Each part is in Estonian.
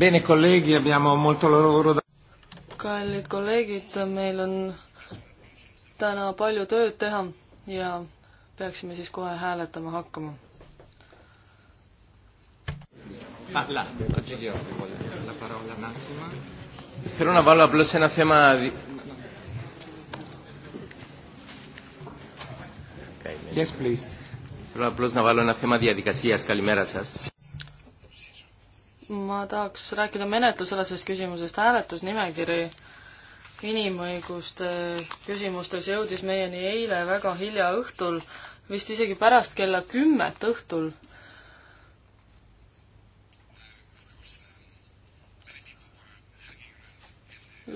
Bene, kolleegi, abbiamo molto lavoro da... kallid kolleegid, meil on täna palju tööd teha ja peaksime siis kohe hääletama hakkama. Ah, Θέλω να βάλω απλώς ένα θέμα... Yes, please. Θέλω απλώς να βάλω ένα θέμα διαδικασίας. Καλημέρα σας ma tahaks rääkida menetlusalasest küsimusest, hääletusnimekiri inimõiguste küsimustes jõudis meieni eile väga hilja õhtul, vist isegi pärast kella kümmet õhtul.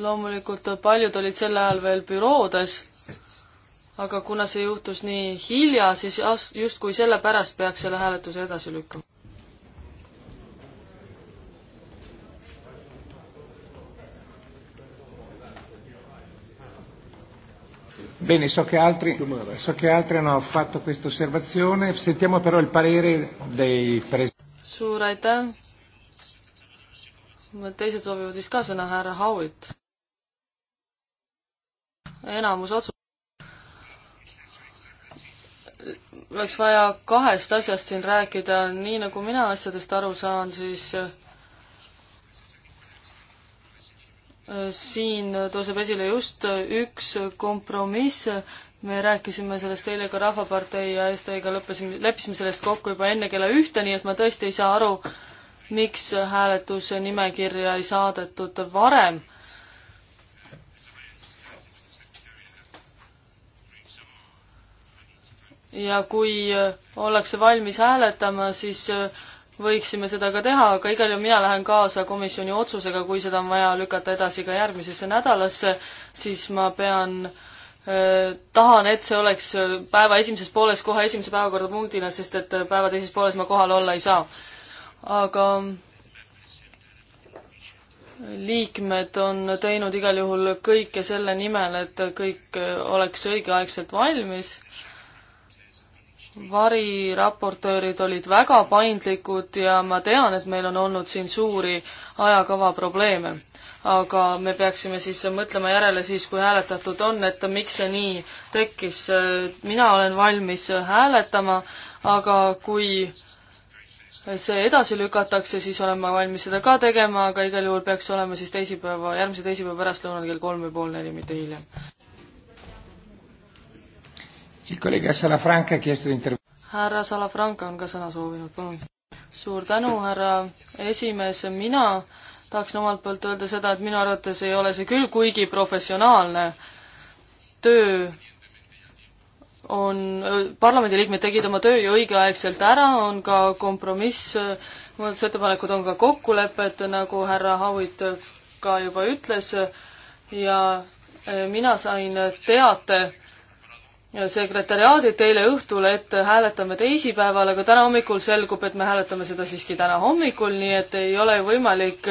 loomulikult paljud olid sel ajal veel büroodes, aga kuna see juhtus nii hilja, siis just kui sellepärast peaks selle hääletuse edasi lükkama. Bene, so che, altri, so che altri hanno fatto questa osservazione, sentiamo però il parere dei presenti. suur aitäh. teised soovivad vist ka sõna, härra Howitt. enamus otsus. oleks vaja kahest asjast siin rääkida, nii nagu mina asjadest aru saan, siis siin tõuseb esile just üks kompromiss, me rääkisime sellest eile ka Rahvapartei ja Eesti-ga lõppesime, leppisime sellest kokku juba enne kella ühte, nii et ma tõesti ei saa aru, miks hääletuse nimekirja ei saadetud varem. ja kui ollakse valmis hääletama, siis äh, võiksime seda ka teha, aga igal juhul mina lähen kaasa komisjoni otsusega, kui seda on vaja lükata edasi ka järgmisesse nädalasse, siis ma pean äh, tahan, et see oleks äh, päeva esimeses pooles kohe esimese päevakorrapunktina, sest et äh, päeva teises pooles ma kohal olla ei saa. aga liikmed on teinud igal juhul kõike selle nimel, et kõik äh, oleks õigeaegselt valmis äh, variraportöörid olid väga paindlikud ja ma tean, et meil on olnud siin suuri ajakava probleeme. aga me peaksime siis mõtlema järele siis, kui hääletatud on, et miks see nii tekkis. mina olen valmis hääletama, aga kui see edasi lükatakse, siis olen ma valmis seda ka tegema, aga igal juhul peaks olema siis teisipäeva, järgmise teisipäeva pärastlõunal kell kolm või pool neli, mitte hiljem härra Salafranca on ka sõna soovinud, palun. suur tänu, härra esimees, mina tahaksin omalt poolt öelda seda, et minu arvates ei ole see küll kuigi professionaalne töö on, parlamendiliikmed tegid oma töö ju õigeaegselt ära, on ka kompromiss, muudatusettepanekud on ka kokkulepped, nagu härra Howitt ka juba ütles, ja mina sain teate sekretäriaadid eile õhtul, et hääletame teisipäeval, aga täna hommikul selgub, et me hääletame seda siiski täna hommikul, nii et ei ole võimalik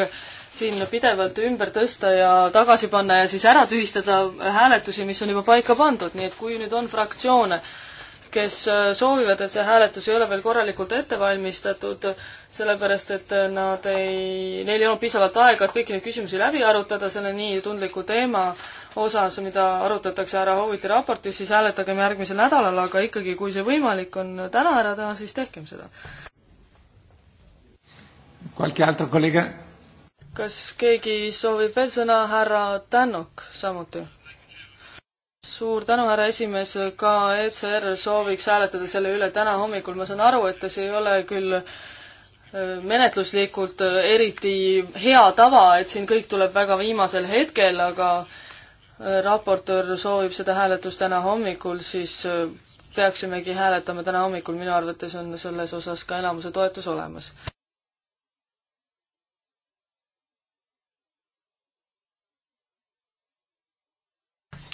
siin pidevalt ümber tõsta ja tagasi panna ja siis ära tühistada hääletusi, mis on juba paika pandud, nii et kui nüüd on fraktsioone, kes soovivad, et see hääletus ei ole veel korralikult ette valmistatud, sellepärast et nad ei, neil ei olnud piisavalt aega, et kõiki neid küsimusi läbi arutada selle nii tundliku teema äh, osas, mida arutatakse härra Hooviti raportis, siis hääletagem järgmisel nädalal, aga ikkagi, kui see võimalik on täna ära teha, siis tehkem seda. kas keegi soovib veel sõna, härra Tännok samuti? suur tänu, härra esimees, ka ECR sooviks hääletada selle üle täna hommikul, ma saan aru, et see ei ole küll äh, menetluslikult äh, eriti hea tava, et siin kõik tuleb väga viimasel hetkel, aga raportöör soovib seda hääletust täna hommikul, siis äh, peaksimegi hääletama täna hommikul, minu arvates on selles osas ka enamuse toetus olemas.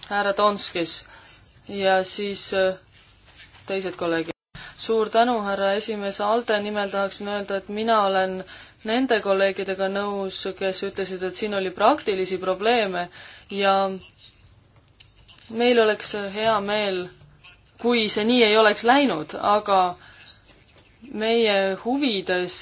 härra Tonskis ja siis äh, teised kolleegid. suur tänu, härra esimees, Alde nimel tahaksin öelda, et mina olen nende kolleegidega nõus, kes ütlesid, et siin oli praktilisi probleeme ja meil oleks hea meel, kui see nii ei oleks läinud, aga meie huvides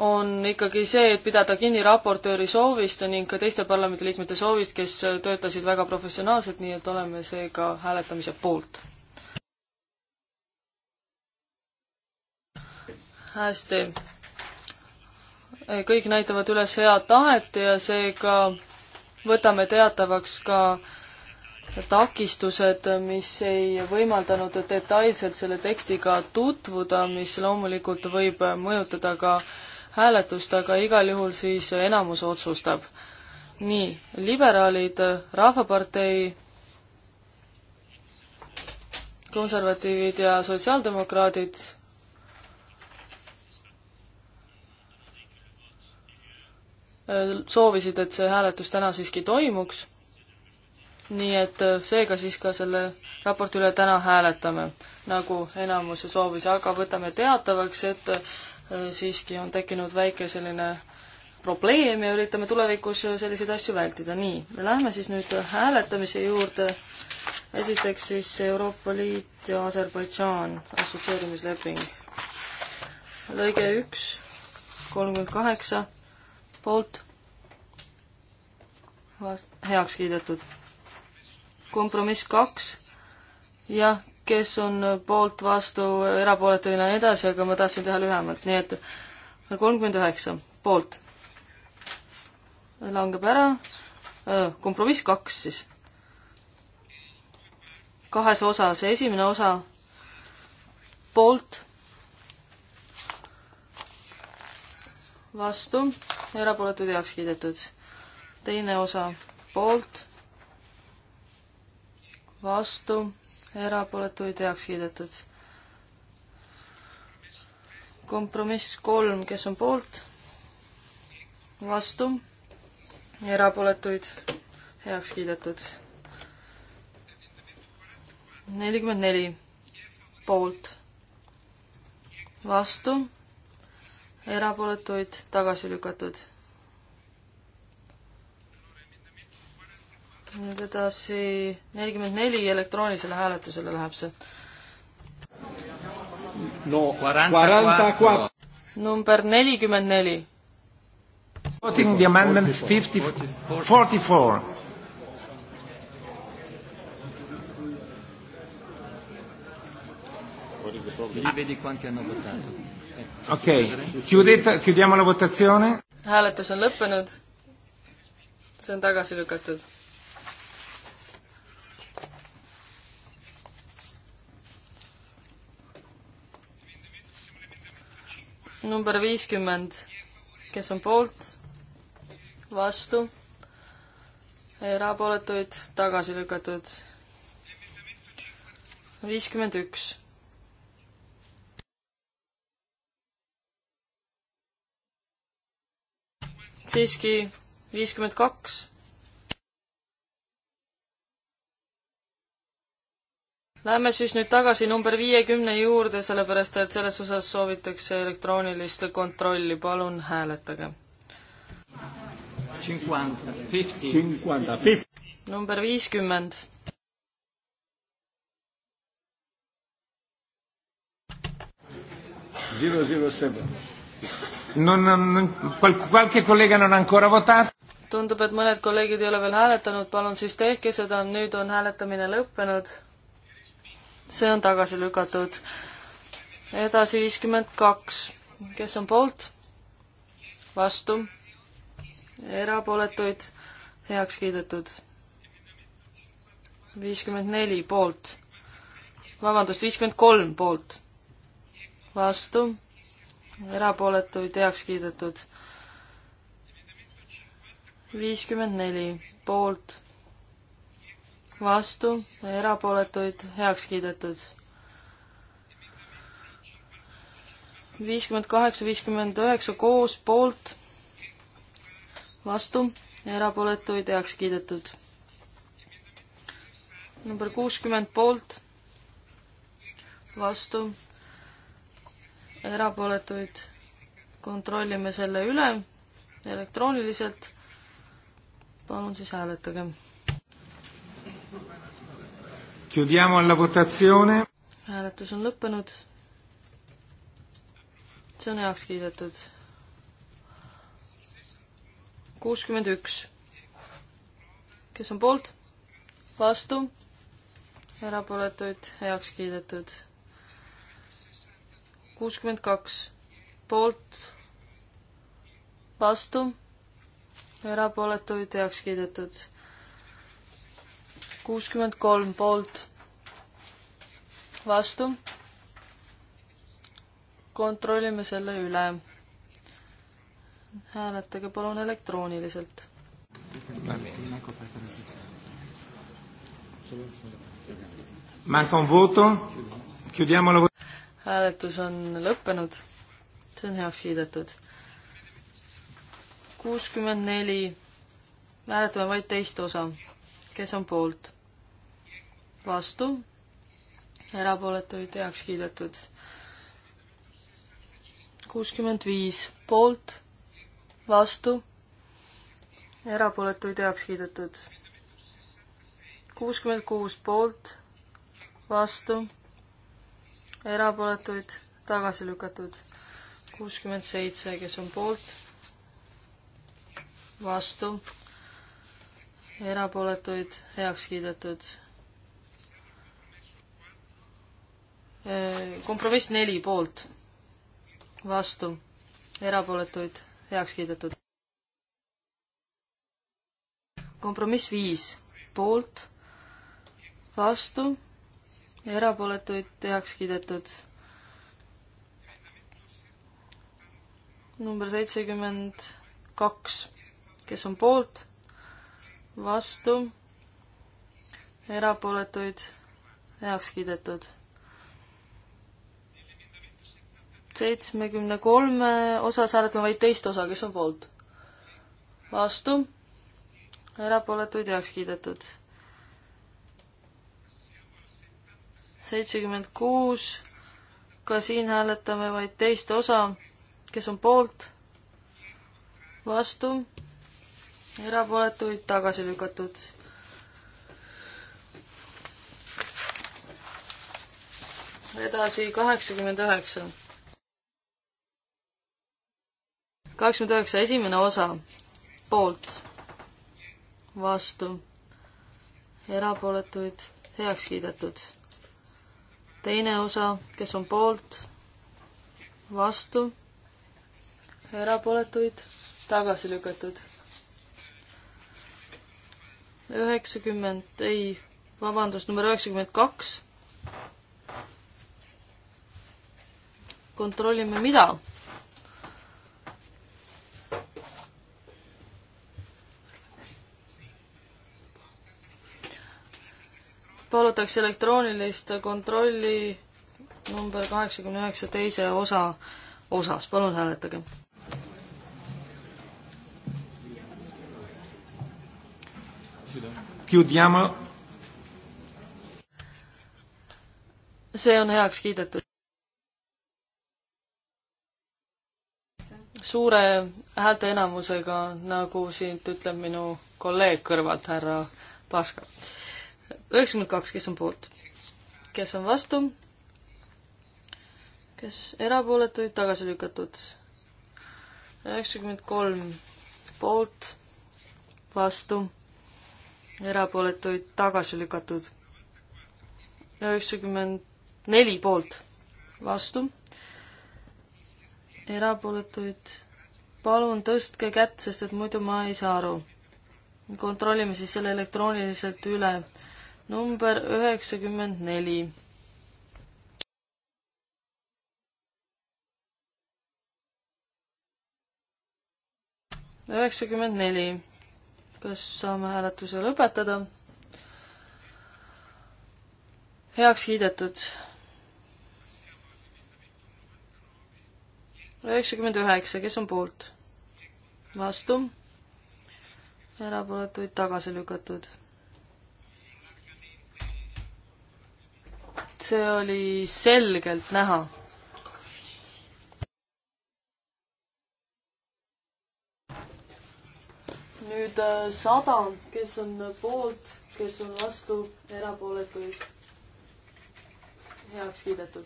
on ikkagi see, et pidada kinni raportööri soovist ning ka teiste parlamendiliikmete soovist, kes töötasid väga professionaalselt, nii et oleme seega hääletamise poolt. hästi. kõik näitavad üles head tahet ja seega võtame teatavaks ka äh, takistused, mis ei võimaldanud detailselt selle tekstiga tutvuda, mis loomulikult võib mõjutada ka hääletust, aga igal juhul siis enamus otsustab. nii, liberaalid, Rahvapartei, konservatiivid ja sotsiaaldemokraadid soovisid, et see hääletus täna siiski toimuks nii et äh, seega siis ka selle raporti üle täna hääletame, nagu enamuse soovis, aga võtame teatavaks, et äh, siiski on tekkinud väike selline probleem ja üritame tulevikus äh, selliseid asju vältida. nii, lähme siis nüüd hääletamise juurde. esiteks siis Euroopa Liit ja Aserbaidžaan assotsieerimisleping. lõige üks, kolmkümmend kaheksa, poolt, heaks kiidetud kompromiss kaks, jah, kes on poolt, vastu, erapooletu ja nii edasi, aga ma tahtsin teha lühemalt, nii et kolmkümmend üheksa, poolt. langeb ära, kompromiss kaks siis. kahes osas, esimene osa poolt, vastu, erapooletud heaks kiidetud. teine osa poolt vastu, erapooletuid heaks kiidetud. kompromiss kolm, kes on poolt, vastu, erapooletuid heaks kiidetud. nelikümmend neli poolt, vastu, erapooletuid tagasi lükatud nüüd edasi nelikümmend neli elektroonilisele hääletusele läheb see. no number nelikümmend neli. Voting the amendment fifty, forty four. Lì vedi quanti hanno votato. Ok, chiudete, chiudiamo la votazione. Hääletus on lõppenud. see on tagasi lükatud number viiskümmend, kes on poolt, vastu, erapooletuid tagasi lükatud. viiskümmend üks. siiski viiskümmend kaks Läheme siis nüüd tagasi number viiekümne juurde, sellepärast et selles osas soovitakse elektroonilist kontrolli, palun hääletage. number viiskümmend. tundub, et mõned kolleegid ei ole veel hääletanud, palun siis tehke seda, nüüd on hääletamine lõppenud see on tagasi lükatud. edasi viiskümmend kaks, kes on poolt? vastu? erapooletuid? heaks kiidetud. viiskümmend neli poolt. vabandust, viiskümmend kolm poolt. vastu? erapooletuid heaks kiidetud. viiskümmend neli poolt vastu, erapooletuid heaks kiidetud. viiskümmend kaheksa, viiskümmend üheksa koos poolt, vastu, erapooletuid heaks kiidetud. number kuuskümmend poolt, vastu, erapooletuid kontrollime selle üle elektrooniliselt. palun siis hääletage Chiudiamo la votazione. hääletus on lõppenud. see on heaks kiidetud. kuuskümmend üks. kes on poolt? vastu? erapooletuid heaks kiidetud. kuuskümmend kaks. poolt? vastu? erapooletuid heaks kiidetud kuuskümmend kolm poolt, vastu. kontrollime selle üle. hääletage palun elektrooniliselt. Manca un voto, chiudiamo la hääletus on lõppenud, see on heaks kiidetud. kuuskümmend neli, hääletame vaid teist osa, kes on poolt? vastu, erapooletuid heaks kiidetud. kuuskümmend viis poolt, vastu, erapooletuid heaks kiidetud. kuuskümmend kuus poolt, vastu, erapooletuid tagasi lükatud. kuuskümmend seitse, kes on poolt, vastu, erapooletuid heaks kiidetud kompromiss neli poolt, vastu, erapooletuid heaks kiidetud. kompromiss viis poolt, vastu, erapooletuid heaks kiidetud number seitsekümmend kaks, kes on poolt, vastu, erapooletuid, heaks kiidetud. seitsmekümne kolme osas hääletame vaid teist osa, kes on poolt? vastu? erapooletuid heaks kiidetud. seitsekümmend kuus, ka siin hääletame vaid teist osa, kes on poolt? vastu? erapooletuid tagasi lükatud edasi kaheksakümmend üheksa. kaheksakümmend üheksa, esimene osa, poolt, vastu, erapooletuid, heaks kiidetud. teine osa, kes on poolt, vastu, erapooletuid, tagasi lükatud. üheksakümmend, ei, vabandust, number üheksakümmend kaks. kontrollime mida? palutakse elektroonilist kontrolli number kaheksakümne üheksa teise osa osas, palun hääletage. Chiudiamo. see on heaks kiidetud. suure häälteenamusega, nagu siit ütleb minu kolleeg kõrvalt, härra Paska üheksakümmend kaks, kes on poolt? kes on vastu? kes erapooletuid tagasi lükatud? üheksakümmend kolm poolt, vastu, erapooletuid tagasi lükatud. üheksakümmend neli poolt, vastu, erapooletuid palun tõstke kätt, sest et muidu ma ei saa aru. kontrollime siis selle elektrooniliselt üle number üheksakümmend neli. üheksakümmend neli. kas saame hääletuse lõpetada? heaks kiidetud. üheksakümmend üheksa, kes on poolt? vastu? erapooletuid tagasi lükatud see oli selgelt näha. nüüd äh, sada, kes on poolt, kes on vastu, erapooletuid heaks kiidetud.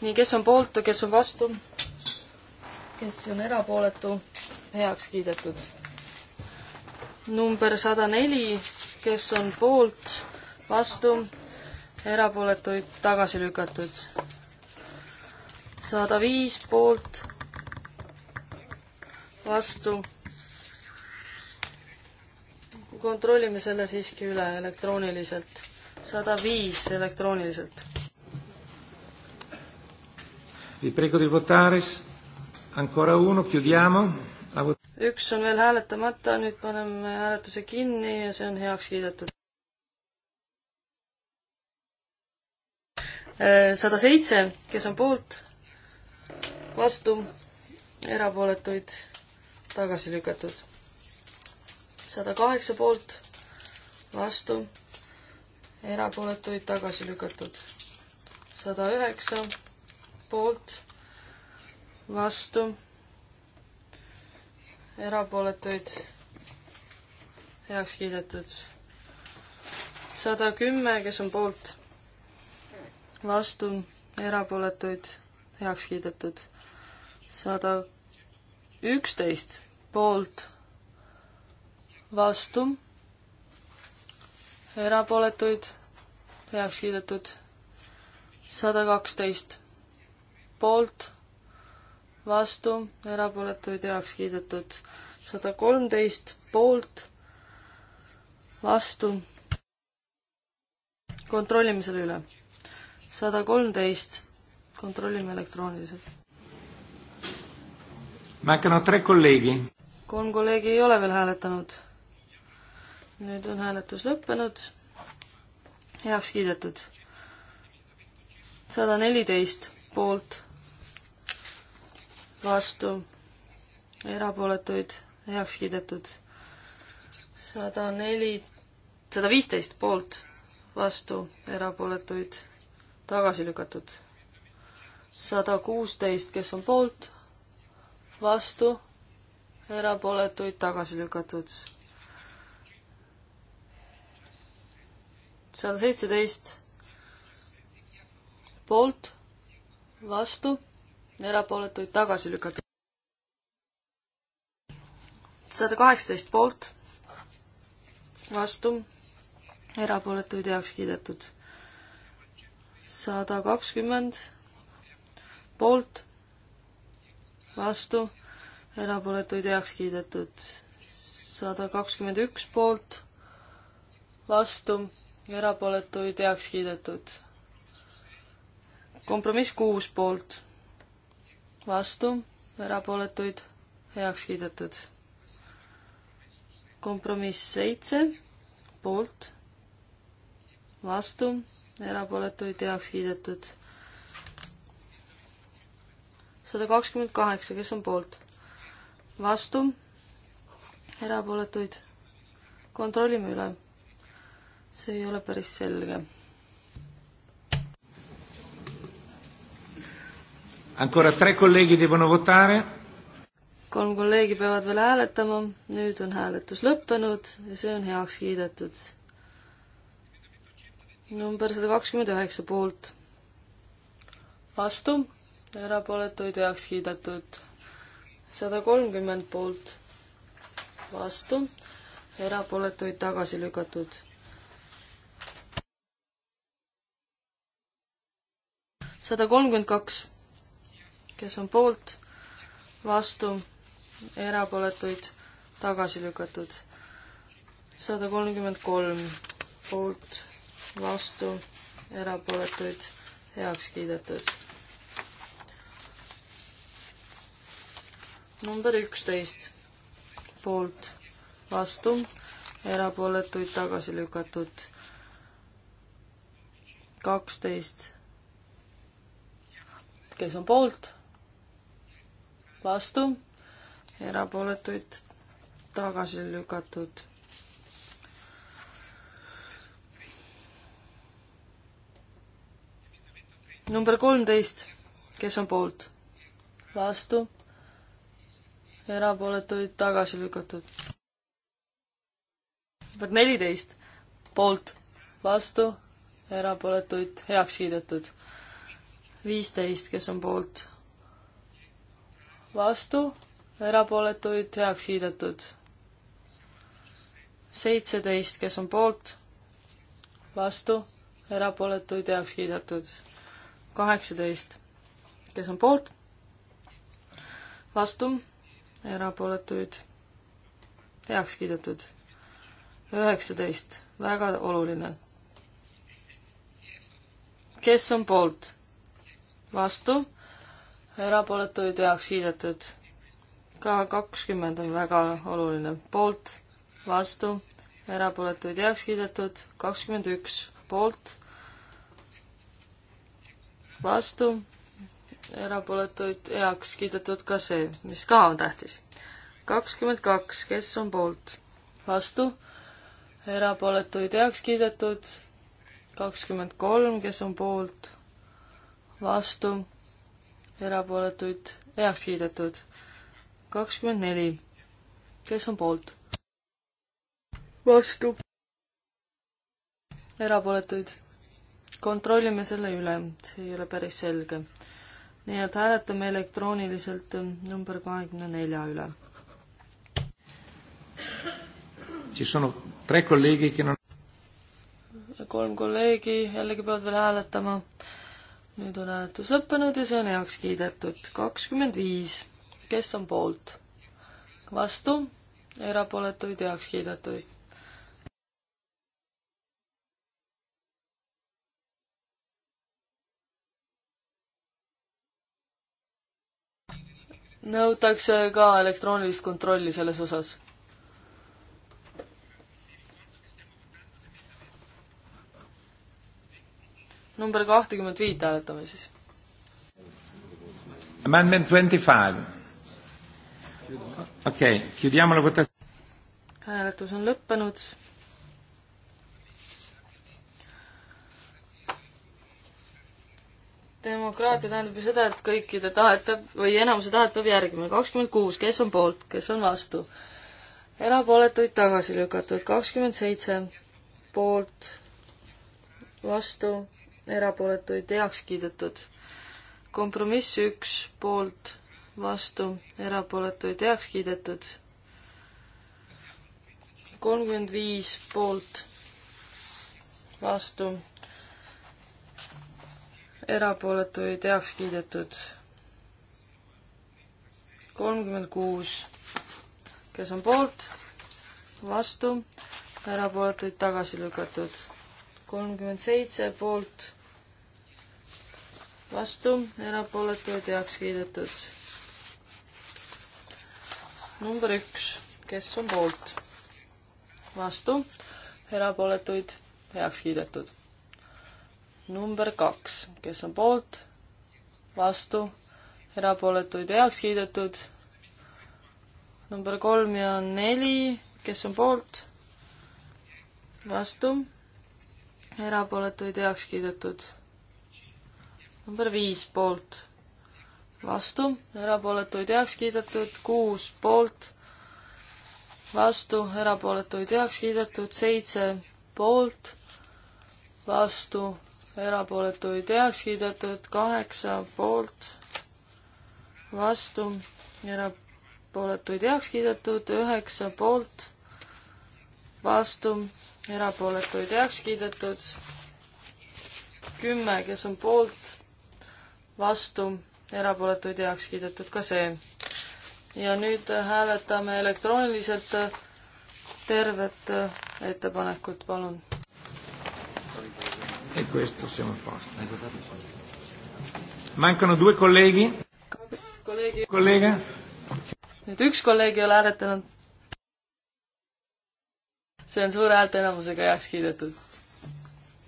nii, kes on poolt, kes on vastu, kes on erapooletu, heaks kiidetud number sada neli, kes on poolt, vastu, erapooletuid tagasi lükatud. sada viis poolt, vastu. kontrollime selle siiski üle elektrooniliselt. sada viis elektrooniliselt. Vi prego di votare, ancora uno, chiudiamo üks on veel hääletamata, nüüd paneme hääletuse kinni ja see on heaks kiidetud. Äh, sada seitse, kes on poolt, vastu, erapooletuid tagasi lükatud. sada kaheksa poolt, vastu, erapooletuid tagasi lükatud. sada üheksa poolt, vastu erapooletuid heaks kiidetud. sada kümme, kes on poolt, vastu, erapooletuid heaks kiidetud. sada üksteist poolt, vastu, erapooletuid heaks kiidetud. sada kaksteist poolt vastu, erapooletuid heaks kiidetud sada kolmteist poolt, vastu. kontrollime selle üle. sada kolmteist, kontrollime elektrooniliselt. kolm kolleegi ei ole veel hääletanud. nüüd on hääletus lõppenud, heaks kiidetud. sada neliteist poolt vastu, erapooletuid heaks kiidetud sada neli, sada viisteist poolt, vastu, erapooletuid tagasi lükatud. sada kuusteist, kes on poolt, vastu, erapooletuid tagasi lükatud. sada seitseteist poolt, vastu erapooletuid tagasi lükata. sada kaheksateist poolt, vastu, erapooletuid heaks kiidetud. sada kakskümmend poolt, vastu, erapooletuid heaks kiidetud. sada kakskümmend üks poolt, vastu, erapooletuid heaks kiidetud. kompromiss kuus poolt vastu, erapooletuid heaks kiidetud. kompromiss seitse, poolt, vastu, erapooletuid heaks kiidetud. sada kakskümmend kaheksa, kes on poolt? vastu, erapooletuid. kontrollime üle. see ei ole päris selge Ancora tre colleghi devono votare. kolm kolleegi peavad veel hääletama, nüüd on hääletus lõppenud ja see on heaks kiidetud. number sada kakskümmend üheksa poolt. vastu, erapooletuid heaks kiidetud. sada kolmkümmend poolt. vastu, erapooletuid tagasi lükatud sada kolmkümmend kaks kes on poolt, vastu, erapooletuid, tagasi lükatud. sada kolmkümmend kolm poolt, vastu, erapooletuid, heaks kiidetud. number üksteist poolt, vastu, erapooletuid tagasi lükatud. kaksteist, kes on poolt, vastu, erapooletuid tagasi lükatud. number kolmteist, kes on poolt? vastu, erapooletuid tagasi lükatud. number neliteist, poolt, vastu, erapooletuid heaks kiidetud. viisteist, kes on poolt, vastu, erapooletuid heaks kiidetud. seitseteist, kes on poolt, vastu, erapooletuid heaks kiidetud. kaheksateist, kes on poolt, vastu, erapooletuid heaks kiidetud. üheksateist, väga oluline. kes on poolt, vastu erapooletuid heaks kiidetud. ka kakskümmend on väga oluline, poolt, vastu, erapooletuid heaks kiidetud, kakskümmend üks, poolt, vastu, erapooletuid heaks kiidetud ka see, mis ka on tähtis. kakskümmend kaks, kes on poolt, vastu, erapooletuid heaks kiidetud, kakskümmend kolm, kes on poolt, vastu erapooletuid heaks kiidetud. kakskümmend neli. kes on poolt? vastu. erapooletuid. kontrollime selle üle, see ei ole päris selge. nii et hääletame elektrooniliselt number kahekümne nelja üle. siis on tre kolleegi, kes on kolm kolleegi jällegi peavad veel hääletama nüüd on hääletus lõppenud ja see on heaks kiidetud. kakskümmend viis, kes on poolt? vastu, erapooletuid heaks kiidetud. nõutakse ka elektroonilist kontrolli selles osas number kahtekümmet viit hääletame siis. Amendment twenty five. okei okay., chiudiamo la votazione. hääletus on lõppenud. demokraatia tähendab ju seda, et kõikide tahet peab või enamuse tahet peab järgima. kakskümmend kuus, kes on poolt, kes on vastu? erapooletuid tagasi lükatud, kakskümmend seitse poolt, vastu erapooletuid heaks kiidetud. kompromiss üks poolt, vastu, erapooletuid heaks kiidetud. kolmkümmend viis poolt, vastu, erapooletuid heaks kiidetud. kolmkümmend kuus, kes on poolt, vastu, erapooletuid tagasi lükatud. kolmkümmend seitse poolt vastu, erapooletuid heaks kiidetud. number üks, kes on poolt? vastu, erapooletuid heaks kiidetud. number kaks, kes on poolt? vastu, erapooletuid heaks kiidetud. number kolm ja neli, kes on poolt? vastu, erapooletuid heaks kiidetud number viis poolt, vastu, erapooletuid heaks kiidetud, kuus poolt, vastu, erapooletuid heaks kiidetud, seitse poolt, vastu, erapooletuid heaks kiidetud, kaheksa poolt, vastu, erapooletuid heaks kiidetud, üheksa poolt, vastu, erapooletuid heaks kiidetud, kümme, kes on poolt, vastu, erapooletuid heaks kiidetud ka see. ja nüüd hääletame elektrooniliselt tervet ettepanekut, palun. E Mancano due colleghi. kaks kolleegi. kolleege. nüüd üks kolleeg ei ole hääletanud. see on suure häälteenamusega heaks kiidetud.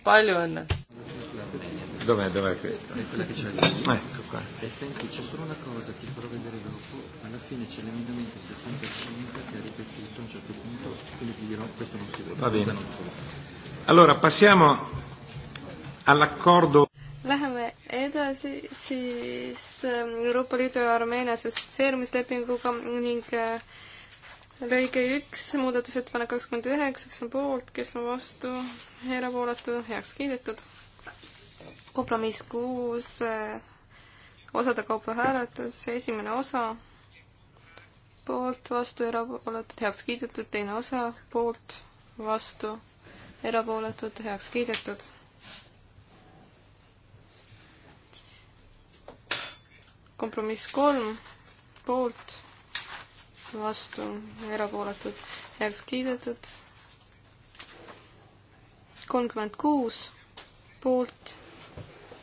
palju õnne Dov'è, dov'è questa? È quella che c'è lì. Eh, ecco qua. E senti, c'è solo una cosa, ti farò vedere dopo. Alla fine c'è l'emendamento 65 che ha ripetuto a un certo punto, quindi ti dirò questo non si vede. Va bene. Allora, passiamo all'accordo. Läheme edasi siis ähm, Euroopa Liidu ja Armeenia assotsieerumislepinguga ning äh, lõige üks, muudatusettepanek kakskümmend üheksa, kes on poolt, kes on vastu, erapooletu, heaks kiidetud kompromiss kuus, eh, osade kaupa hääletus, esimene osa, poolt, vastu, erapooletud, heaks kiidetud, teine osa, poolt, vastu, erapooletud, heaks kiidetud. kompromiss kolm, poolt, vastu, erapooletud, heaks kiidetud. kolmkümmend kuus, poolt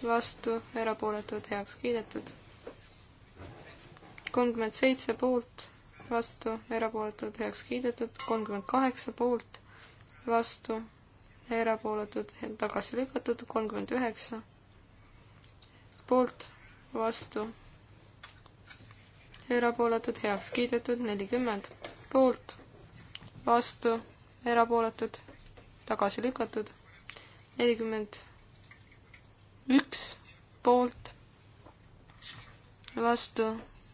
vastu, erapooletud, heaks kiidetud. kolmkümmend seitse poolt, vastu, erapooletud, heaks kiidetud, kolmkümmend kaheksa poolt, vastu, erapooletud, tagasi lükatud, kolmkümmend üheksa poolt, vastu, erapooletud, heaks kiidetud, nelikümmend poolt, vastu, erapooletud, tagasi lükatud, nelikümmend üks poolt, vastu,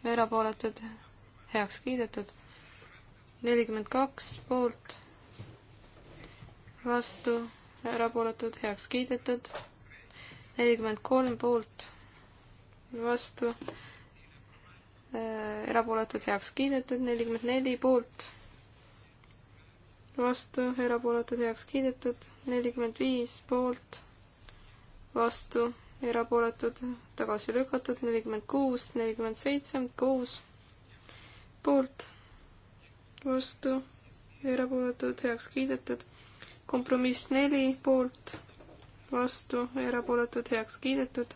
erapooletud, heaks kiidetud. nelikümmend kaks poolt, vastu, erapooletud, heaks kiidetud. nelikümmend kolm poolt, vastu, eh, erapooletud, heaks kiidetud. nelikümmend neli poolt vastu, erapooletud heaks kiidetud, nelikümmend viis poolt, vastu, erapooletud, tagasi lükatud, nelikümmend kuus, nelikümmend seitse, kuus poolt, vastu, erapooletud, heaks kiidetud, kompromiss neli poolt, vastu, erapooletud, heaks kiidetud.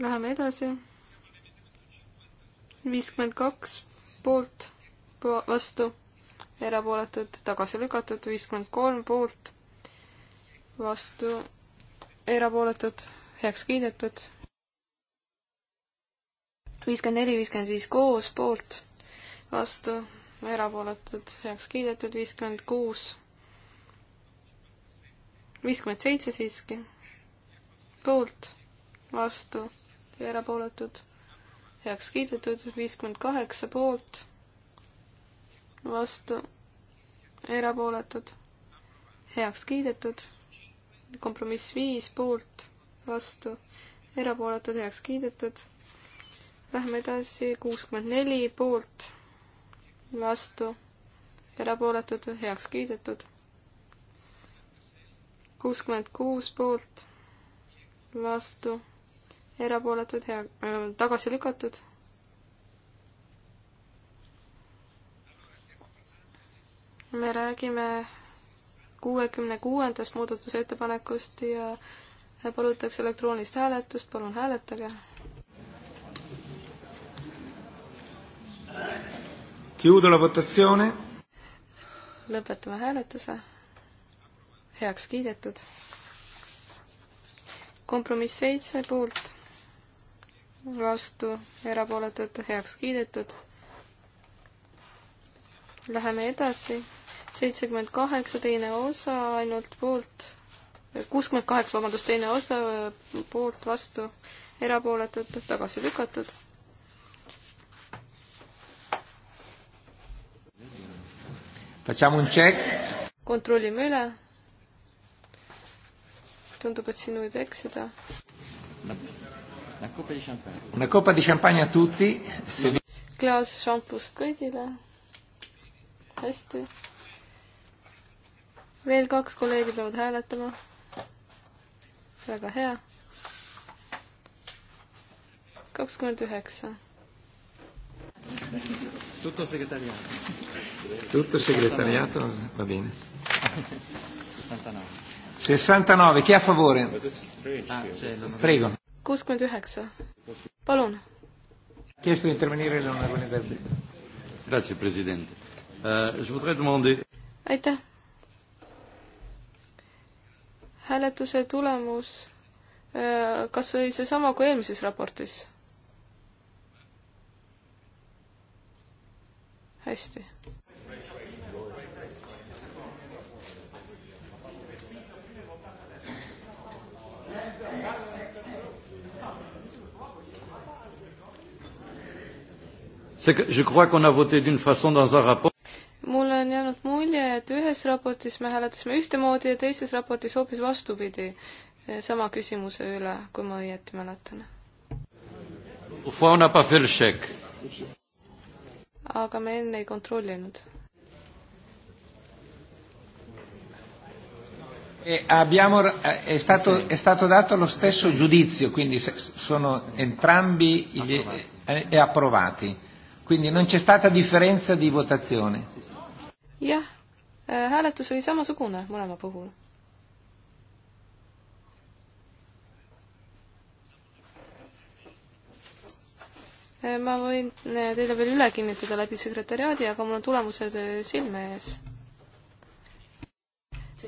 Läheme edasi. viiskümmend kaks poolt, vastu, erapooletud, tagasi lükatud, viiskümmend kolm poolt, vastu, erapooletud, heaks kiidetud. viiskümmend neli, viiskümmend viis koos, poolt, vastu, erapooletud, heaks kiidetud, viiskümmend kuus, viiskümmend seitse siiski, poolt, vastu, erapooletud, heaks kiidetud, viiskümmend kaheksa poolt, vastu, erapooletud, heaks kiidetud kompromiss viis poolt, vastu, erapooletud heaks kiidetud. Lähme edasi, kuuskümmend neli poolt, vastu, erapooletud heaks kiidetud. kuuskümmend kuus poolt, vastu, erapooletud hea äh,, tagasi lükatud me räägime kuuekümne kuuendast muudatusettepanekust ja palutakse elektroonilist hääletust, palun hääletage. lõpetame hääletuse. heaks kiidetud. kompromiss seitse poolt, vastu, erapooletud, heaks kiidetud. Läheme edasi seitsekümmend kaheksa, teine osa ainult poolt, kuuskümmend kaheksa, vabandust, teine osa poolt, vastu, erapooletud, tagasi lükatud. kontrollime üle. tundub, et siin võib eksida. Una coppa di champagne a tutti. klaas šampust kõigile. hästi veel kaks kolleegi peavad hääletama. väga hea. kakskümmend üheksa. Tutto segretariato. Tutto segretariato, va bene. 69. 69, chi è a favore? Ah, Prego. 69. Palun. Chiesto di intervenire l'onorevole Verdi. Grazie Presidente. Uh, je voudrais demander... Aitäh, hääletuse tulemus äh, kas või seesama kui eelmises raportis? hästi mulle on jäänud mulje, et ühes raportis me hääletasime ühtemoodi ja teises raportis hoopis vastupidi eh, sama küsimuse üle, kui ma õieti mäletan. aga me enne ei kontrollinud. E abbiamo, eh, è, stato, è stato dato lo stesso giudizio, quindi sono entrambi gli, eh, eh, approvati, quindi non c'è stata differenza di votazione jah, äh, hääletus oli samasugune mõlema puhul. Äh, ma võin äh, teile veel üle kinnitada läbi sekretäriaadi, aga mul on tulemused silme ees.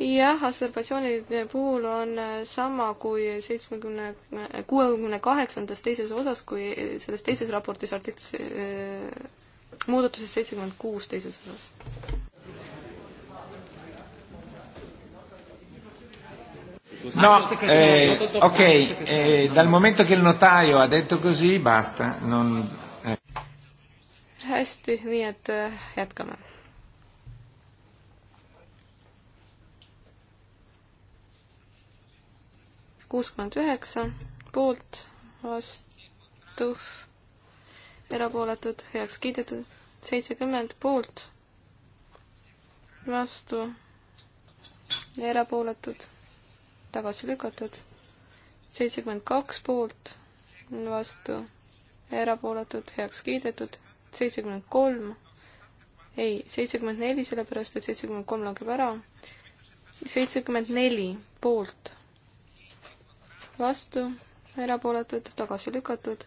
jah, Aserbaidžaani puhul on sama kui seitsmekümne, kuuekümne kaheksandas teises osas, kui selles teises raportis artiklis, muudatuses seitsekümmend kuus teises osas No, eh, ok, eh, dal momento che il notaio ha detto così, basta. Non, eh. hästi, nii et äh, jätkame. kuuskümmend üheksa poolt, vastu, erapooletud, heaks kiidetud, seitsekümmend poolt, vastu, erapooletud tagasi lükatud. seitsekümmend kaks poolt, vastu, erapooletud, heaks kiidetud. seitsekümmend kolm, ei, seitsekümmend neli, sellepärast et seitsekümmend kolm langeb ära. seitsekümmend neli poolt, vastu, erapooletud, tagasi lükatud.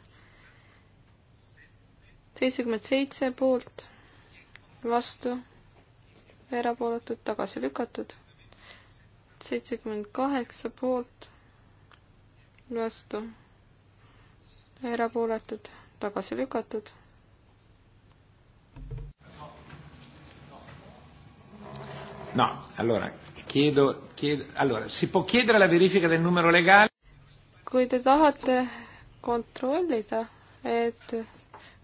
seitsekümmend seitse poolt, vastu, erapooletud, tagasi lükatud seitsekümmend kaheksa poolt, vastu, erapooletud, tagasi lükatud. no allora chiedo, chiedo allora si può chiedere la verifica del numero legale? kui te tahate kontrollida, et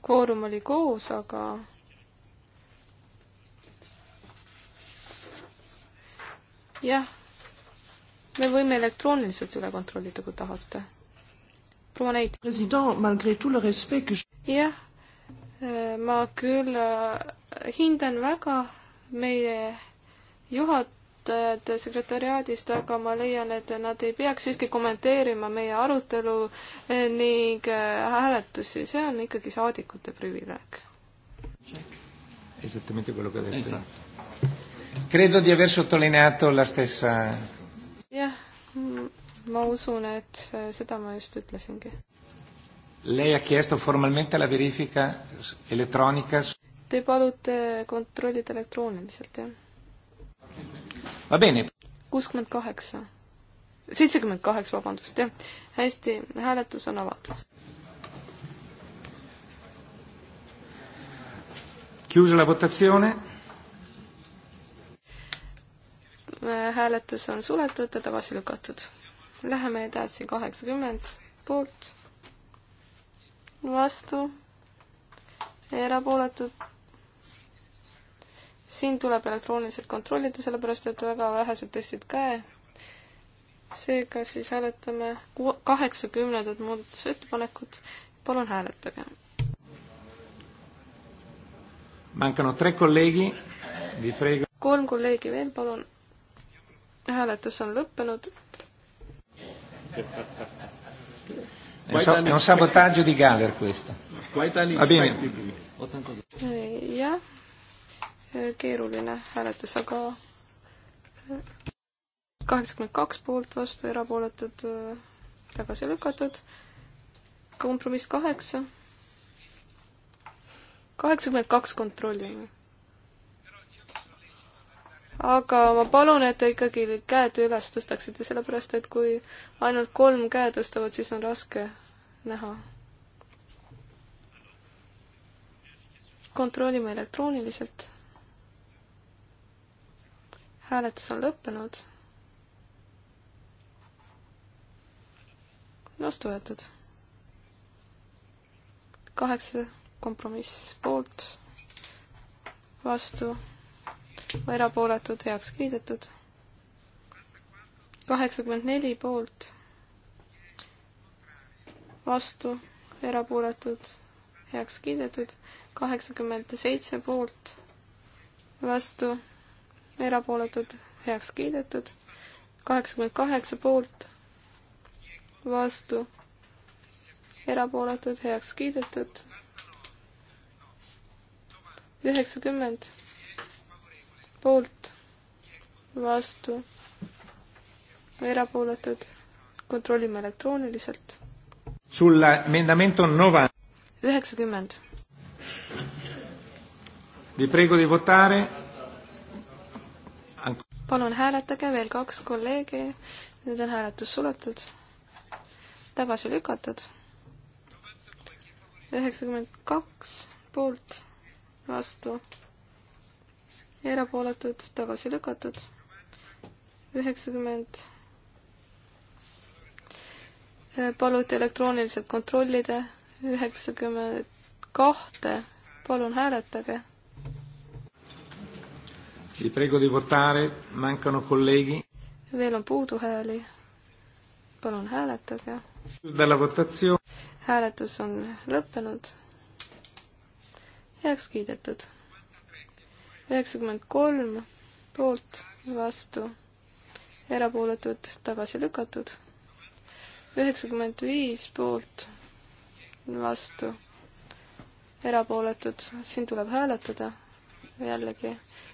kvoorum oli koos, aga jah me võime elektrooniliselt üle kontrollida, kui tahate. proua Neid. jah, ma küll äh, hindan väga meie juhatajate sekretäriaadist, aga ma leian, et nad ei peaks siiski kommenteerima meie arutelu äh, ning äh, hääletusi, see on ikkagi saadikute privileeg. Esattamente quello che ho detto. Esatto. Credo di aver sottolineato la stessa jah, ma usun, et äh, seda ma just ütlesingi. Lei ha chiesto formalmente la verifica elettronica? Te palute kontrollida elektrooniliselt, jah? Va bene. kuuskümmend kaheksa, seitsekümmend kaheksa, vabandust, jah. hästi, hääletus on avatud. Chiusa la votazione hääletus on suletud ja tagasi lükatud. Läheme edasi kaheksakümmend poolt, vastu, erapooletud. siin tuleb elektrooniliselt kontrollida, sellepärast et väga vähesed tõstsid käe. seega siis hääletame kaheksakümnendat muudatusettepanekut. palun hääletage. Mancano tre colleghi, vi prego. kolm kolleegi veel, palun hääletus on lõppenud. È un sabotaggio di Galler questo. Eh, jah, eh, keeruline hääletus, aga eh, kaheksakümmend kaks poolt vastu, erapooletud tagasi lükatud. kompromiss kaheksa. kaheksakümmend kaks kontrollime aga ma palun, et te ikkagi käed üles tõstaksite, sellepärast et kui ainult kolm käe tõstavad, siis on raske näha. kontrollime elektrooniliselt. hääletus on lõppenud vastu võetud. kaheksa kompromiss poolt, vastu, erapooletud, heaks kiidetud. kaheksakümmend neli poolt, vastu, erapooletud, heaks kiidetud. kaheksakümmend seitse poolt, vastu, erapooletud, heaks kiidetud. kaheksakümmend kaheksa poolt, vastu, erapooletud, heaks kiidetud. üheksakümmend poolt, vastu, erapooletud, kontrollime elektrooniliselt. sulle mendamento nova. üheksakümmend. Vi prego di votare. palun hääletage, veel kaks kolleegi, nüüd on hääletus suletud, tagasi lükatud, üheksakümmend kaks poolt, vastu erapooletud, tagasi lükatud. üheksakümmend. paluti elektrooniliselt kontrollida üheksakümmend kahte, palun hääletage. veel on puuduhääli. palun hääletage. hääletus on lõppenud. heaks kiidetud üheksakümmend kolm poolt, vastu, erapooletud, tagasi lükatud. üheksakümmend viis poolt, vastu, erapooletud, siin tuleb hääletada jällegi.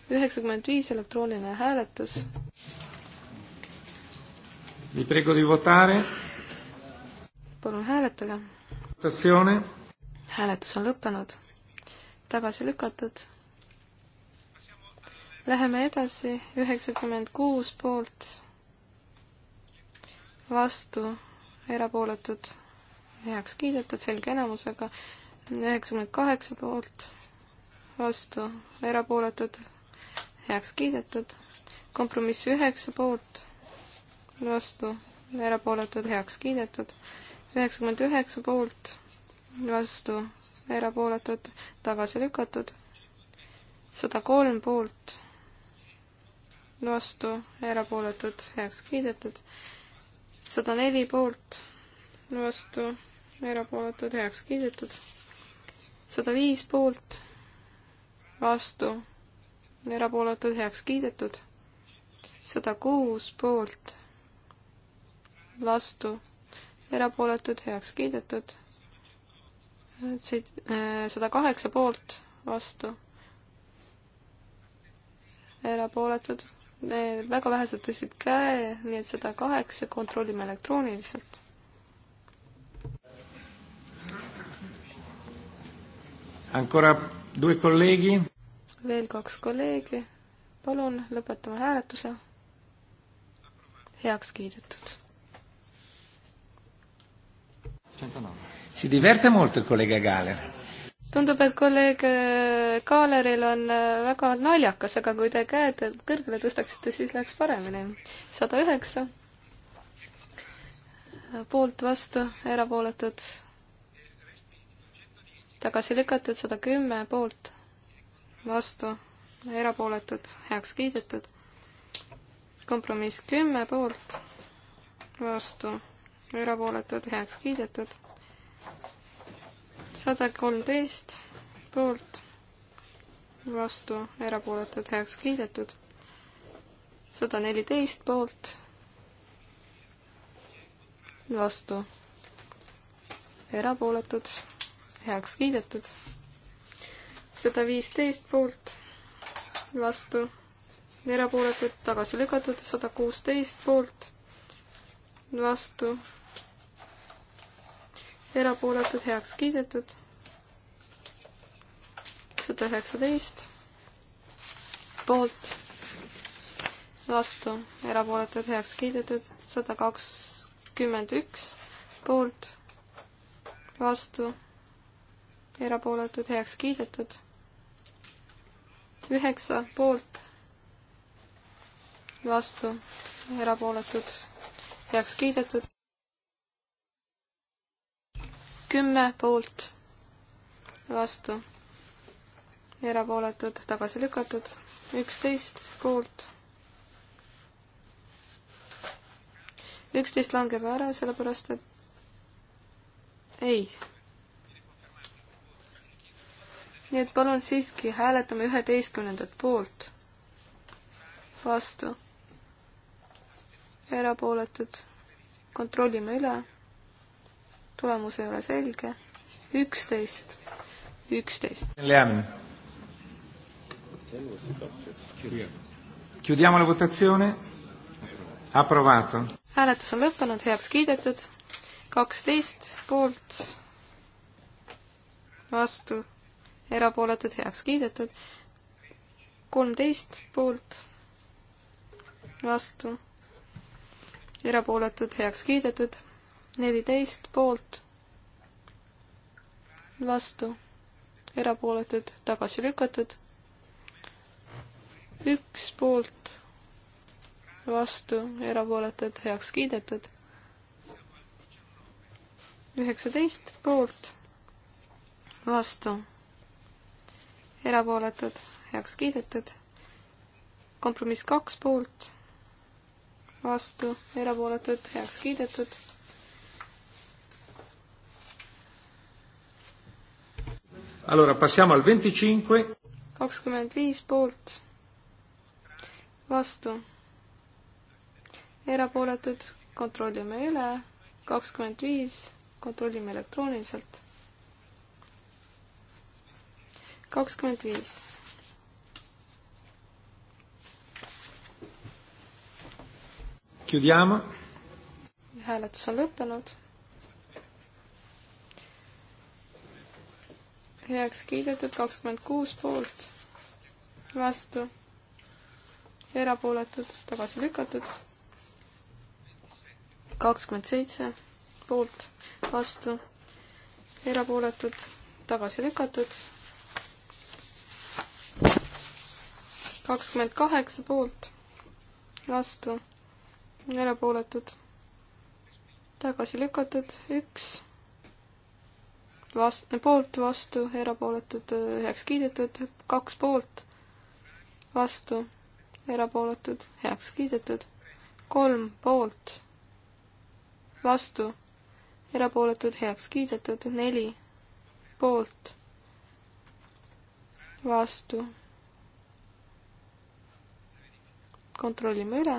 üheksakümmend viis elektrooniline hääletus. Vi prego di votare. palun hääletage. Votazione. hääletus on lõppenud, tagasi lükatud Läheme edasi, üheksakümmend kuus poolt, vastu, erapooletud, heaks kiidetud selge enamusega, üheksakümmend kaheksa poolt, vastu, erapooletud, heaks kiidetud, kompromiss üheksa poolt, vastu, erapooletud, heaks kiidetud, üheksakümmend üheksa poolt, vastu, erapooletud, tagasi lükatud, sada kolm poolt vastu, erapooletud, heaks kiidetud. sada neli poolt, vastu, erapooletud, heaks kiidetud. sada viis poolt, vastu, erapooletud, heaks kiidetud. sada kuus poolt, vastu, erapooletud, heaks kiidetud. sada kaheksa poolt, vastu, erapooletud väga vähesed tõstsid käe, nii et sada kaheksa, kontrollime elektrooniliselt. Ancora due colleghi. veel kaks kolleegi. palun lõpetame hääletuse. heaks kiidetud. Si diverte molto il collega Galer tundub, et kolleeg äh, Kaaleril on äh, väga naljakas, aga kui te käed kõrgele tõstaksite, siis läheks paremini. sada üheksa. poolt, vastu, erapooletud. tagasi lükatud, sada kümme poolt, vastu, erapooletud, heaks kiidetud. kompromiss kümme poolt, vastu, erapooletud, heaks kiidetud sada kolmteist poolt, vastu, erapooletud, heaks kiidetud. sada neliteist poolt, vastu, erapooletud, heaks kiidetud. sada viisteist poolt, vastu, erapooletud, tagasi lükatud, sada kuusteist poolt, vastu erapooletud, heaks kiidetud. sada üheksateist poolt, vastu, erapooletud, heaks kiidetud, sada kakskümmend üks poolt, vastu, erapooletud, heaks kiidetud, üheksa poolt, vastu, erapooletud, heaks kiidetud kümme poolt, vastu, erapooletud, tagasi lükatud, üksteist poolt. üksteist langeb ära, sellepärast et ei. nii et palun siiski hääletame üheteistkümnendat poolt, vastu, erapooletud, kontrollime üle tulemus ei ole selge. üksteist, üksteist. Chiudiamo la votazione. Approvato. hääletus on lõppenud, heaks kiidetud. kaksteist poolt, vastu, erapooletud, heaks kiidetud. kolmteist poolt, vastu, erapooletud, heaks kiidetud neliteist poolt, vastu, erapooletud, tagasi lükatud. üks poolt, vastu, erapooletud, heaks kiidetud. üheksateist poolt, vastu, erapooletud, heaks kiidetud. kompromiss kaks poolt, vastu, erapooletud, heaks kiidetud Allora passiamo al 25. kakskümmend viis poolt, vastu, erapooletud, kontrollime üle, kakskümmend viis, kontrollime elektrooniliselt. kakskümmend viis. Chiudiamo. hääletus on lõppenud heaks kiidetud, kakskümmend kuus poolt, vastu, erapooletud, tagasi lükatud. kakskümmend seitse poolt, vastu, erapooletud, tagasi lükatud. kakskümmend kaheksa poolt, vastu, erapooletud, tagasi lükatud, üks vast-, poolt, vastu, erapooletud, heaks kiidetud, kaks poolt, vastu, erapooletud, heaks kiidetud, kolm poolt, vastu, erapooletud, heaks kiidetud, neli poolt, vastu. kontrollime üle.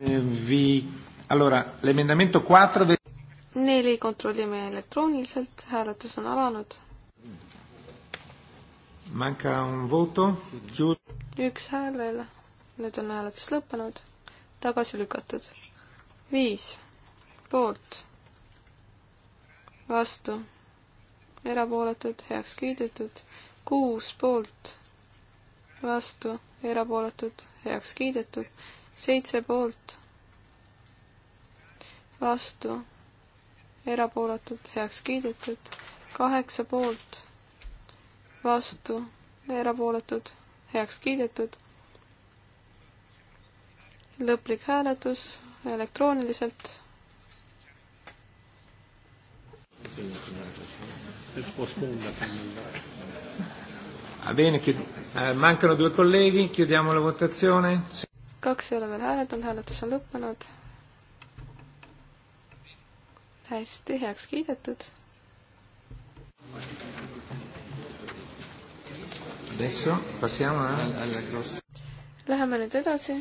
Eh, vi, allora l'emendamento quattro neli kontrollime elektrooniliselt, hääletus on alanud. üks hääl veel, nüüd on hääletus lõppenud, tagasi lükatud. viis poolt, vastu, erapooletud, heaks kiidetud, kuus poolt, vastu, erapooletud, heaks kiidetud, seitse poolt, vastu erapooletud, heaks kiidetud, kaheksa poolt, vastu, erapooletud, heaks kiidetud. lõplik hääletus elektrooniliselt. Bene, eh, mancano due colleghi, chiudiamo la votazione. kaks ei ole veel hääletanud, hääletus on lõppenud hästi heaks kiidetud. Eh. Läheme nüüd edasi.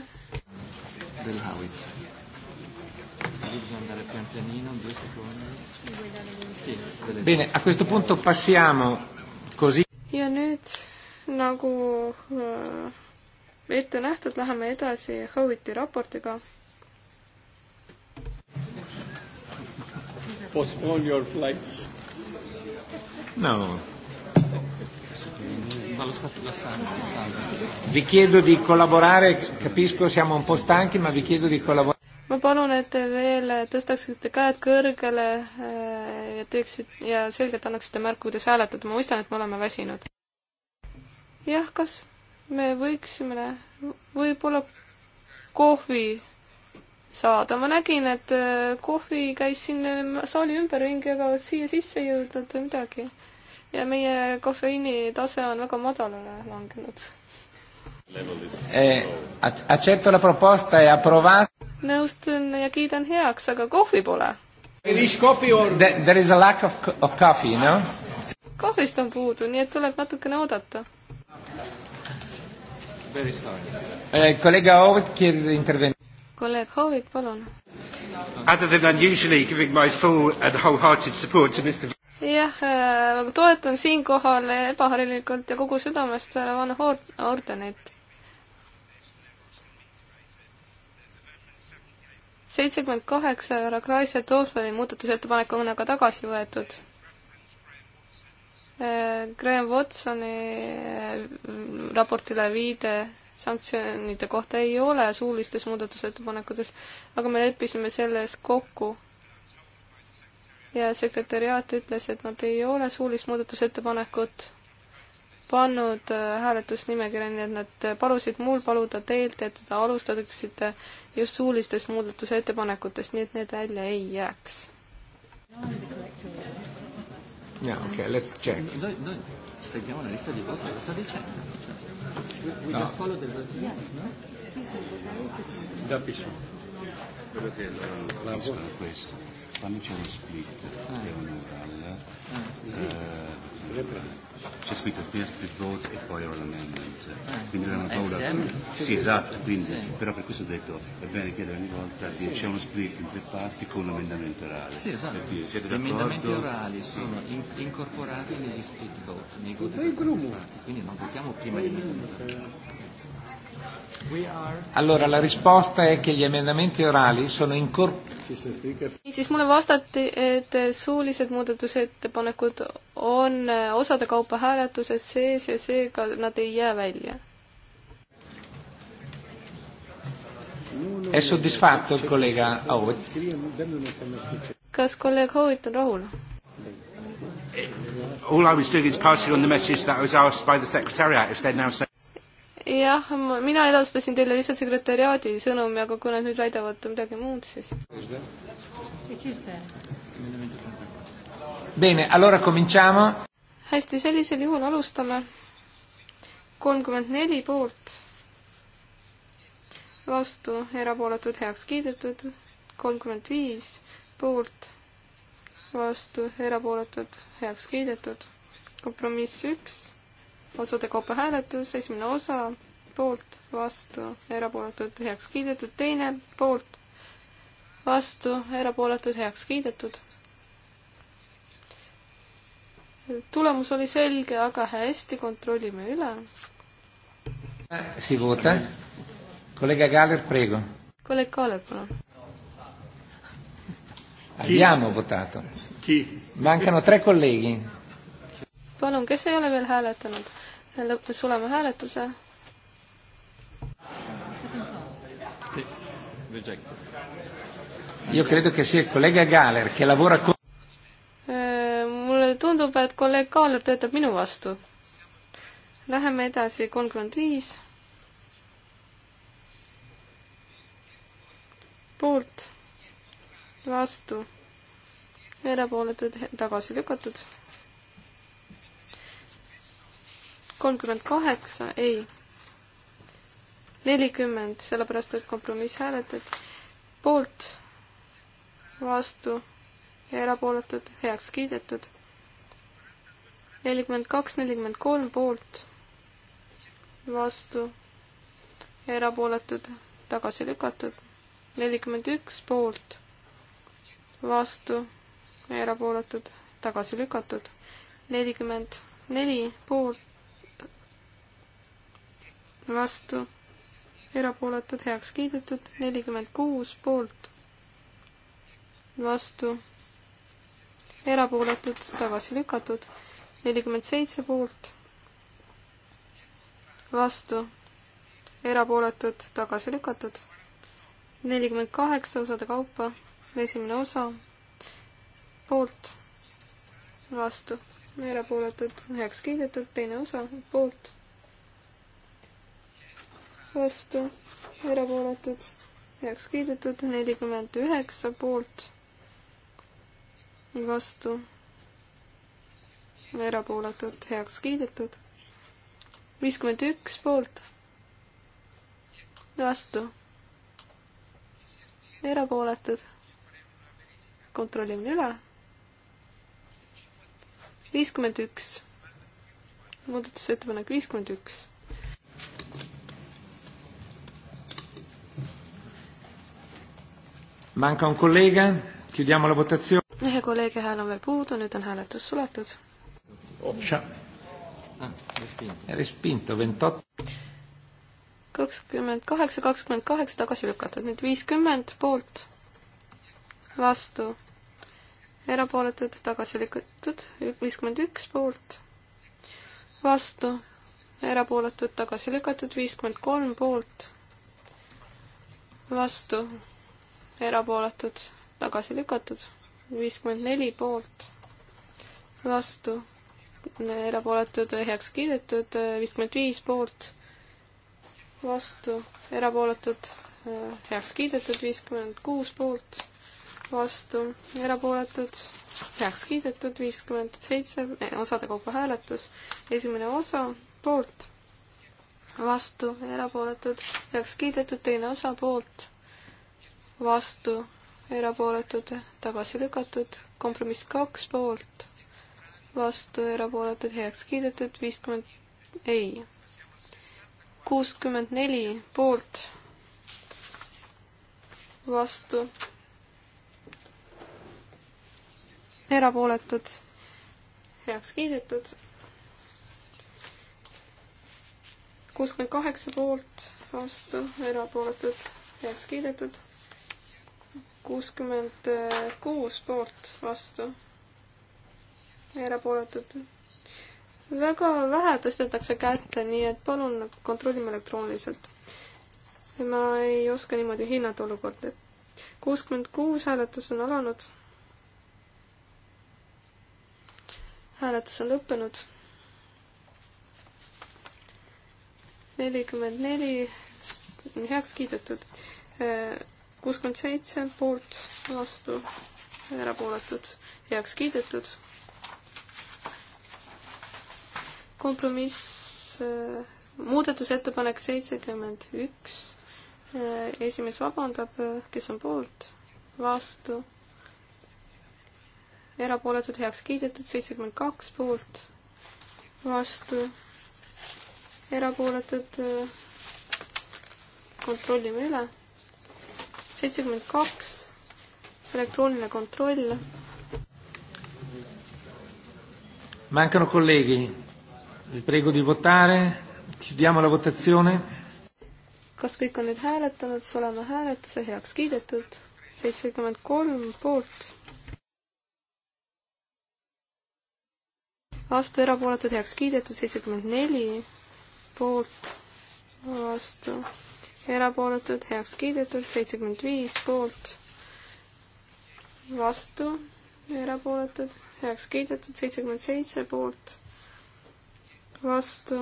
Bene, a questo punto passiamo così. ja nüüd nagu äh, ette nähtud, läheme edasi Howiti raportiga postpone your flights? No. Vi chiedo di collaborare, capisco siamo un po' stanchi, ma vi chiedo di collaborare. ma palun, et te veel tõstaksite käed kõrgele äh, ja teeksid ja selgelt annaksite märku, kuidas hääletada, ma mõistan, et me oleme väsinud. jah, kas me võiksime võib-olla kohvi saada. ma nägin, et äh, kohvi käis siin ähm, saali ümberringi, aga siia sisse ei jõudnud midagi. ja meie kofeiini tase on väga madalale langenud. Eh, e nõustun ja kiidan heaks, aga kohvi pole. There is a lack of, of coffee, no? kohvist on puudu, nii et tuleb natukene oodata. Eh, kolleeg Auvit, kirjuta intervjuu kolleeg Hoovik, palun. jah, äh, toetan siinkohal ebaharilikult ja kogu südamest härra Van Ordenit. seitsekümmend kaheksa härra Kreise Tooferi muudatusettepanek on aga tagasi võetud äh, Graham Watsoni äh, raportile viide sanktsioonide kohta ei ole suulistes muudatusettepanekutes, aga me leppisime selles kokku. ja sekretäriaat ütles, et nad ei ole suulist muudatusettepanekut pannud äh, hääletusnimekirja, nii et nad palusid mul paluda teilt, et te alustaksite just suulistest muudatusettepanekutest, nii et need välja ei jääks. jaa, okei, let's check. Seguiamo la lista di voto, cosa sta dicendo? We, we no. just follow the vote. Yes. No? Da Pisano. Quello che è la, la voce. questo. Quando c'è uno split ah. che è un oral, ah. eh, sì. Ci qui per prima split vote e poi oral amendment. Ah, quindi avevamo eh, paura. Sì, eh, esatto, quindi, però per questo ho detto è bene chiedere ogni volta che sì. c'è uno split in tre parti con un emendamento orale. Sì, esatto. Per dire, siete Gli emendamenti orali sono in, incorporati negli split vote, nei voti per parti, quindi non votiamo prima gli emendamenti orali. Allora la risposta è che gli emendamenti orali sono incorporati. siis mulle vastati, et suulised muudatusettepanekud on osade kaupa hääletuses sees ja seega nad ei jää välja. kas kolleeg Howitt on rahul? All I was doing is passing on the message that I was asked by the Secretariat if they're now saying jah, mina edastasin teile lihtsalt sekretäriaadi sõnumi, aga kui nad nüüd väidavad midagi muud, siis. Bene, allora cominciamo. hästi, sellisel juhul alustame. kolmkümmend neli poolt, vastu, erapooletud, heaks kiidetud, kolmkümmend viis poolt, vastu, erapooletud, heaks kiidetud, kompromiss üks osade kaupa hääletus, esimene osa, poolt, vastu, erapooletud, heaks kiidetud, teine, poolt, vastu, erapooletud, heaks kiidetud. tulemus oli selge, aga hästi, kontrollime üle. Si vota. Kolleeg Kaaler, prego. kolleeg Kaaler, palun. Abbiamo votato. Mancano tre colleghi. palun, kes ei ole veel hääletanud? lõppes sulema hääletuse. Äh, mulle tundub, et kolleeg Kaaler töötab minu vastu. Läheme edasi, kolmkümmend viis. poolt, vastu, erapooletud, tagasi lükatud kolmkümmend kaheksa, ei. nelikümmend, sellepärast et kompromiss hääletati poolt, vastu ja erapooletud heaks kiidetud. nelikümmend kaks, nelikümmend kolm poolt, vastu ja erapooletud tagasi lükatud. nelikümmend üks poolt, vastu ja erapooletud tagasi lükatud. nelikümmend neli poolt, vastu, erapooletud, heaks kiidetud, nelikümmend kuus poolt, vastu, erapooletud, tagasi lükatud, nelikümmend seitse poolt, vastu, erapooletud, tagasi lükatud, nelikümmend kaheksa osade kaupa, esimene osa, poolt, vastu, erapooletud, heaks kiidetud, teine osa, poolt vastu, erapooletud, heaks kiidetud, nelikümmend üheksa poolt, vastu, erapooletud, heaks kiidetud, viiskümmend üks poolt, vastu, erapooletud, kontrollime üle, viiskümmend üks, muudatusettepanek viiskümmend üks Manca un collega, chiudiamo la votazione. ühe kolleegi hääl on veel puudu, nüüd on hääletus suletud. Ah, kakskümmend kaheksa, kakskümmend kaheksa tagasi lükatud, nüüd viiskümmend poolt, vastu, erapooletud, tagasi lükatud, viiskümmend üks poolt, vastu, erapooletud, tagasi lükatud, viiskümmend kolm poolt, vastu erapooletud, tagasi lükatud, viiskümmend neli poolt, vastu, erapooletud, heaks kiidetud, viiskümmend viis poolt, vastu, erapooletud, heaks kiidetud, viiskümmend kuus poolt, vastu, erapooletud, heaks kiidetud, viiskümmend seitse, osade kaupa hääletus, esimene osa, poolt vastu, erapooletud, heaks kiidetud, teine osa poolt, vastu, erapooletud, tagasi lükatud, kompromiss kaks poolt, vastu, erapooletud, heaks kiidetud, viiskümmend, ei, kuuskümmend neli poolt, vastu, erapooletud, heaks kiidetud, kuuskümmend kaheksa poolt, vastu, erapooletud, heaks kiidetud kuuskümmend kuus poolt vastu. erapooletud. väga vähe tõstetakse kätte, nii et palun kontrollime elektrooniliselt. ma ei oska niimoodi hinnata olukorda. kuuskümmend kuus hääletus on alanud. hääletus on lõppenud. nelikümmend neli heaks kiidetud kuuskümmend seitse poolt, vastu, erapooletud, heaks kiidetud. kompromiss, äh, muudatusettepanek seitsekümmend üks, äh, esimees vabandab, äh, kes on poolt, vastu, erapooletud, heaks kiidetud, seitsekümmend kaks poolt, vastu, erapooletud, kontrollime üle seitsekümmend kaks, elektrooniline kontroll. Mancano colleghi, vi prego di votare, chiudiamo la votazione. kas kõik on nüüd hääletanud, siis oleme hääletuse heaks kiidetud, seitsekümmend kolm poolt. vastu erapooletud heaks kiidetud, seitsekümmend neli poolt, vastu erapooletud, heaks kiidetud, seitsekümmend viis poolt, vastu, erapooletud, heaks kiidetud, seitsekümmend seitse poolt, vastu,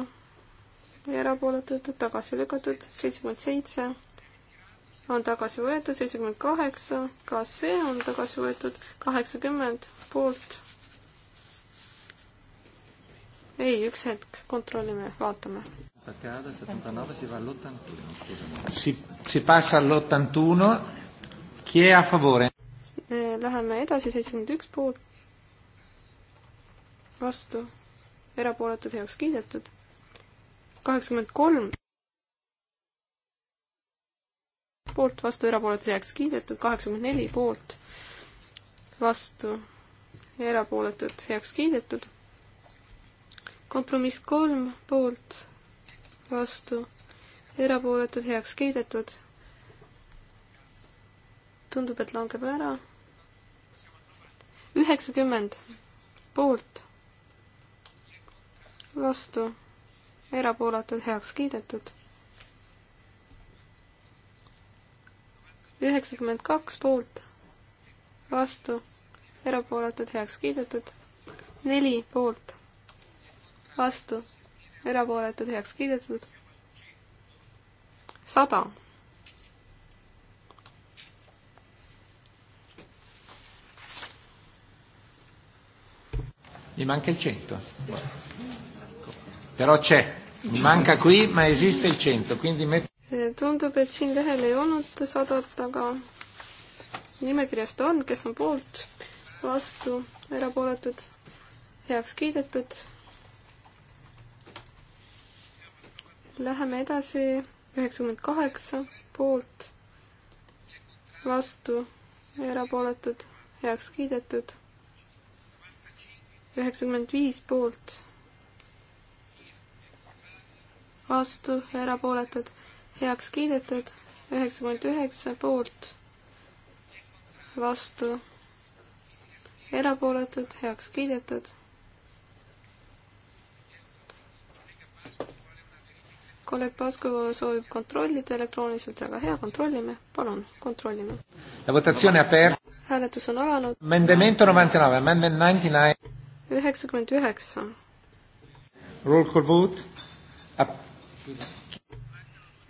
erapooletud, tagasi lükatud, seitsekümmend seitse, on tagasi võetud, seitsekümmend kaheksa, ka see on tagasi võetud, kaheksakümmend poolt. ei, üks hetk, kontrollime, vaatame Tacada, 79, si va all'81, scusami. Si, si passa all'81, chi è a favore? Läheme edasi, seitsekümmend üks poolt, vastu, erapooletud heaks kiidetud, kaheksakümmend kolm poolt, vastu, erapooletud heaks kiidetud, kaheksakümmend neli poolt, vastu, erapooletud heaks kiidetud, kompromiss kolm poolt vastu, erapooletud, heaks kiidetud. tundub, et langeb ära. üheksakümmend poolt, vastu, erapooletud, heaks kiidetud. üheksakümmend kaks poolt, vastu, erapooletud, heaks kiidetud. neli poolt, vastu erapooletud, heaks kiidetud. sada. Mi manca il 100. Però c'è. Manca qui, ma esiste il 100, quindi metti... Eh, tundub, et siin lehel ei olnud sadat, aga nimekirjas ta on, kes on poolt, vastu, erapooletud, heaks kiidetud Läheme edasi, üheksakümmend kaheksa poolt, vastu, erapooletud, heaks kiidetud. üheksakümmend viis poolt, vastu, erapooletud, heaks kiidetud. üheksakümmend üheksa poolt, vastu, erapooletud, heaks kiidetud kolleeg Pasku soovib kontrollida elektrooniliselt, väga hea, kontrollime, palun, kontrollime. hääletus on alanud. üheksakümmend üheksa.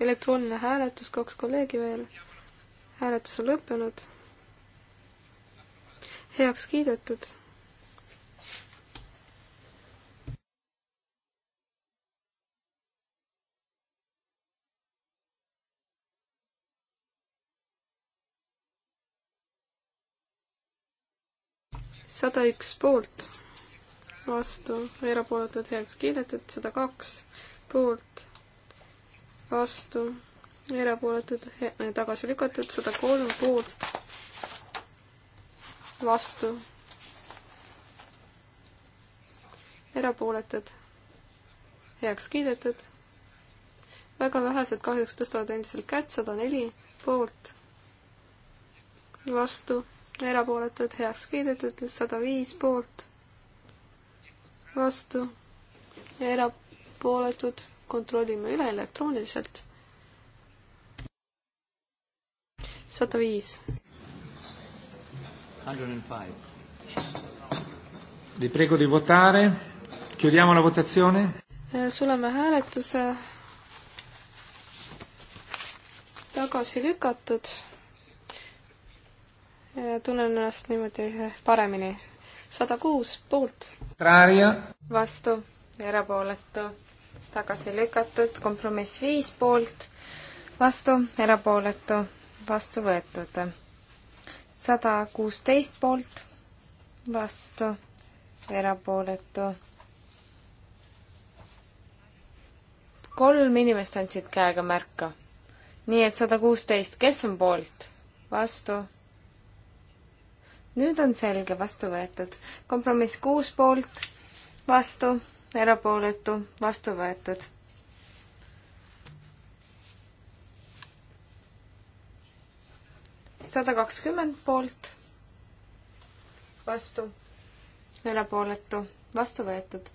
elektrooniline hääletus, kaks kolleegi veel. hääletus on lõppenud. heaks kiidetud sada üks poolt, vastu, erapooletud, heaks kiidetud, sada kaks poolt, vastu, erapooletud, eh, tagasi lükatud, sada kolm poolt, vastu, erapooletud, heaks kiidetud. väga vähesed kahjuks tõstavad endiselt kätt, sada neli poolt, vastu erapooletud, heaks kiidetud, sada viis poolt, vastu, erapooletud, kontrollime üle elektrooniliselt. sada viis. Vi prego di votare. Chiudiamo la votazione. Eh, suleme hääletuse tagasi lükatud Äh, tunnen ennast niimoodi äh, paremini. sada kuus poolt. vastu, erapooletu, tagasi lükatud, kompromiss viis poolt, vastu, erapooletu, vastu võetud. sada kuusteist poolt, vastu, erapooletu kolm inimest andsid käega märka. nii et sada kuusteist, kes on poolt? vastu, nüüd on selge, vastu võetud. kompromiss kuus poolt, vastu, erapooletu, vastu võetud. sada kakskümmend poolt, vastu, erapooletu, vastu võetud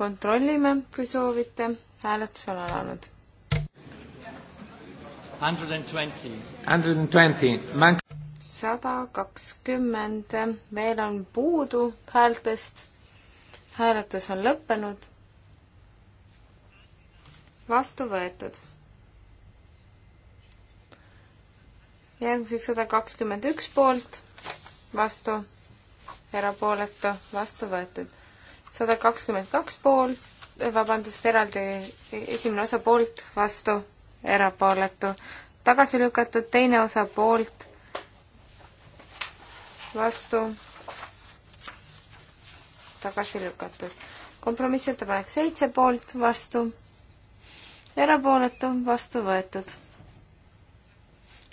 kontrollime, kui soovite. hääletus on alanud sada kakskümmend, meil on puudu häältest. hääletus on lõppenud. vastu võetud. järgmiseks sada kakskümmend üks poolt, vastu, erapooletu, vastu võetud sada kakskümmend kaks poolt, eh, vabandust, eraldi esimene osa poolt, vastu, erapooletu, tagasi lükatud, teine osa poolt, vastu, tagasi lükatud. kompromissettepanek seitse poolt, vastu, erapooletu, vastu võetud.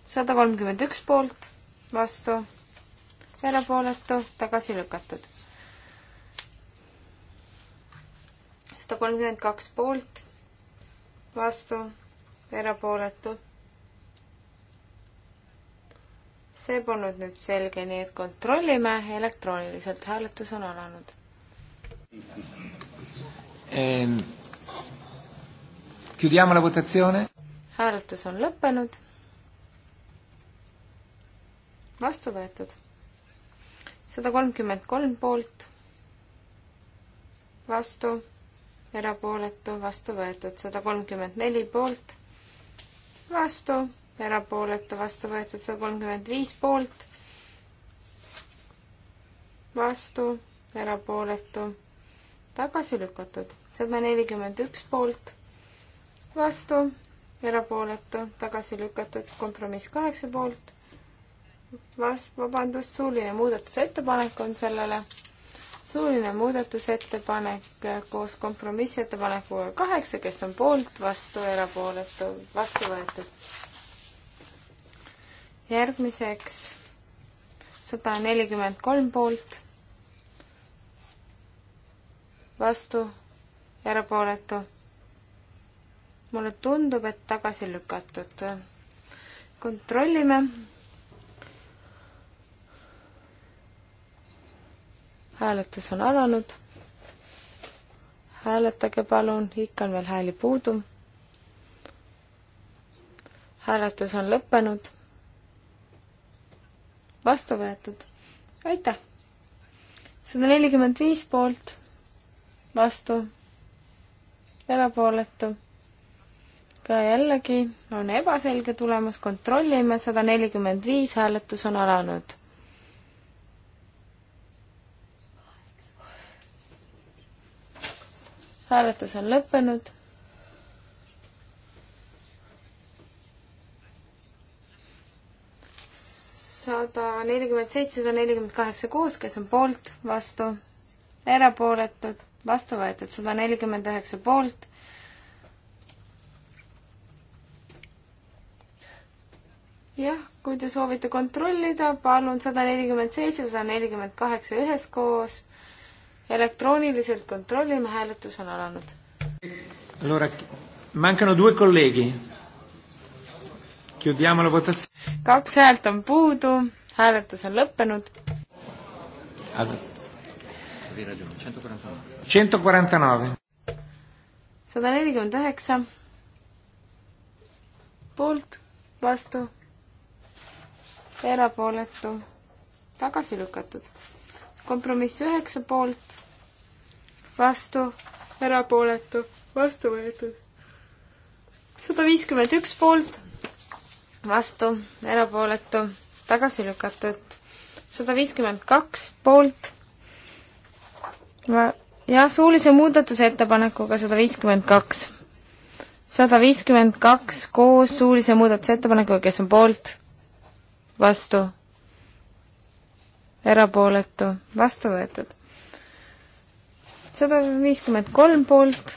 sada kolmkümmend üks poolt, vastu, erapooletu, tagasi lükatud. sada kolmkümmend kaks poolt, vastu erapooletu. see polnud nüüd selge, nii et kontrollime elektrooniliselt, hääletus on alanud ehm,. Chiudiamo la votazione. hääletus on lõppenud. vastu võetud. sada kolmkümmend kolm poolt, vastu erapooletu, vastu võetud sada kolmkümmend neli poolt, vastu, erapooletu, vastu võetud sada kolmkümmend viis poolt, vastu, erapooletu, tagasi lükatud, sada nelikümmend üks poolt, vastu, erapooletu, tagasi lükatud, kompromiss kaheksa poolt, vas-, vabandust, suuline muudatusettepanek on sellele suuline muudatusettepanek koos kompromissettepanekuga kaheksa, kes on poolt, vastu, erapooletu, vastu võetud. järgmiseks sada nelikümmend kolm poolt, vastu, erapooletu. mulle tundub, et tagasi lükatud. kontrollime hääletus on alanud. hääletage palun, ikka on veel hääli puudu. hääletus on lõppenud. vastu võetud. aitäh! sada nelikümmend viis poolt, vastu, erapooletu. ka jällegi on ebaselge tulemus, kontrollime, sada nelikümmend viis hääletus on alanud hääletus on lõppenud. sada nelikümmend seitse, sada nelikümmend kaheksa koos, kes on poolt, vastu, erapooletud, vastu võetud, sada nelikümmend üheksa poolt jah, kui te soovite kontrollida, palun sada nelikümmend seitse, sada nelikümmend kaheksa üheskoos elektrooniliselt kontrollime, hääletus on alanud. Allora, mancano due colleghi. Chiudiamo la votazione. kaks häält on puudu, hääletus on lõppenud. sada nelikümmend üheksa. poolt, vastu, erapooletu, tagasi lükatud kompromiss üheksa poolt, vastu, erapooletu, vastu võetud. sada viiskümmend üks poolt, vastu, erapooletu, tagasi lükatud. sada viiskümmend kaks poolt, jah, suulise muudatuse ettepanekuga sada viiskümmend kaks. sada viiskümmend kaks koos suulise muudatusettepanekuga, kes on poolt, vastu erapooletu, vastu võetud. sada viiskümmend kolm poolt,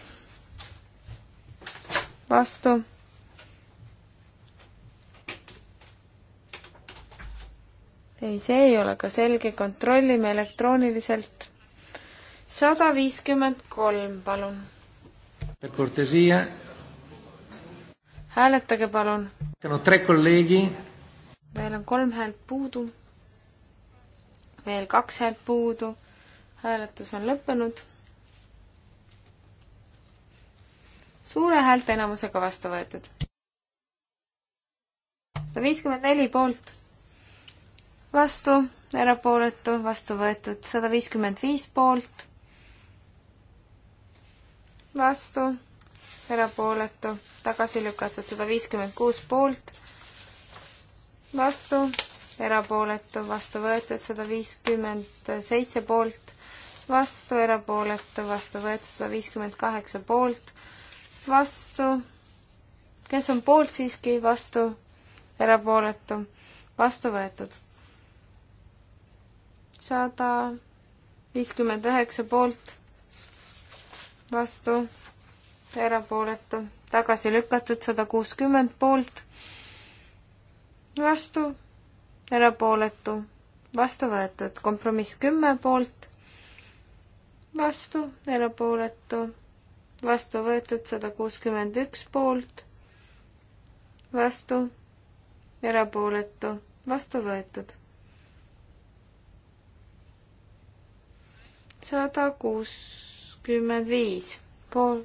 vastu. ei, see ei ole ka selge, kontrollime elektrooniliselt. sada viiskümmend kolm, palun. Per cortesia, hääletage palun. Teil on kolm häält puudu veel kaks häält puudu. hääletus on lõppenud. suure häälteenamusega vastu võetud. sada viiskümmend neli poolt, vastu, erapooletu, vastu võetud, sada viiskümmend viis poolt, vastu, erapooletu, tagasi lükatud, sada viiskümmend kuus poolt, vastu erapooletu, vastu võetud sada viiskümmend seitse poolt, vastu erapooletu, vastu võetud sada viiskümmend kaheksa poolt, vastu, kes on poolt siiski, vastu, erapooletu, vastu võetud. sada viiskümmend üheksa poolt, vastu, erapooletu, tagasi lükatud sada kuuskümmend poolt, vastu erapooletu, vastu võetud. kompromiss kümme poolt, vastu, erapooletu, vastu võetud sada kuuskümmend üks poolt, vastu, erapooletu, vastu võetud. sada kuuskümmend viis pool,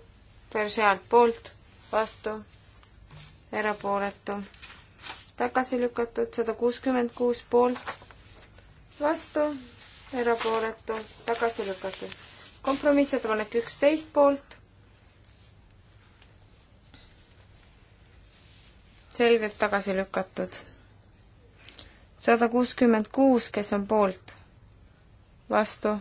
per sealt poolt, vastu, erapooletu tagasi lükatud, sada kuuskümmend kuus poolt, vastu, erapooletu, tagasi lükatud. kompromissettepanek üksteist poolt. selgelt tagasi lükatud. sada kuuskümmend kuus, kes on poolt, vastu.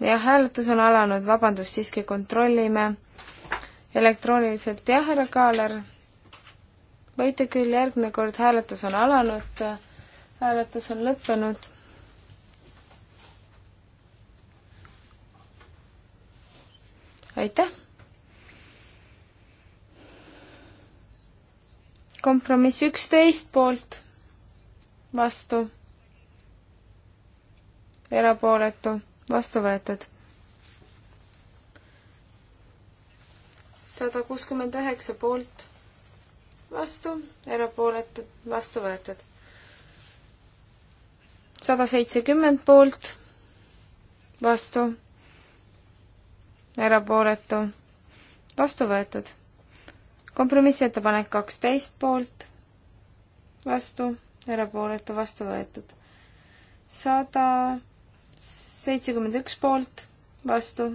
jah, hääletus on alanud, vabandust, siiski kontrollime elektrooniliselt, jah, härra Kaaler? võite küll, järgmine kord hääletus on alanud, hääletus on lõppenud. aitäh! kompromiss üksteist poolt, vastu, erapooletu, vastu võetud sada kuuskümmend üheksa poolt, vastu, erapooletud, vastu võetud. sada seitsekümmend poolt, vastu, erapooletu, vastu võetud. kompromissettepanek kaksteist poolt, vastu, erapooletu, vastu võetud. sada seitsekümmend üks poolt, vastu,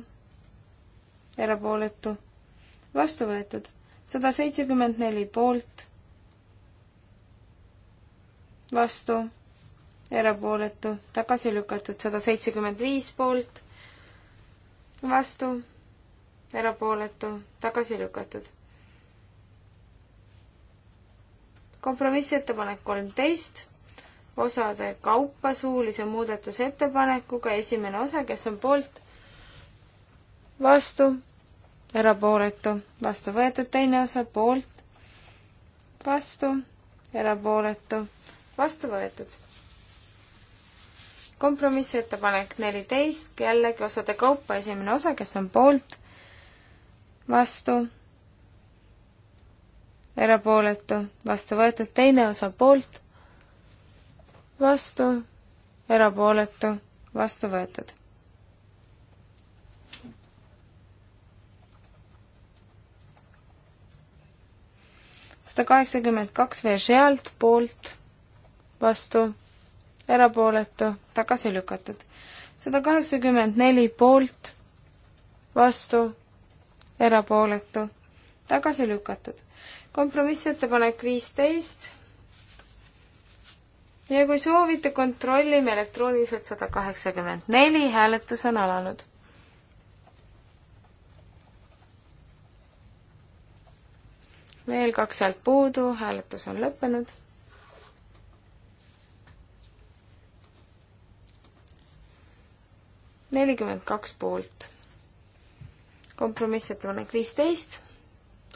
erapooletu vastu võetud. sada seitsekümmend neli poolt, vastu, erapooletu, tagasi lükatud. sada seitsekümmend viis poolt, vastu, erapooletu, tagasi lükatud. kompromissettepanek kolmteist osade kaupa suulise muudatusettepanekuga, esimene osa, kes on poolt, vastu, erapooletu, vastu võetud, teine osa poolt, vastu, erapooletu, vastu võetud. kompromissettepanek neliteist, jällegi osade kaupa, esimene osa, kes on poolt, vastu, erapooletu, vastu võetud, teine osa poolt, vastu, erapooletu, vastu võetud kakssada kaheksakümmend kaks Vežealt poolt, vastu, erapooletu, tagasi lükatud. sada kaheksakümmend neli poolt, vastu, erapooletu, tagasi lükatud. kompromissettepanek viisteist. ja kui soovite, kontrollime elektrooniliselt sada kaheksakümmend neli, hääletus on alanud veel kaks häält puudu, hääletus on lõppenud. nelikümmend kaks poolt. kompromissettepanek viisteist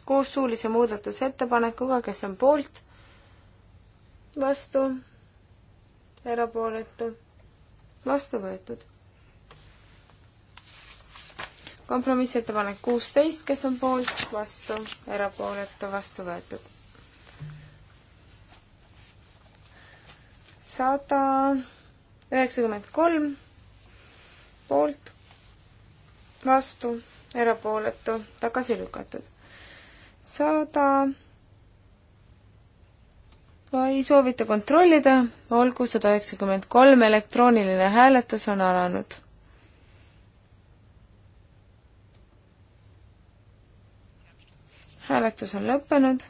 koos suulise muudatusettepanekuga, kes on poolt, vastu, erapooletu, vastu võetud kompromissettepanek kuusteist, kes on poolt, vastu, erapooletu, vastu võetud. sada üheksakümmend kolm poolt, vastu, erapooletu, tagasi lükatud. sada ei soovita kontrollida, olgu sada üheksakümmend kolm, elektrooniline hääletus on alanud hääletus on lõppenud.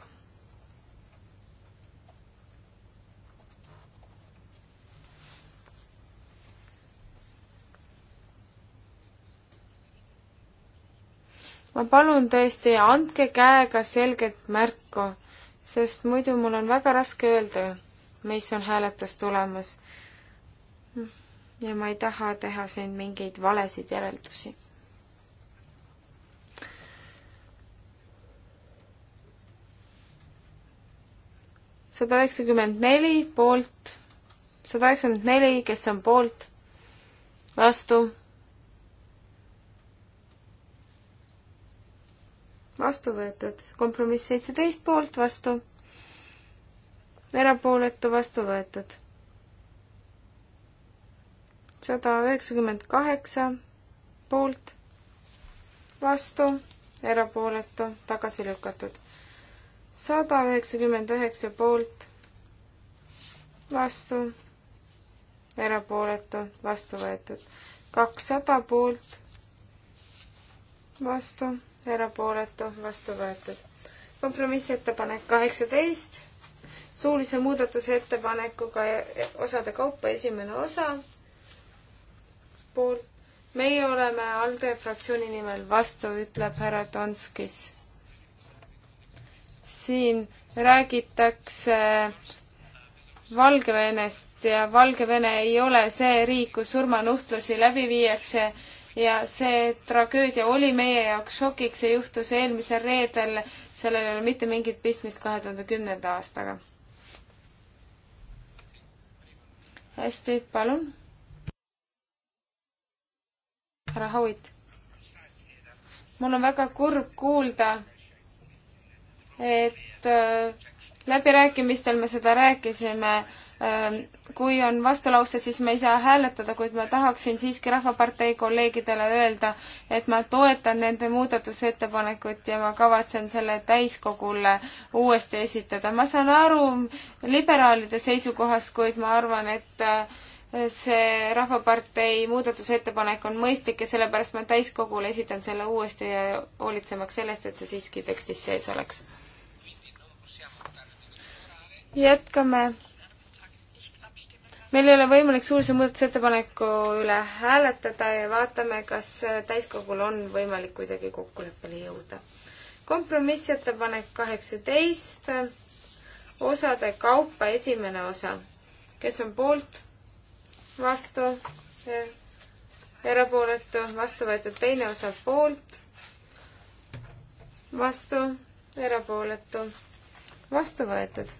ma palun tõesti, andke käega selget märku, sest muidu mul on väga raske öelda, mis on hääletustulemus. ja ma ei taha teha siin mingeid valesid järeldusi sada üheksakümmend neli poolt, sada üheksakümmend neli, kes on poolt, vastu, vastu võetud, kompromiss seitseteist poolt, vastu, erapooletu, vastu võetud. sada üheksakümmend kaheksa poolt, vastu, erapooletu, tagasi lükatud sada üheksakümmend üheksa poolt, vastu, erapooletu, vastu võetud. kakssada poolt, vastu, erapooletu, vastu võetud. kompromissettepanek kaheksateist, suulise muudatuse ettepanekuga osade kaupa esimene osa, poolt meie oleme ALDE fraktsiooni nimel vastu, ütleb härra Tonskis siin räägitakse Valgevenest ja Valgevene ei ole see riik, kus surmanuhtlusi läbi viiakse ja see tragöödia oli meie jaoks šokiks, see juhtus eelmisel reedel, sellel ei ole mitte mingit pistmist kahe tuhande kümnenda aastaga. hästi, palun. härra Howitt. mul on väga kurb kuulda, et äh, läbirääkimistel me seda rääkisime, ähm, kui on vastulaused, siis me ei saa hääletada, kuid ma tahaksin siiski Rahvapartei kolleegidele öelda, et ma toetan nende muudatusettepanekut ja ma kavatsen selle täiskogule uuesti esitada. ma saan aru liberaalide seisukohast, kuid ma arvan, et äh, see Rahvapartei muudatusettepanek on mõistlik ja sellepärast ma täiskogule esitan selle uuesti ja äh, hoolitsemaks sellest, et see siiski tekstis sees oleks jätkame. meil ei ole võimalik suurse muudatusettepaneku üle hääletada ja vaatame, kas täiskogul on võimalik kuidagi kokkuleppele jõuda. kompromissettepanek kaheksateist, osade kaupa esimene osa. kes on poolt? vastu? erapooletu, vastu võetud teine osa poolt, vastu, erapooletu, vastu võetud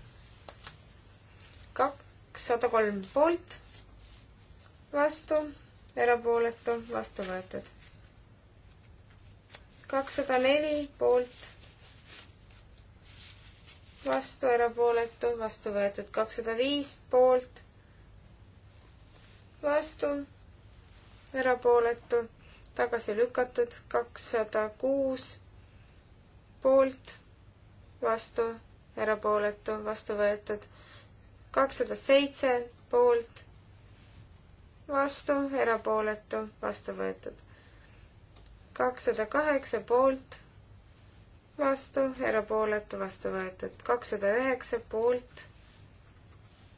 kakssada kolm poolt, vastu, erapooletu, vastu võetud. kakssada neli poolt, vastu, erapooletu, vastu võetud. kakssada viis poolt, vastu, erapooletu, tagasi lükatud. kakssada kuus poolt, vastu, erapooletu, vastu võetud kakssada seitse poolt, vastu, erapooletu, vastu võetud. kakssada kaheksa poolt, vastu, erapooletu, vastu võetud. kakssada üheksa poolt,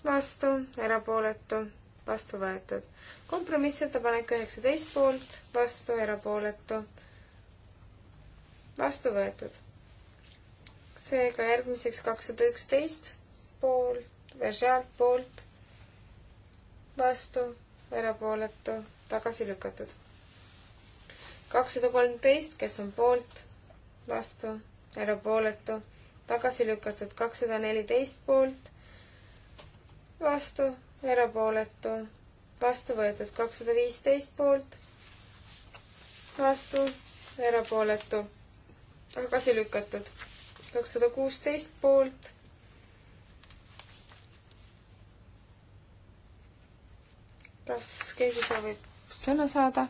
vastu, erapooletu, vastu võetud. kompromissettepanek üheksateist poolt, vastu, erapooletu, vastu võetud. seega järgmiseks kakssada üksteist poolt, Veržalt poolt, vastu, erapooletu, tagasi lükatud. kakssada kolmteist, kes on poolt, vastu, erapooletu, tagasi lükatud. kakssada neliteist poolt, vastu, erapooletu, vastu võetud. kakssada viisteist poolt, vastu, erapooletu, tagasi lükatud. kakssada kuusteist poolt kas keegi soovib sõna saada?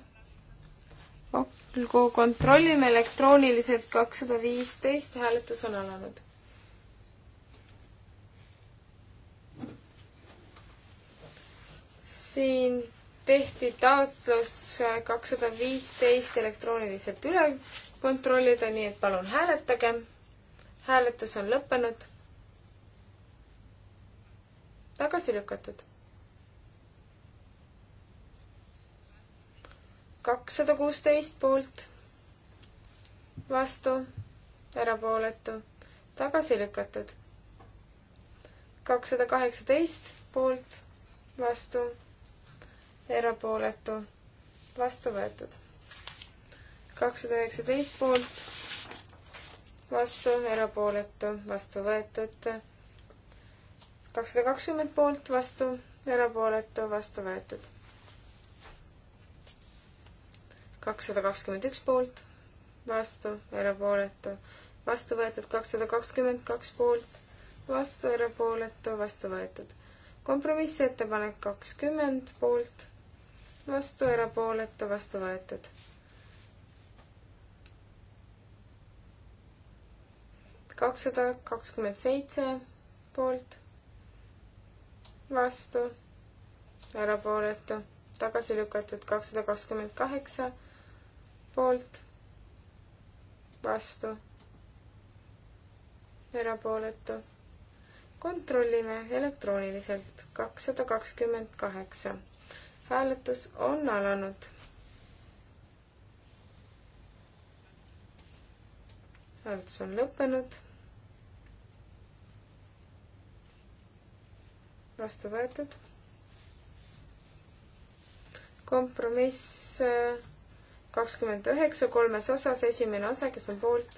kokku kontrollime elektrooniliselt kakssada viisteist, hääletus on alanud. siin tehti taotlus kakssada viisteist elektrooniliselt üle kontrollida, nii et palun hääletage. hääletus on lõppenud. tagasi lükatud kakssada kuusteist poolt, vastu, erapooletu, tagasi lükatud. kakssada kaheksateist poolt, vastu, erapooletu, vastu võetud. kakssada üheksateist poolt, vastu, erapooletu, vastu võetud. kakssada kakskümmend poolt, vastu, erapooletu, vastu võetud kakssada kakskümmend üks poolt, vastu, erapooletu, vastu võetud kakssada kakskümmend kaks poolt, vastu, erapooletu, vastu võetud. kompromissettepanek kakskümmend poolt, vastu, erapooletu, vastu võetud. kakssada kakskümmend seitse poolt, vastu, erapooletu, tagasi lükatud kakssada kakskümmend kaheksa poolt, vastu, erapooletu. kontrollime elektrooniliselt kakssada kakskümmend kaheksa. hääletus on alanud. hääletus on lõppenud. vastu võetud. kompromiss äh, kakskümmend üheksa kolmes osas, esimene osa, kes on poolt,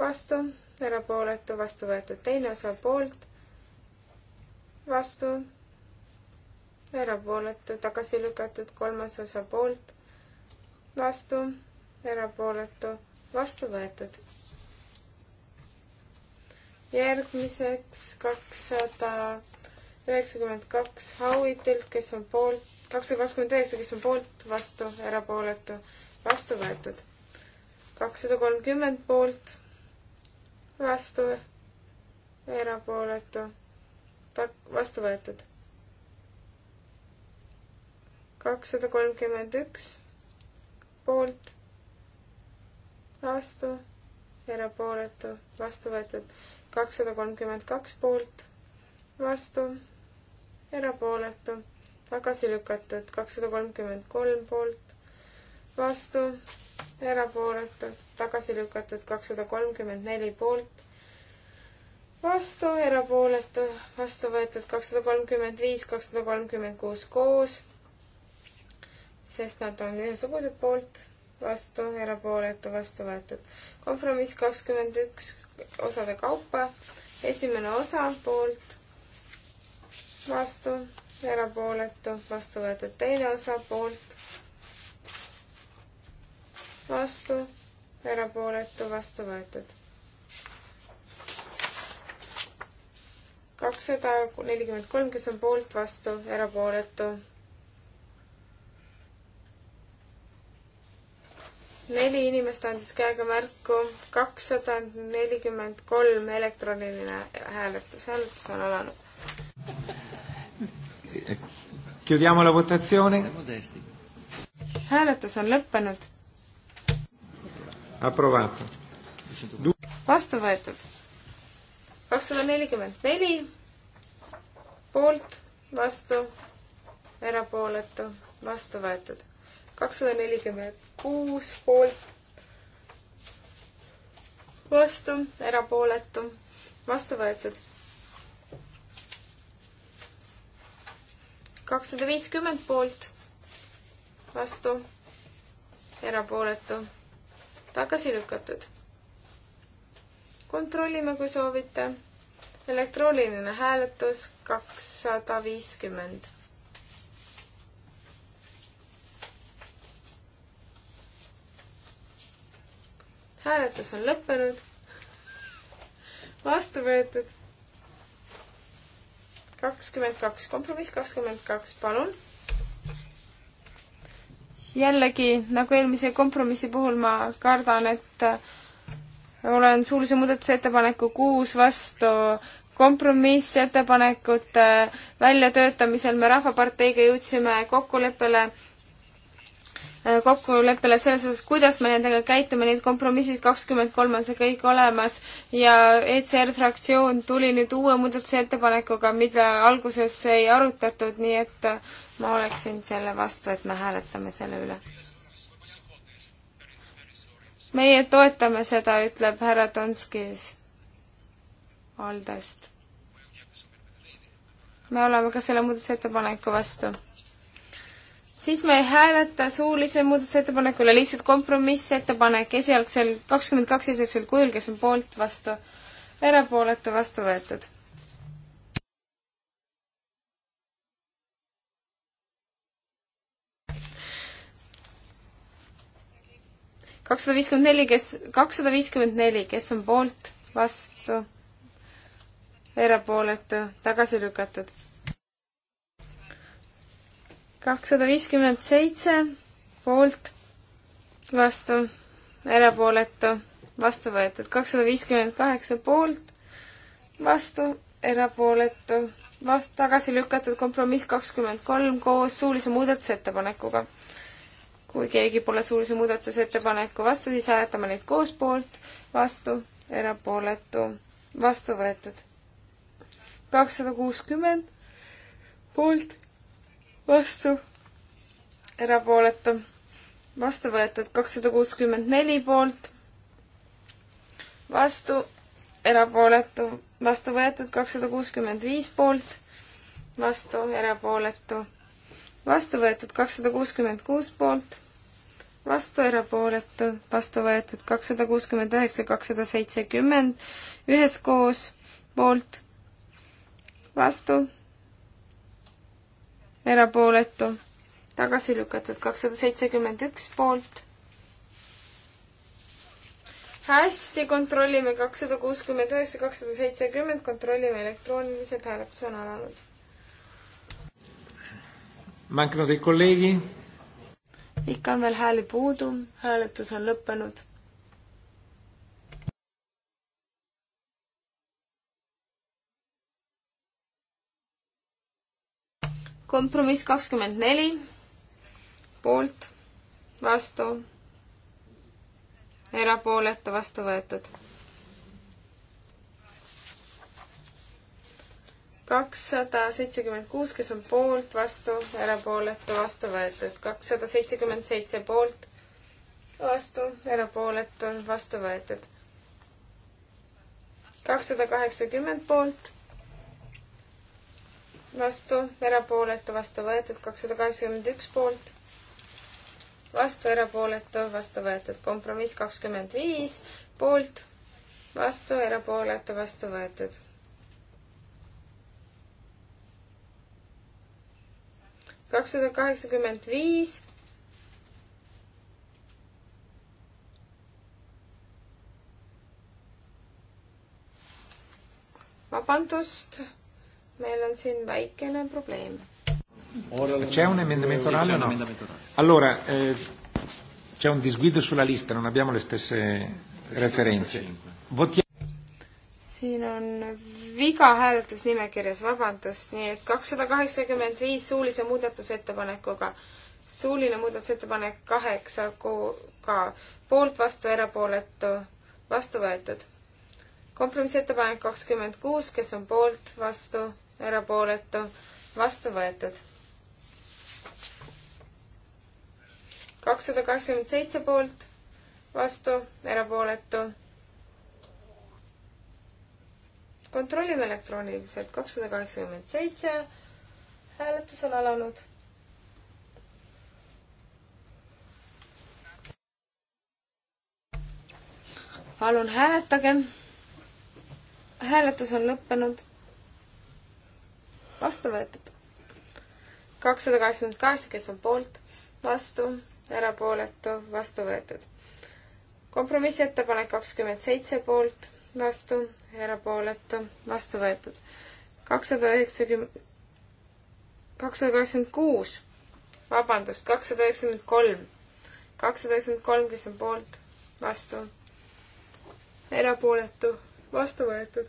vastu, erapooletu, vastu võetud, teine osa poolt, vastu, erapooletu, tagasi lükatud, kolmas osa poolt, vastu, erapooletu, vastu võetud. järgmiseks kakssada 200 üheksakümmend kaks Howitilt, kes on poolt, kakssada kakskümmend üheksa, kes on poolt, vastu, erapooletu, vastu võetud. kakssada kolmkümmend poolt, vastu, erapooletu, tak-, vastu võetud. kakssada kolmkümmend üks poolt, vastu, erapooletu, vastu võetud. kakssada kolmkümmend kaks poolt vastu, erapooletu, tagasi lükatud, kakssada kolmkümmend kolm poolt, vastu, erapooletu, tagasi lükatud, kakssada kolmkümmend neli poolt, vastu, erapooletu, vastu võetud kakssada kolmkümmend viis, kakssada kolmkümmend kuus koos, sest nad on ühesugused poolt vastu, erapooletu vastu võetud. kompromiss kakskümmend üks osade kaupa, esimene osa poolt, vastu, erapooletu, vastu võetud teine osa poolt, vastu, erapooletu, vastu võetud. kakssada nelikümmend kolm, kes on poolt, vastu, erapooletu. neli inimest andis käega märku, kakssada nelikümmend kolm elektrooniline hääletus, hääletus on alanud. Chiudiamo la votazione. hääletus on lõppenud. Approvato. vastu võetud. kakssada nelikümmend neli poolt, vastu, erapooletu, vastu võetud. kakssada nelikümmend kuus poolt, vastu, erapooletu, vastu võetud kakssada viiskümmend poolt, vastu, erapooletu, tagasi lükatud. kontrollime, kui soovite. elektrooniline hääletus kakssada viiskümmend. hääletus on lõppenud. vastu võetud kakskümmend kaks, kompromiss kakskümmend kaks, palun. jällegi, nagu eelmise kompromissi puhul ma kardan, et äh, olen suulise muudatusettepaneku kuus vastu, kompromissettepanekute väljatöötamisel me Rahvaparteiga jõudsime kokkuleppele, Äh, kokkuleppele selles osas, kuidas me nendega käitume, nii et kompromissis kakskümmend kolm on see kõik olemas ja ECR fraktsioon tuli nüüd uue muudatusettepanekuga, mida alguses ei arutatud, nii et äh, ma oleksin selle vastu, et me hääletame selle üle. meie toetame seda, ütleb härra Donskis Aldest. me oleme ka selle muudatusettepaneku vastu siis me ei hääleta suulise muudatusettepaneku üle, lihtsalt kompromissettepanek esialgsel kakskümmend kaks esialgsel kujul, kes on poolt, vastu, erapooletu, vastu võetud. kakssada viiskümmend neli, kes, kakssada viiskümmend neli, kes on poolt, vastu, erapooletu, tagasi lükatud kakssada viiskümmend seitse poolt, vastu, erapooletu, vastu võetud. kakssada viiskümmend kaheksa poolt, vastu, erapooletu, vastu tagasi lükatud kompromiss kakskümmend kolm koos suulise muudatusettepanekuga. kui keegi pole suulise muudatusettepaneku vastu, siis hääletame neid koos poolt, vastu, erapooletu, vastu võetud. kakssada kuuskümmend poolt vastu, erapooletu, vastu võetud kakssada kuuskümmend neli poolt, vastu, erapooletu, vastu võetud kakssada kuuskümmend viis poolt, vastu, erapooletu, vastu võetud kakssada kuuskümmend kuus poolt, vastu, erapooletu, vastu võetud kakssada kuuskümmend üheksa, kakssada seitsekümmend, üheskoos poolt, vastu erapooletu, tagasi lükatud kakssada seitsekümmend üks poolt. hästi, kontrollime kakssada kuuskümmend üheksa, kakssada seitsekümmend, kontrollime elektrooniliselt, hääletus on alanud. Mancano dei colleghi? ikka on veel hääli puudu, hääletus on lõppenud kompromiss kakskümmend neli, poolt, vastu, erapooletu, vastu võetud. kakssada seitsekümmend kuus, kes on poolt, vastu, erapooletu, vastu võetud. kakssada seitsekümmend seitse poolt, vastu, erapooletu, vastu võetud. kakssada kaheksakümmend poolt vastu, erapooletu, vastu võetud, kakssada kaheksakümmend üks poolt, vastu, erapooletu, vastu võetud, kompromiss kakskümmend viis poolt, vastu, erapooletu, vastu võetud. kakssada kaheksakümmend viis vabandust meil on siin väikene probleem. C'è un emendamento orale o no? Allora, eh, c'è un disguido sulla lista, non abbiamo le stesse referenze. Votiamo. Siin on viga hääletusnimekirjas, vabandust, nii et kakssada kaheksakümmend viis suulise muudatusettepanekuga, suuline muudatusettepanek kaheksa ka poolt, vastu, erapooletu, vastu võetud. kompromissettepanek kakskümmend kuus, kes on poolt, vastu, erapooletu, vastu võetud. kakssada kakskümmend seitse poolt, vastu, erapooletu. kontrollime elektrooniliselt, kakssada kaheksakümmend seitse, hääletus on alanud palun hääletage. hääletus on lõppenud vastu võetud. kakssada kaheksakümmend kaheksa, kes on poolt, vastu, erapooletu, vastu võetud. kompromissettepanek kakskümmend seitse poolt, vastu, erapooletu, vastu võetud. kakssada üheksakümmend, kakssada kaheksakümmend kuus, vabandust, kakssada üheksakümmend kolm, kakssada üheksakümmend kolm, kes on poolt, vastu, erapooletu, vastu võetud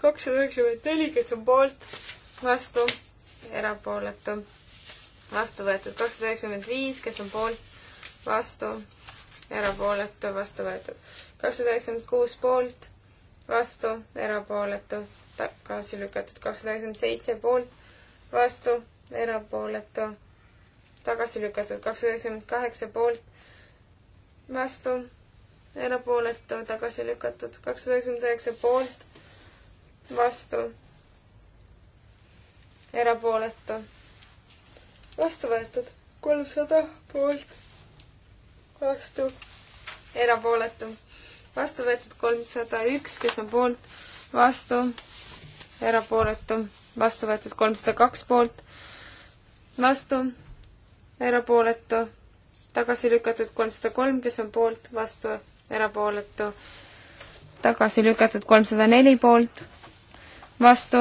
kakssada üheksakümmend neli, kes on poolt, vastu, erapooletu, vastu võetud. kakssada üheksakümmend viis, kes on poolt, vastu, erapooletu, vastu võetud. kakssada üheksakümmend kuus poolt, vastu, erapooletu, tagasi lükatud. kakssada üheksakümmend seitse poolt, vastu, erapooletu, tagasi lükatud. kakssada üheksakümmend kaheksa poolt, vastu, erapooletu, tagasi lükatud. kakssada üheksakümmend üheksa poolt, vastu, erapooletu, vastu võetud, kolmsada poolt, vastu, erapooletu, vastu võetud kolmsada üks, kes on poolt, vastu, erapooletu, vastu võetud kolmsada kaks poolt, vastu, erapooletu, tagasi lükatud kolmsada kolm, kes on poolt, vastu, erapooletu, tagasi lükatud kolmsada neli poolt vastu,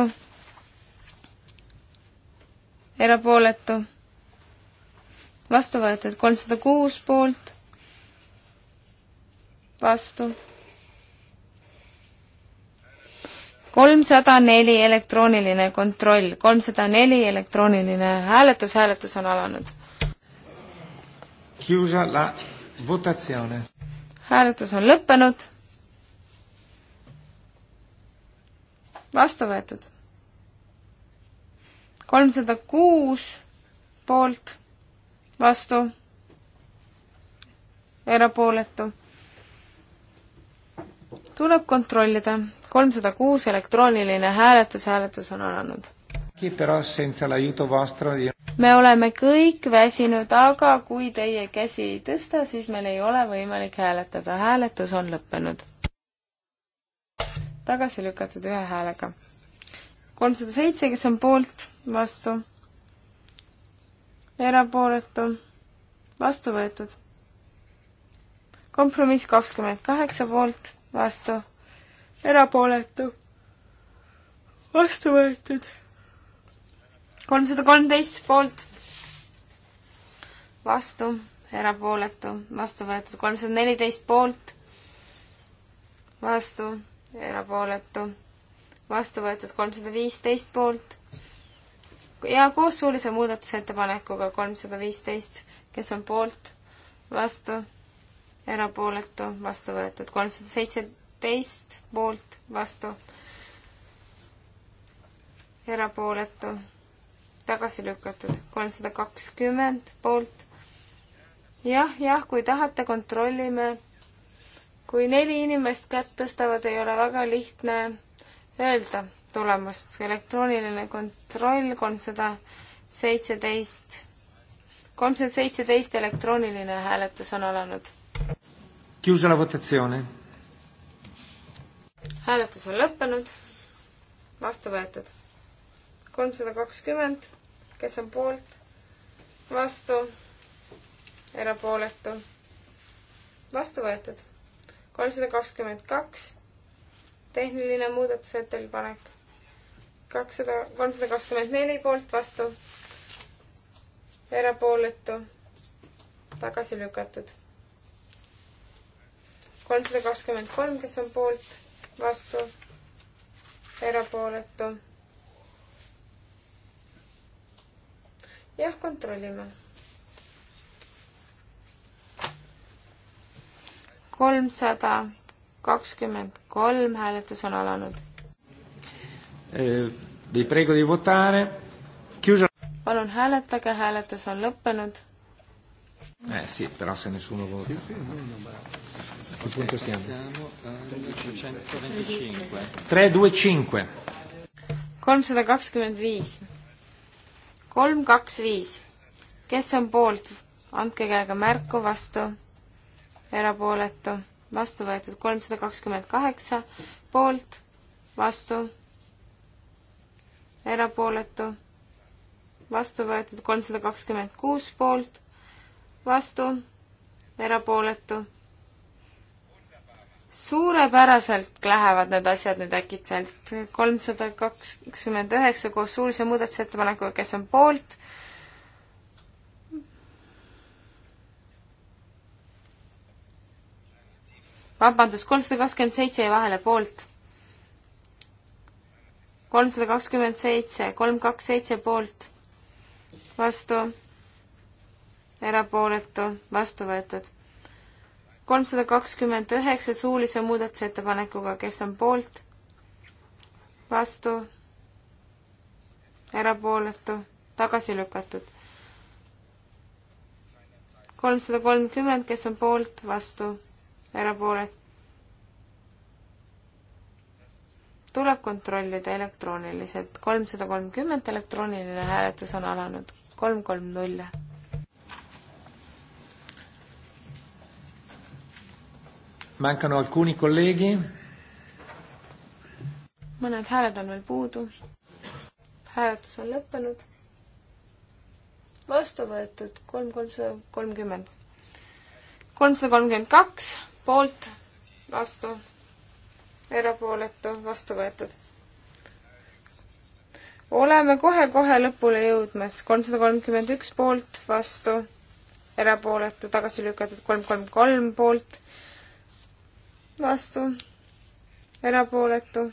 erapooletu, vastu võetud kolmsada kuus poolt, vastu. kolmsada neli elektrooniline kontroll, kolmsada neli elektrooniline hääletus, hääletus on alanud. Chiusa la votazione. hääletus on lõppenud vastu võetud. kolmsada kuus poolt, vastu, erapooletu. tuleb kontrollida, kolmsada kuus elektrooniline hääletus, hääletus on alanud. me oleme kõik väsinud, aga kui teie käsi ei tõsta, siis meil ei ole võimalik hääletada, hääletus on lõppenud tagasi lükatud ühe häälega. kolmsada seitse, kes on poolt, vastu, erapooletu, vastu võetud. kompromiss kakskümmend kaheksa poolt, vastu, erapooletu, vastu võetud. kolmsada kolmteist poolt, vastu, erapooletu, vastu võetud. kolmsada neliteist poolt, vastu erapooletu, vastu võetud kolmsada viisteist poolt ja koos suulise muudatusettepanekuga kolmsada viisteist, kes on poolt, vastu, erapooletu, vastu võetud kolmsada seitseteist poolt, vastu, erapooletu, tagasi lükatud kolmsada kakskümmend poolt. jah, jah, kui tahate, kontrollime kui neli inimest kätt tõstavad, ei ole väga lihtne öelda tulemust. elektrooniline kontroll kolmsada seitseteist, kolmsada seitseteist elektrooniline hääletus on alanud. hääletus on lõppenud, vastu võetud. kolmsada kakskümmend, kes on poolt, vastu, erapooletu, vastu võetud kolmsada kakskümmend kaks, tehniline muudatusettepanek, kakssada, kolmsada kakskümmend neli poolt, vastu, erapooletu, tagasi lükatud. kolmsada kakskümmend kolm, kes on poolt, vastu, erapooletu. jah, kontrollime kolmsada kakskümmend kolm, hääletus on alanud. Eh, palun hääletage, hääletus on lõppenud. Eh sì, però se nessuno vota. Sì, sì, no, no, a che punto siamo? Siamo al 125. 325. 325. 325. Kes on poolt? Andke käega märku vastu erapooletu, vastu võetud kolmsada kakskümmend kaheksa, poolt, vastu, erapooletu, vastu võetud kolmsada kakskümmend kuus, poolt, vastu, erapooletu. suurepäraselt lähevad need asjad nüüd äkitselt. kolmsada kakskümmend üheksa koos suulise muudatusettepanekuga, kes on poolt, vabandust, kolmsada kakskümmend seitse jäi vahele, poolt. kolmsada kakskümmend seitse, kolm kaks seitse poolt, vastu, erapooletu, vastu võetud. kolmsada kakskümmend üheksa suulise muudatusettepanekuga, kes on poolt, vastu, erapooletu, tagasi lükatud kolmsada kolmkümmend, kes on poolt, vastu, erapoolet-. tuleb kontrollida elektrooniliselt, kolmsada kolmkümmend elektrooniline hääletus on alanud, kolm kolm null. Mancano alcuni colleghi. mõned hääled on veel puudu. hääletus on lõppenud vastu võetud kolm, kolmsada kolmkümmend. kolmsada kolmkümmend kaks poolt, vastu, erapooletu, vastu võetud. oleme kohe-kohe lõpule jõudmas, kolmsada kolmkümmend üks poolt, vastu, erapooletu, tagasi lükatud, kolm, kolm, kolm poolt, vastu, erapooletu,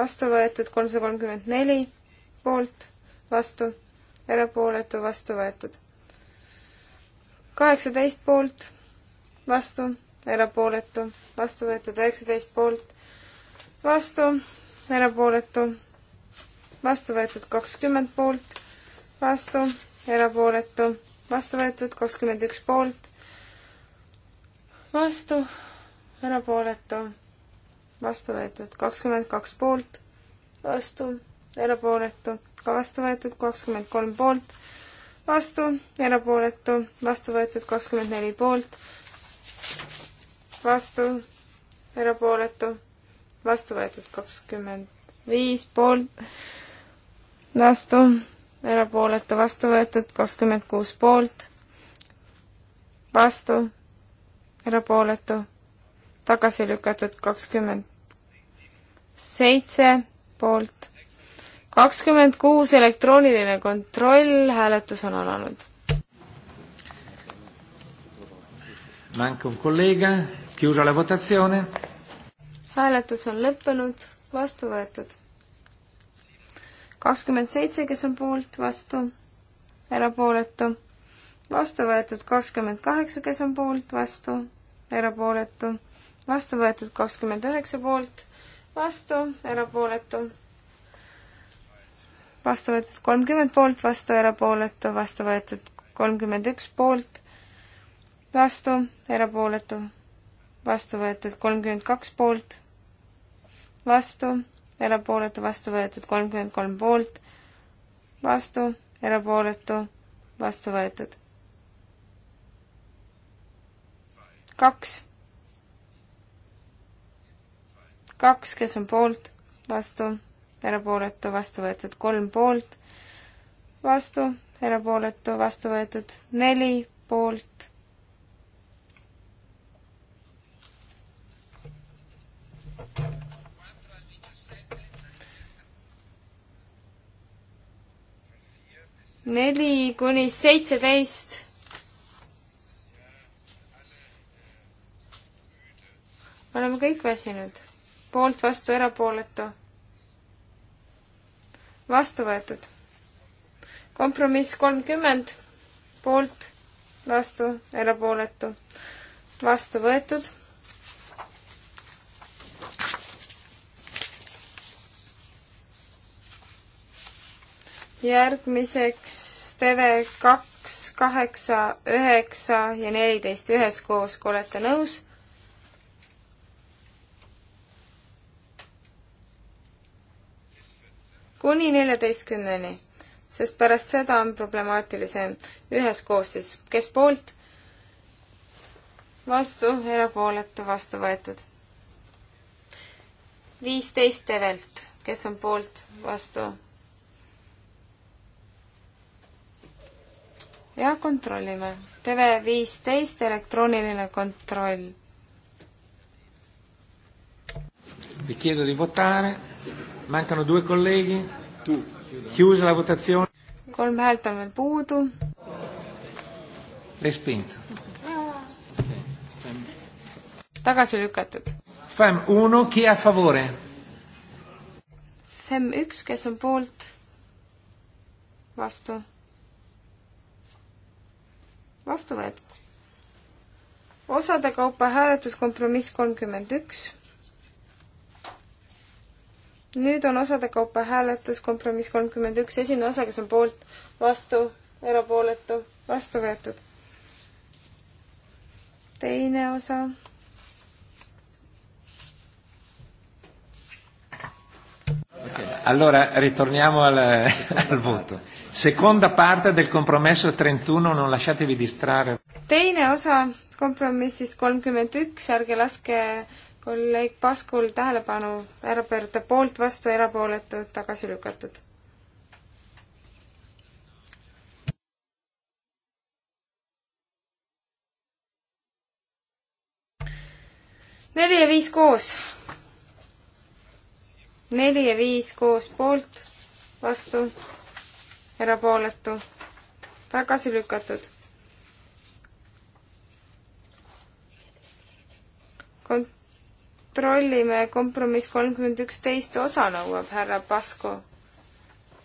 vastu võetud, kolmsada kolmkümmend neli poolt, vastu, erapooletu, vastu võetud. kaheksateist poolt vastu, erapooletu, vastu võetud üheksateist poolt, vastu, erapooletu, vastu võetud kakskümmend poolt, vastu, erapooletu, vastu võetud kakskümmend üks poolt, vastu, erapooletu, vastu võetud kakskümmend kaks poolt, vastu, erapooletu, ka vastu võetud kakskümmend kolm poolt vastu, erapooletu, vastu võetud kakskümmend neli poolt, vastu, erapooletu, vastu võetud kakskümmend viis poolt, vastu, erapooletu, vastu võetud kakskümmend kuus poolt, vastu, erapooletu, tagasi lükatud kakskümmend seitse poolt, kakskümmend kuus elektrooniline kontroll, hääletus on alanud Manca un collega. Chiusa la votazione. hääletus on lõppenud, vastu võetud. kakskümmend seitse, kes on poolt, vastu, erapooletu. vastu võetud kakskümmend kaheksa, kes on poolt, vastu, erapooletu. vastu võetud kakskümmend üheksa poolt, vastu, erapooletu. vastu võetud kolmkümmend poolt, vastu, erapooletu, vastu võetud kolmkümmend üks poolt vastu, erapooletu, vastu võetud kolmkümmend kaks poolt, vastu, erapooletu, vastu võetud kolmkümmend kolm poolt, vastu, erapooletu, vastu võetud. kaks. kaks, kes on poolt, vastu, erapooletu, vastu võetud kolm poolt, vastu, erapooletu, vastu võetud neli poolt neli kuni seitseteist. oleme kõik väsinud, poolt, vastu, erapooletu. vastu võetud. kompromiss kolmkümmend, poolt, vastu, erapooletu, vastu võetud järgmiseks TV kaks, kaheksa, üheksa ja neliteist üheskoos, kui olete nõus. kuni neljateistkümneni, sest pärast seda on problemaatilisem üheskoos siis, kes poolt, vastu, erapooletu, vastu võetud. viisteist tevelt, kes on poolt, vastu ja kontrollime. TV15 elektrooniline kontroll. Vi chiedo di votare. Mancano due colleghi. Tu. Chiusa la votazione. Kolm häält on veel puudu. Respinto. Tagasi lükatud. Fem uno, chi è a favore? Fem üks, kes on poolt? vastu vastu võetud. osade kaupa hääletus kompromiss kolmkümmend üks. nüüd on osade kaupa hääletus kompromiss kolmkümmend üks, esimene osa, kes on poolt, vastu, erapooletu, vastu võetud. teine osa Allora ritorniamo al, al voto. Seconda parte del compromesso 31, non lasciatevi distrarre. teine osa kompromissist kolmkümmend üks, ärge laske kolleeg Paskul tähelepanu ära pöörata, poolt, vastu, erapooletud, tagasi lükatud. neli ja viis koos. neli ja viis koos poolt, vastu erapooletu, tagasi lükatud. kontrollime kompromiss kolmkümmend üksteist osa, nõuab härra Pasko.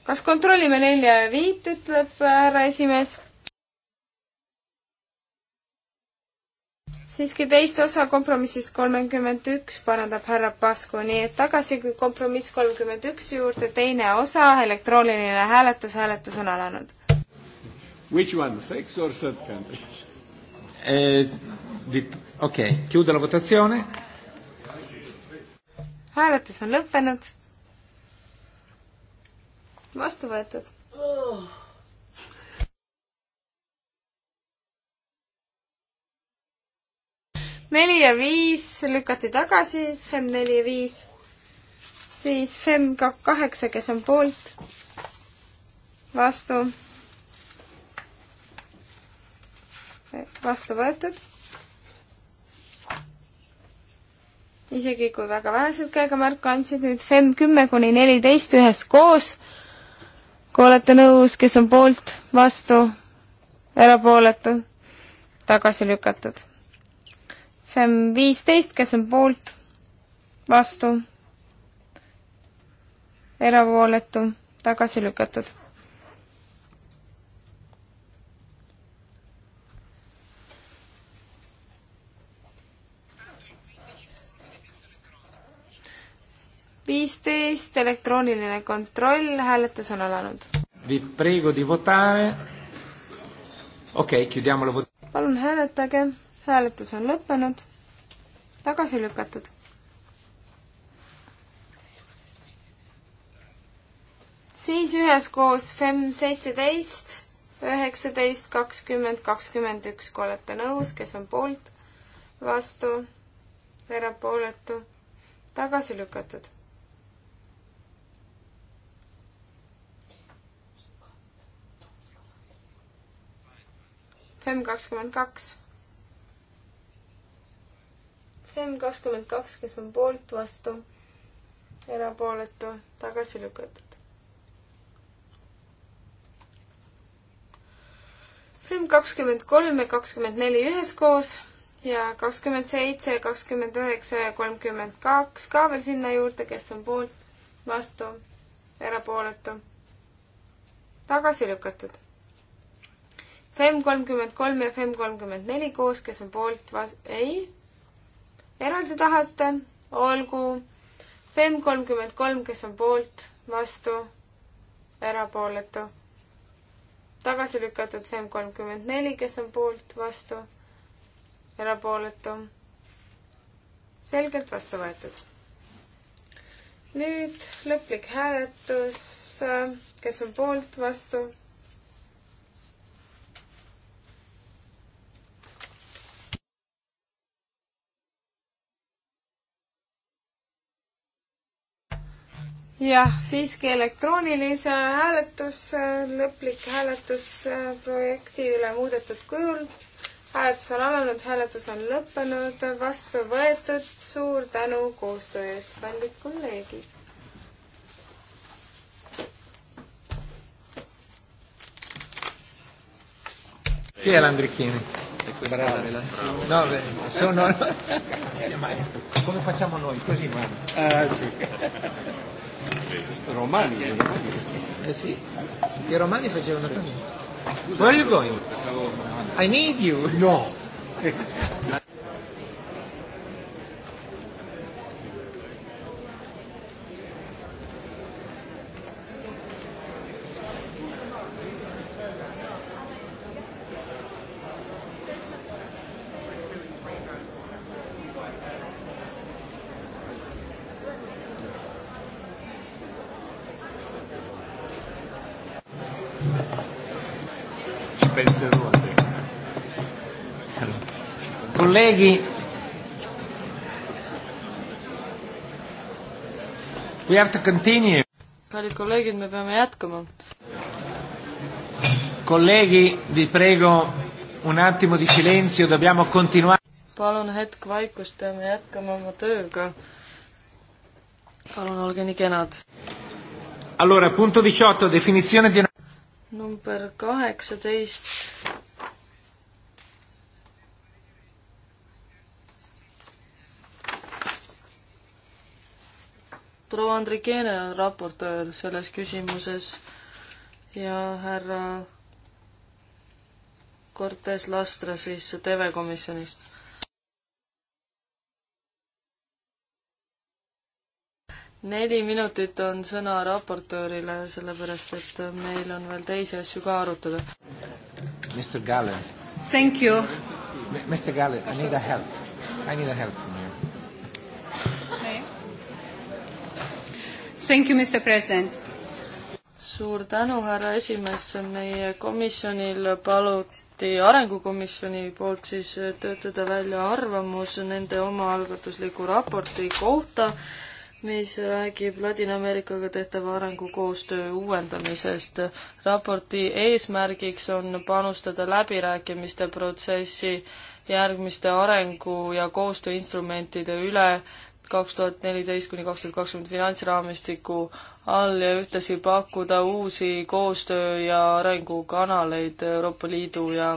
kas kontrollime nelja ja viit, ütleb härra esimees siiski teist osa kompromissist kolmekümmend üks parandab härra Pasku, nii et tagasi kompromiss kolmkümmend üks juurde, teine osa, elektrooniline hääletus, hääletus on alanud. Which one, sex or third countries eh,? okei okay., chiudo la votatsioone. hääletus on lõppenud. vastu võetud oh.. neli ja viis lükati tagasi, FEM neli ja viis, siis FEM kaheksa, kes on poolt, vastu, vastu võetud. isegi kui väga vähesed käega märku andsid, nüüd FEM kümme kuni neliteist üheskoos, kui olete nõus, kes on poolt, vastu, erapooletu, tagasi lükatud FEM viisteist, kes on poolt, vastu, erapooletu, tagasi lükatud. viisteist, elektrooniline kontroll, hääletus on alanud. okei okay,, palun hääletage hääletus on lõppenud, tagasi lükatud. siis üheskoos FEM seitseteist, üheksateist, kakskümmend, kakskümmend üks, kui olete nõus, kes on poolt, vastu, erapooletu, tagasi lükatud FM e kakskümmend kaks. FEM kakskümmend kaks, kes on poolt, vastu, erapooletu, tagasi lükatud. FEM kakskümmend kolm ja kakskümmend neli üheskoos ja kakskümmend seitse, kakskümmend üheksa ja kolmkümmend kaks ka veel sinna juurde, kes on poolt, vastu, erapooletu, tagasi lükatud FEM kolmkümmend kolm ja FEM kolmkümmend neli koos, kes on poolt, vas-, ei, eraldi tahate, olgu. FEM kolmkümmend kolm, kes on poolt, vastu, erapooletu. tagasi lükatud FEM kolmkümmend neli, kes on poolt, vastu, erapooletu. selgelt vastu võetud. nüüd lõplik hääletus, kes on poolt, vastu jah, siiski elektroonilise hääletus, lõplik hääletus projekti üle muudetud kujul. hääletus on alanud, hääletus on lõppenud, vastu võetud, suur tänu koostöö eest, kallid kolleegid! Chi è l'Andricchini? Bravo. No, beh, sono... Come facciamo noi? Così vanno. Ah, sì. Romani, romani. Eh, eh sì, i romani facevano così. Where are you going? I need you. No. colleghi, we have to continue. kallid kolleegid, me peame jätkama. kolleegi, vi prego un attimo di silenzio, dobbiamo continuare. palun hetk vaikust, peame jätkama oma tööga. palun olge nii kenad. Allora, punto 18, definizione di number kaheksateist proua Andrikeene on raportöör selles küsimuses ja härra Cortes Lastra siis TV komisjonist. neli minutit on sõna raportöörile, sellepärast et meil on veel teisi asju ka arutada. Mr Gallen. Thank you. Mr Gallen, I need a help. I need a help from you. Thank you, Mr President. suur tänu, härra esimees, meie komisjonil paluti arengukomisjoni poolt siis töötada välja arvamus nende omaalgatusliku raporti kohta, mis räägib Ladina-Ameerikaga tehtava arengukoostöö uuendamisest. raporti eesmärgiks on panustada läbirääkimiste protsessi järgmiste arengu- ja koostööinstrumentide üle kaks tuhat neliteist kuni kaks tuhat kakskümmend finantsraamistiku all ja ühtlasi pakkuda uusi koostöö- ja arengukanaleid Euroopa Liidu ja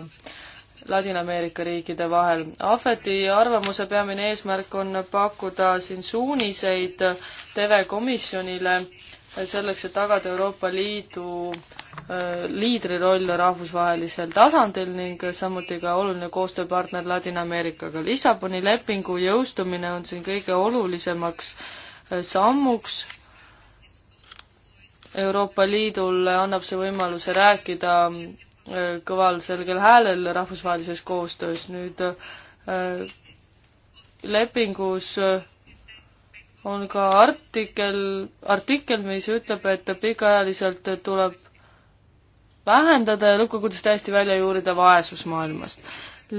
Ladina-Ameerika riikide vahel. Ahveti arvamuse peamine eesmärk on pakkuda siin suuniseid telekomisjonile selleks, et tagada Euroopa Liidu Äh, liidriroll rahvusvahelisel tasandil ning samuti ka oluline koostööpartner Ladina-Ameerikaga. Lissaboni lepingu jõustumine on siin kõige olulisemaks äh, sammuks. Euroopa Liidule annab see võimaluse rääkida äh, kõval selgel häälel rahvusvahelises koostöös. nüüd lepingus on ka artikkel, artikkel, mis ütleb, et pikaajaliselt tuleb vähendada ja lõppkokkuvõttes täiesti välja juurida vaesus maailmast.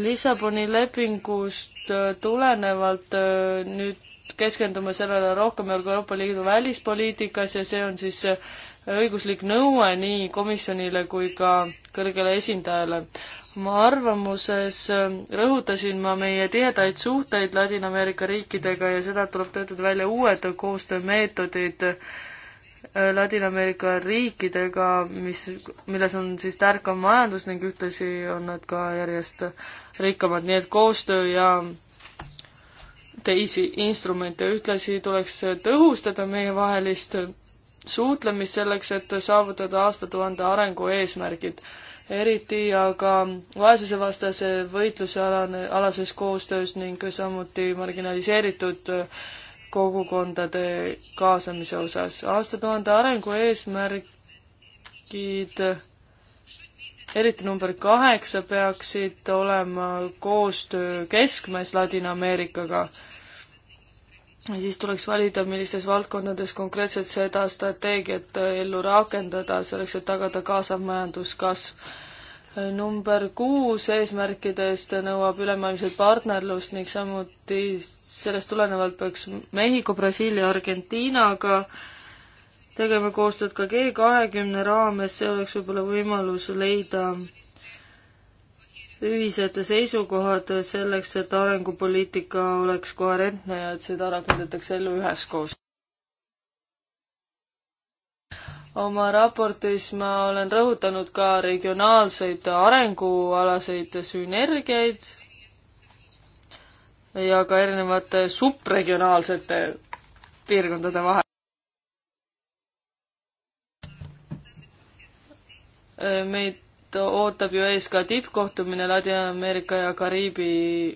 Lissaboni lepingust äh, tulenevalt äh, nüüd keskendume sellele rohkem nagu Euroopa Liidu välispoliitikas ja see on siis äh, õiguslik nõue nii komisjonile kui ka kõrgele esindajale. oma arvamuses rõhutasin ma meie tihedaid suhteid Ladina-Ameerika riikidega ja seda, et tuleb töötada välja uued koostöömeetodid Ladina-Ameerika riikidega, mis, milles on siis tärkav majandus ning ühtlasi on nad ka järjest rikkamad, nii et koostöö ja teisi instrumente ühtlasi tuleks tõhustada meievahelist suutlemist selleks, et saavutada aastatuhande arengu eesmärgid. eriti aga vaesusevastase võitluse alane, alases koostöös ning samuti marginaliseeritud äh, kogukondade kaasamise osas. aastatuhande arengu eesmärgid, eriti number kaheksa, peaksid olema koostöö keskmes Ladina-Ameerikaga. ja siis tuleks valida, millistes valdkondades konkreetselt seda strateegiat ellu rakendada, selleks et tagada kaasav majanduskasv number kuus eesmärkidest nõuab ülemaailmset partnerlust ning samuti sellest tulenevalt peaks Mehhiko, Brasiilia, Argentiinaga tegema koostööd ka G kahekümne raames, see oleks võib-olla võimalus leida ühised seisukohad selleks, et arengupoliitika oleks koherentne ja et seda rakendatakse ellu üheskoos. oma raportis ma olen rõhutanud ka regionaalseid arengualaseid sünergiaid ja ka erinevate subregionaalsete piirkondade vahel. meid ootab ju ees ka tippkohtumine Ladina-Ameerika ja Kariibi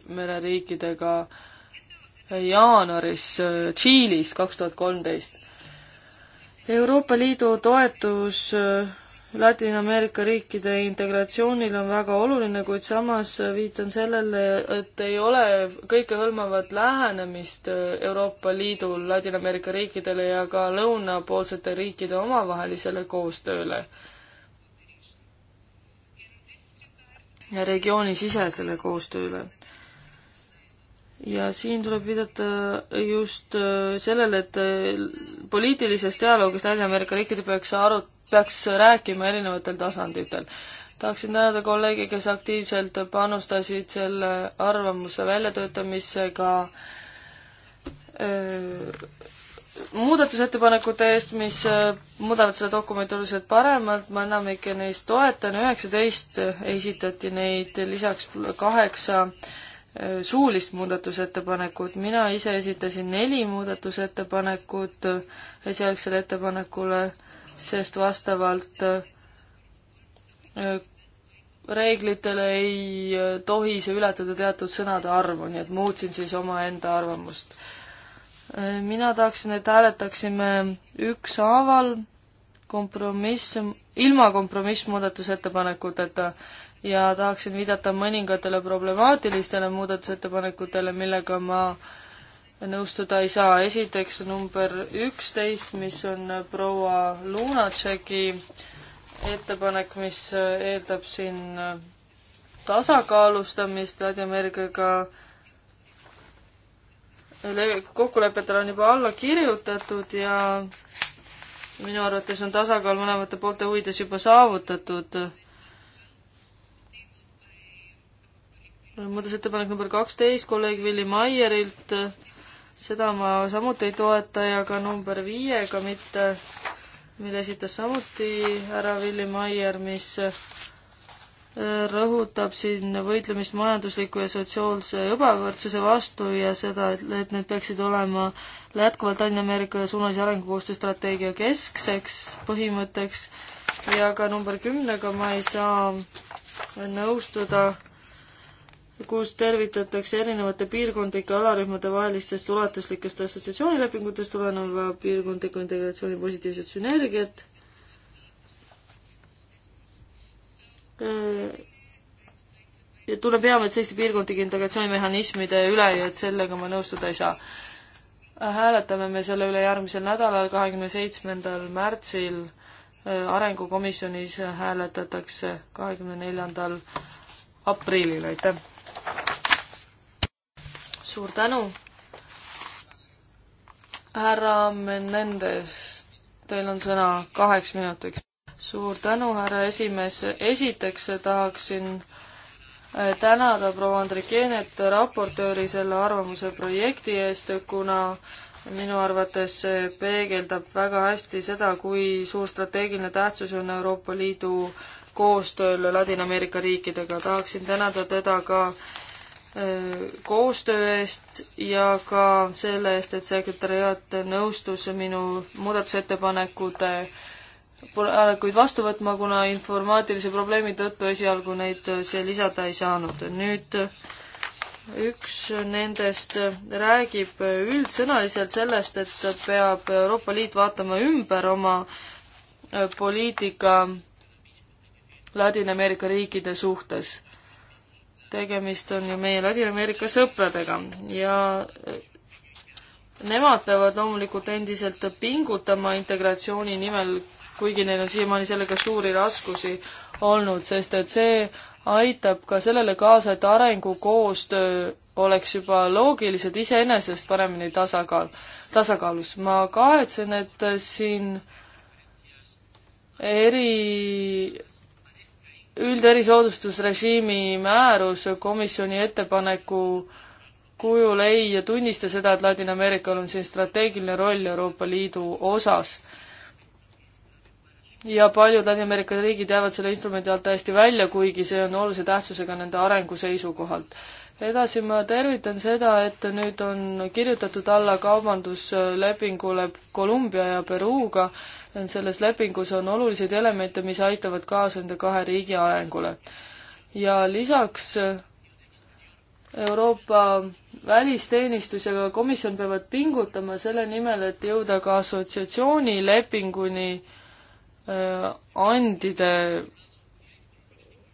mereriikidega jaanuaris Tšiilis kaks tuhat kolmteist Euroopa Liidu toetus äh, Ladina-Ameerika riikide integratsioonil on väga oluline, kuid samas äh, viitan sellele, et ei ole kõikehõlmavat lähenemist äh, Euroopa Liidul Ladina-Ameerika riikidele ja ka lõunapoolsete riikide omavahelisele koostööle. ja regioonisisesele koostööle ja siin tuleb viidata just äh, sellele, et äh, poliitilises dialoogis Lääne-Ameerika riikide peaks aru, peaks rääkima erinevatel tasanditel. tahaksin tänada kolleege, kes aktiivselt panustasid selle arvamuse väljatöötamisse ka öö, äh, muudatusettepanekute eest, mis muudavad seda dokumenti oluliselt paremalt, ma enamikke neist toetan, üheksateist esitati neid, lisaks kaheksa 8 Äh, suulist muudatusettepanekut, mina ise esitasin neli muudatusettepanekut esialgsele ettepanekule, sest vastavalt äh, reeglitele ei äh, tohi see ületada teatud sõnade arvu, nii et muutsin siis omaenda arvamust. mina tahaksin, et hääletaksime ükshaaval kompromiss, ilma kompromissmuudatusettepanekuteta et ja tahaksin viidata mõningatele problemaatilistele muudatusettepanekutele, millega ma nõustuda ei saa. esiteks number üksteist, mis on proua Lunatšeki ettepanek, mis eeldab siin tasakaalustamist Ladja-Mergega. kokkulepetele on juba alla kirjutatud ja minu arvates on tasakaal mõlemate poolte huvides juba saavutatud muudatusettepanek number kaksteist kolleeg Willie Maierilt, seda ma samuti ei toeta ja ka number viiega mitte, mille esitas samuti härra Willie Maier, mis äh, rõhutab siin võitlemist majandusliku ja sotsiaalse ebavõrdsuse vastu ja seda, et, et need peaksid olema jätkuvalt Lääne-Ameerika suunas ja arengukoostööstrateegia keskseks põhimõtteks ja ka number kümnega ma ei saa nõustuda kus tervitatakse erinevate piirkondlike alarühmade vahelistest ulatuslikest assotsiatsioonilepingutest tuleneva piirkondliku integratsiooni positiivset sünergiat. Äh, ja tuleb hea meel selliste piirkondlike integratsioonimehhanismide üle ja et sellega ma nõustuda ei saa. Äh, hääletame me selle üle järgmisel nädalal, kahekümne seitsmendal märtsil äh, arengukomisjonis hääletatakse kahekümne neljandal aprillil, aitäh! suur tänu. härra Menendez, teil on sõna kaheks minutiks. suur tänu, härra esimees. esiteks tahaksin eh, tänada proua Andrikeenet, raportööri, selle arvamuse projekti eest, kuna minu arvates see peegeldab väga hästi seda, kui suur strateegiline tähtsus on Euroopa Liidu äh, koostööl Ladina-Ameerika riikidega. tahaksin tänada teda ka äh, koostöö eest ja ka selle eest, et sekretäriaat nõustus minu muudatusettepanekute panekuid äh, vastu võtma, kuna informaatilise probleemi tõttu esialgu neid äh, siia lisada ei saanud. nüüd üks nendest räägib üldsõnaliselt sellest, et peab Euroopa Liit vaatama ümber oma poliitika Ladina-Ameerika riikide suhtes. tegemist on ju meie Ladina-Ameerika sõpradega ja eh, nemad peavad loomulikult endiselt pingutama integratsiooni nimel, kuigi neil on siiamaani sellega suuri raskusi olnud, sest et see aitab ka sellele kaasa, et arengukoostöö oleks juba loogiliselt iseenesest paremini tasakaal, tasakaalus. ma kahetsen, et siin eri ülderisoodustusrežiimi määrus komisjoni ettepaneku kujul ei tunnista seda, et Ladina-Ameerikal on siin strateegiline roll Euroopa Liidu osas. ja paljud Ladina-Ameerika riigid jäävad selle instrumendi alt täiesti välja, kuigi see on olulise tähtsusega nende arengu seisukohalt edasi ma tervitan seda, et nüüd on kirjutatud alla kaubanduslepingule Kolumbia ja Peruuga selles lepingus on oluliseid elemente, mis aitavad kaasa nende kahe riigi arengule. ja lisaks Euroopa välisteenistus ja ka komisjon peavad pingutama selle nimel, et jõuda ka assotsiatsioonilepinguni äh, andide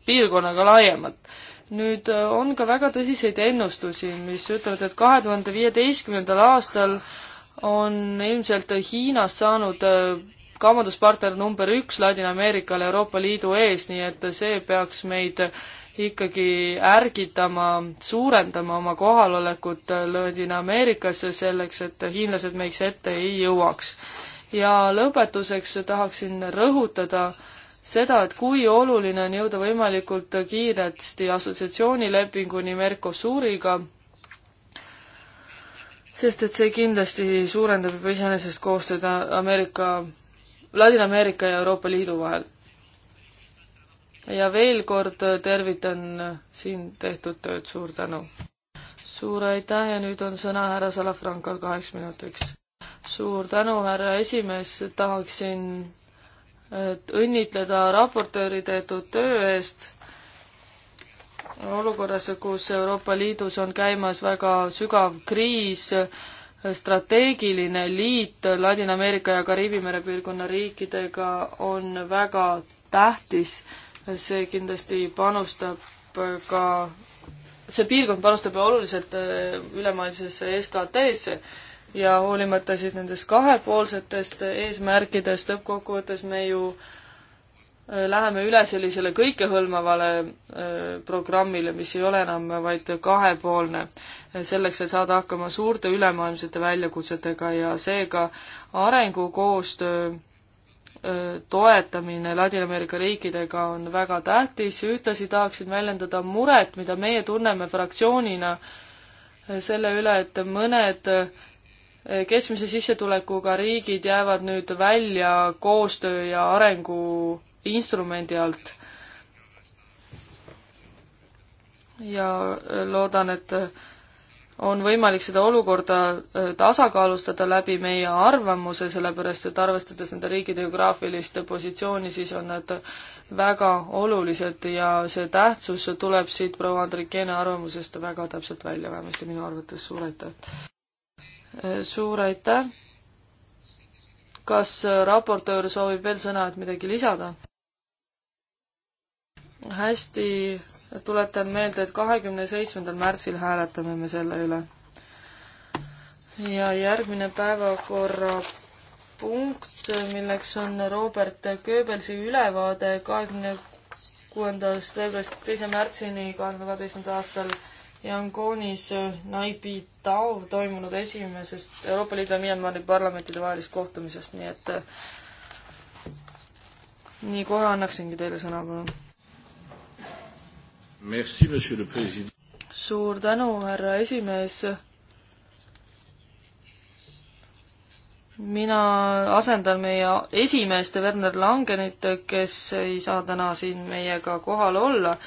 piirkonnaga laiemalt. nüüd äh, on ka väga tõsiseid ennustusi, mis ütlevad, et kahe tuhande viieteistkümnendal aastal on ilmselt Hiinast saanud äh, kaubanduspartner number üks Ladina-Ameerikale Euroopa Liidu ees, nii et see peaks meid ikkagi ärgitama, suurendama oma kohalolekut Ladina-Ameerikasse selleks, et hiinlased meiks ette ei jõuaks. ja lõpetuseks tahaksin rõhutada seda, et kui oluline on jõuda võimalikult kiiresti assotsiatsioonilepinguni Mercosuriga, sest et see kindlasti suurendab juba iseenesest koostööd Ameerika Ladina-Ameerika ja Euroopa Liidu vahel. ja veel kord tervitan siin tehtud tööd, suur tänu! suur aitäh ja nüüd on sõna härra Salafrankal kaheks minutiks. suur tänu, härra esimees, tahaksin õnnitleda raportööri tehtud töö eest olukorras, kus Euroopa Liidus on käimas väga sügav kriis, strateegiline liit Ladina-Ameerika ja Kariibi mere piirkonna riikidega on väga tähtis. see kindlasti panustab ka, see piirkond panustab oluliselt äh, ülemaailmsesse SKT-sse ja hoolimata siis nendest kahepoolsetest eesmärkidest lõppkokkuvõttes me ju äh, Äh, läheme üle sellisele kõikehõlmavale äh, programmile, mis ei ole enam vaid kahepoolne, äh, selleks, et saada hakkama suurte ülemaailmsete väljakutsetega ja seega arengukoostöö toetamine Ladina-Ameerika riikidega on väga tähtis, ühtlasi tahaksin väljendada muret, mida meie tunneme fraktsioonina selle üle, et mõned keskmise sissetulekuga riigid jäävad nüüd välja koostöö ja arengu instrumendi alt. ja äh, loodan, et äh, on võimalik seda olukorda äh, tasakaalustada läbi meie arvamuse, sellepärast et arvestades nende riikide geograafilist positsiooni, siis on nad väga olulised ja see tähtsus tuleb siit proua Andrikeene arvamusest väga täpselt välja, vähemasti minu arvates, suur aitäh! suur aitäh! kas raportöör soovib veel sõna, et midagi lisada? hästi tuletan meelde, et kahekümne seitsmendal märtsil hääletame me selle üle. ja järgmine päevakorrapunkt, milleks on Robert Goebbelsi ülevaade kahekümne kuuendast veebruarist teise märtsini kahekümne kaheteistkümnendal aastal Yangonis Naibi Tao toimunud esimesest Euroopa Liidu ja Myanmari parlamentide vahelist kohtumisest, nii et nii, kohe annaksingi teile sõna, palun suur tänu, härra esimees. mina asendan meie esimeest Werner Langenit, kes ei saa täna siin meiega kohal olla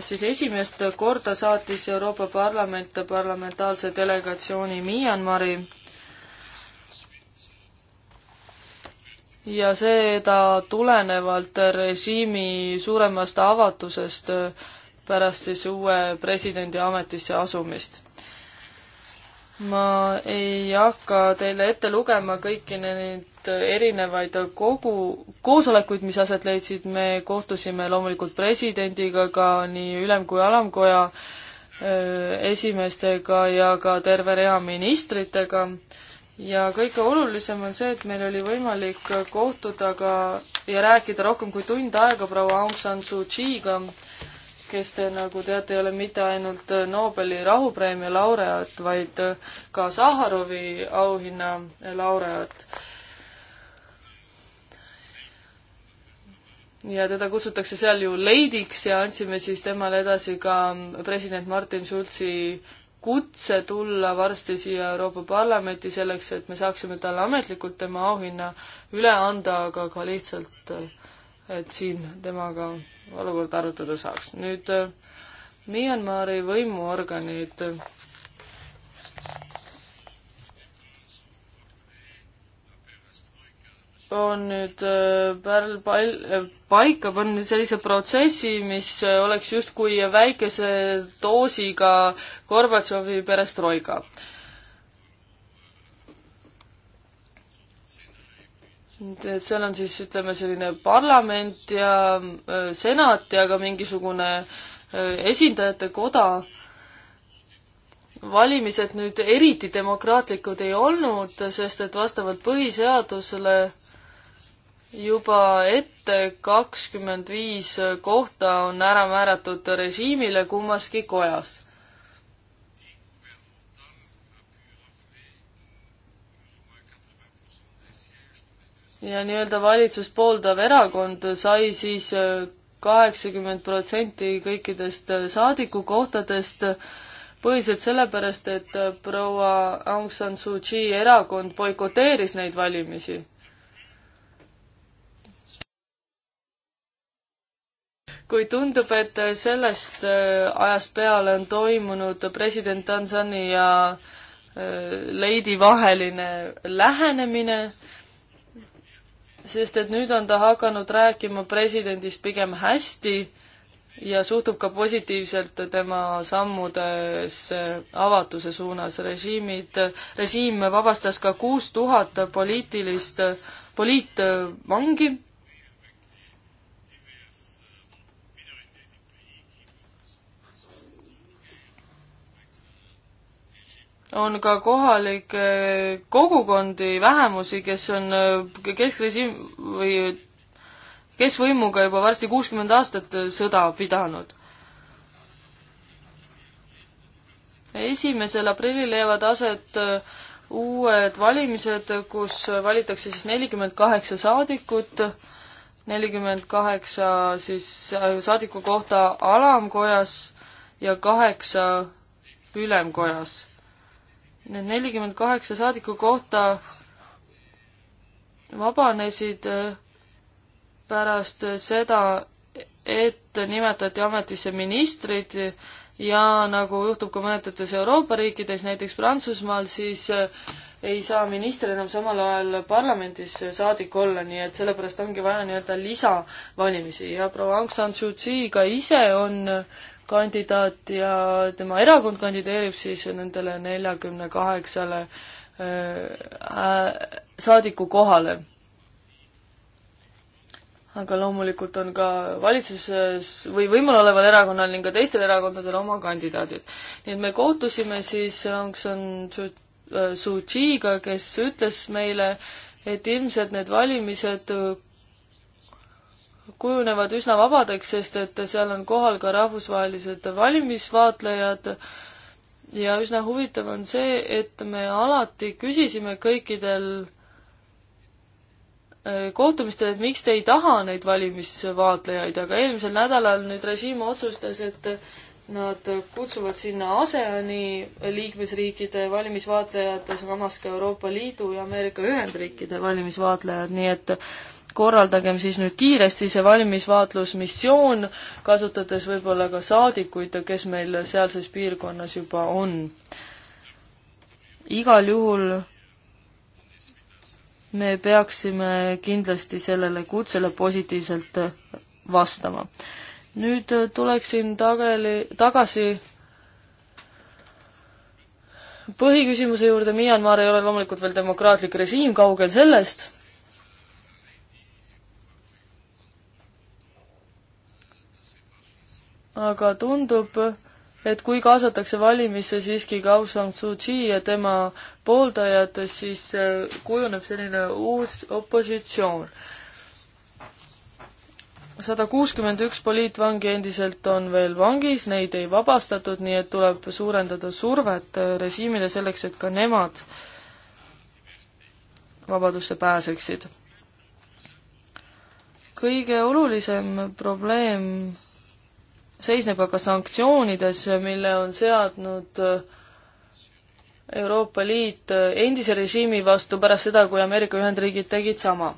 siis esimest korda saatis Euroopa Parlament parlamentaarse delegatsiooni Myanmari ja seda tulenevalt režiimi suuremast avatusest pärast siis uue presidendi ametisse asumist. ma ei hakka teile ette lugema kõiki neid erinevaid kogu, koosolekuid, mis aset leidsid, me kohtusime loomulikult presidendiga, ka nii ülem- kui alamkoja äh, esimeestega ja ka terve rea ministritega ja kõige olulisem on see, et meil oli võimalik kohtuda ka ja rääkida rohkem kui tund aega proua Aung San Suu Kyi'ga, kes te nagu teate, ei ole mitte ainult Nobeli rahupreemia laureaat, vaid ka Saharovi auhinna laureaat. ja teda kutsutakse seal ju leidiks ja andsime siis temale edasi ka president Martin Schulzi kutse tulla varsti siia Euroopa Parlamenti selleks, et me saaksime talle ametlikult tema auhinna üle anda, aga ka lihtsalt, et siin temaga olukorda arutada saaks. nüüd Myanmari võimuorganid on nüüd äh, pärl pal-, äh, paika pannud sellise protsessi, mis äh, oleks justkui väikese doosiga Gorbatšovi perestroiga. et seal on siis ütleme selline parlament ja senat ja ka mingisugune esindajate koda valimised nüüd eriti demokraatlikud ei olnud, sest et vastavalt põhiseadusele juba ette kakskümmend viis kohta on ära määratud režiimile kummaski kojas. ja nii-öelda valitsust pooldav erakond sai siis kaheksakümmend protsenti kõikidest saadikukohtadest põhiliselt sellepärast, et proua Aung San Suu Kyi erakond boikoteeris neid valimisi kui tundub, et sellest äh, ajast peale on toimunud president Tansani ja äh, leidi vaheline lähenemine, sest et nüüd on ta hakanud rääkima presidendist pigem hästi ja suhtub ka positiivselt tema sammudesse äh, avatuse suunas. režiimid, režiim vabastas ka kuus tuhat poliitilist, poliitvangi on ka kohalikke kogukondi, vähemusi, kes on keskrežiim või keskvõimuga juba varsti kuuskümmend aastat sõda pidanud. esimesel aprillil jäävad aset äh, uued valimised, kus valitakse siis nelikümmend kaheksa saadikut, nelikümmend kaheksa siis äh, saadiku kohta alamkojas ja kaheksa ülemkojas need nelikümmend kaheksa saadiku kohta vabanesid äh, pärast seda, et nimetati ametisse ministrid ja nagu juhtub ka mõnedates Euroopa riikides, näiteks Prantsusmaal, siis äh, ei saa minister enam samal ajal parlamendis saadik olla, nii et sellepärast ongi vaja nii-öelda lisavalimisi ja proua Aung San Suu Kyi ka ise on äh, kandidaat ja tema erakond kandideerib siis nendele neljakümne kaheksale äh, saadiku kohale. aga loomulikult on ka valitsuses või võimul oleval erakonnal ning ka teistel erakondadel oma kandidaadid. nii et me kohtusime siis Aung San Suu äh, Kyi'ga, kes ütles meile, et ilmselt need valimised kujunevad üsna vabadeks, sest et seal on kohal ka rahvusvahelised valimisvaatlejad ja üsna huvitav on see, et me alati küsisime kõikidel äh, kohtumistel, et miks te ei taha neid valimisvaatlejaid, aga eelmisel nädalal nüüd režiim otsustas, et nad kutsuvad sinna ASEAN-i liikmesriikide valimisvaatlejad, samas ka Euroopa Liidu ja Ameerika Ühendriikide valimisvaatlejad, nii et korraldagem siis nüüd kiiresti see valmisvaatlusmissioon, kasutades võib-olla ka saadikuid, kes meil sealses piirkonnas juba on. igal juhul me peaksime kindlasti sellele kutsele positiivselt vastama. nüüd tuleksin tagali, tagasi põhiküsimuse juurde, Myanmar ei ole loomulikult veel demokraatlik režiim, kaugel sellest aga tundub, et kui kaasatakse valimisse siiski ka Aung San Suu Kyi ja tema pooldajad, siis äh, kujuneb selline uus opositsioon. sada kuuskümmend üks poliitvangi endiselt on veel vangis, neid ei vabastatud, nii et tuleb suurendada survet äh, režiimile selleks, et ka nemad vabadusse pääseksid. kõige olulisem probleem seisneb aga sanktsioonides, mille on seadnud äh, Euroopa Liit äh, endise režiimi vastu pärast seda, kui Ameerika Ühendriigid tegid sama.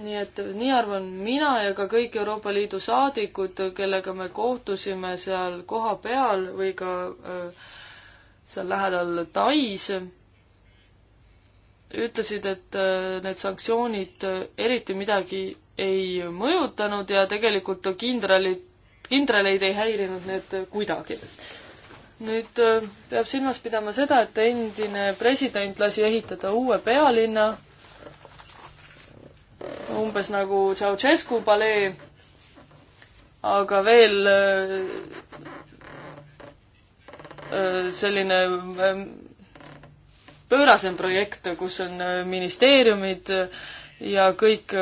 nii et nii arvan mina ja ka kõik Euroopa Liidu saadikud, kellega me kohtusime seal kohapeal või ka äh, seal lähedal Tais ütlesid, et need sanktsioonid eriti midagi ei mõjutanud ja tegelikult kindralid, kindraleid ei häirinud need kuidagi. nüüd äh, peab silmas pidama seda, et endine president lasi ehitada uue pealinna, umbes nagu Ceausescu palee, aga veel äh, äh, selline ähm, pöörasem projekt, kus on ministeeriumid ja kõik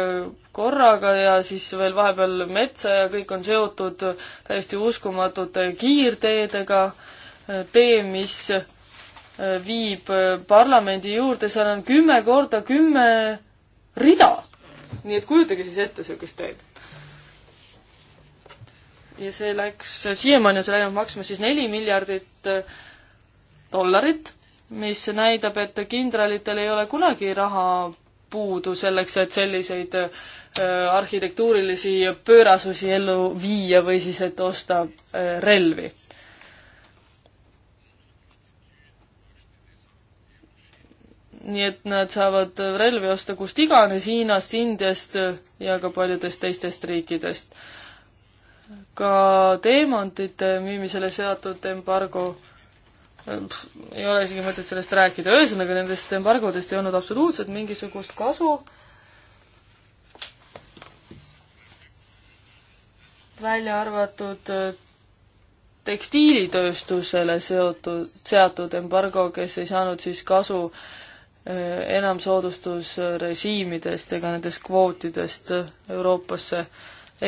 korraga ja siis veel vahepeal metsa ja kõik on seotud täiesti uskumatute kiirteedega. tee, mis äh, viib äh, parlamendi juurde, seal on kümme korda kümme rida. nii et kujutage siis ette niisugust teed. ja see läks, siiamaani on see läinud maksma siis neli miljardit äh, dollarit, mis näitab, et kindralitel ei ole kunagi raha puudu selleks, et selliseid äh, arhitektuurilisi pöörasusi ellu viia või siis, et osta äh, relvi. nii et nad saavad relvi osta kust iganes, Hiinast, Indiast äh, ja ka paljudest teistest riikidest. ka teemantide müümisele seatud embargo ei ole isegi mõtet sellest rääkida, ühesõnaga nendest embargodest ei olnud absoluutselt mingisugust kasu. välja arvatud äh, tekstiilitööstusele seotud, seatud embargo, kes ei saanud siis kasu äh, enam soodustusrežiimidest ega nendest kvootidest Euroopasse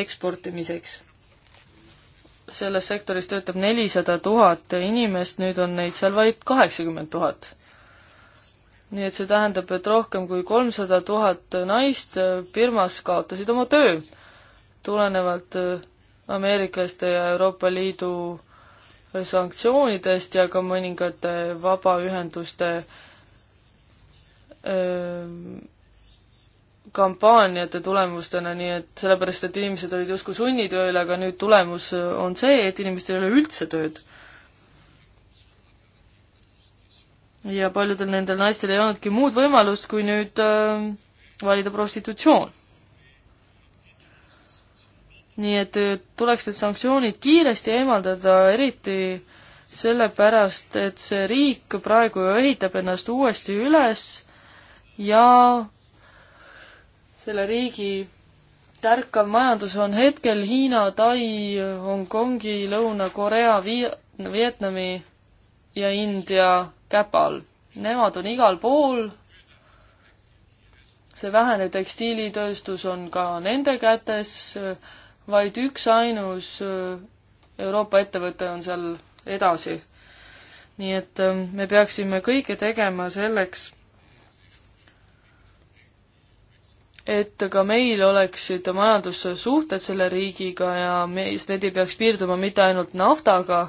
eksportimiseks selles sektoris töötab nelisada tuhat inimest, nüüd on neid seal vaid kaheksakümmend tuhat. nii et see tähendab, et rohkem kui kolmsada tuhat naist Birmas kaotasid oma töö tulenevalt äh, ameeriklaste ja Euroopa Liidu äh, sanktsioonidest ja ka mõningate vabaühenduste öö, äh, kampaaniate tulemustena, nii et sellepärast, et inimesed olid justkui sunnitööl, aga nüüd tulemus äh, on see, et inimestel ei ole üldse tööd. ja paljudel nendel naistel ei olnudki muud võimalust, kui nüüd äh, valida prostitutsioon. nii et äh, tuleks need sanktsioonid kiiresti eemaldada, eriti sellepärast, et see riik praegu ju ehitab ennast uuesti üles ja selle riigi tärkav majandus on hetkel Hiina, Tai, Hongkongi, Lõuna-Korea, Vietnami ja India käpal. Nemad on igal pool. see vähene tekstiilitööstus on ka nende kätes, vaid üksainus äh, Euroopa ettevõte on seal edasi. nii et äh, me peaksime kõike tegema selleks et ka meil oleksid majandussuhted selle riigiga ja me, need ei peaks piirduma mitte ainult naftaga,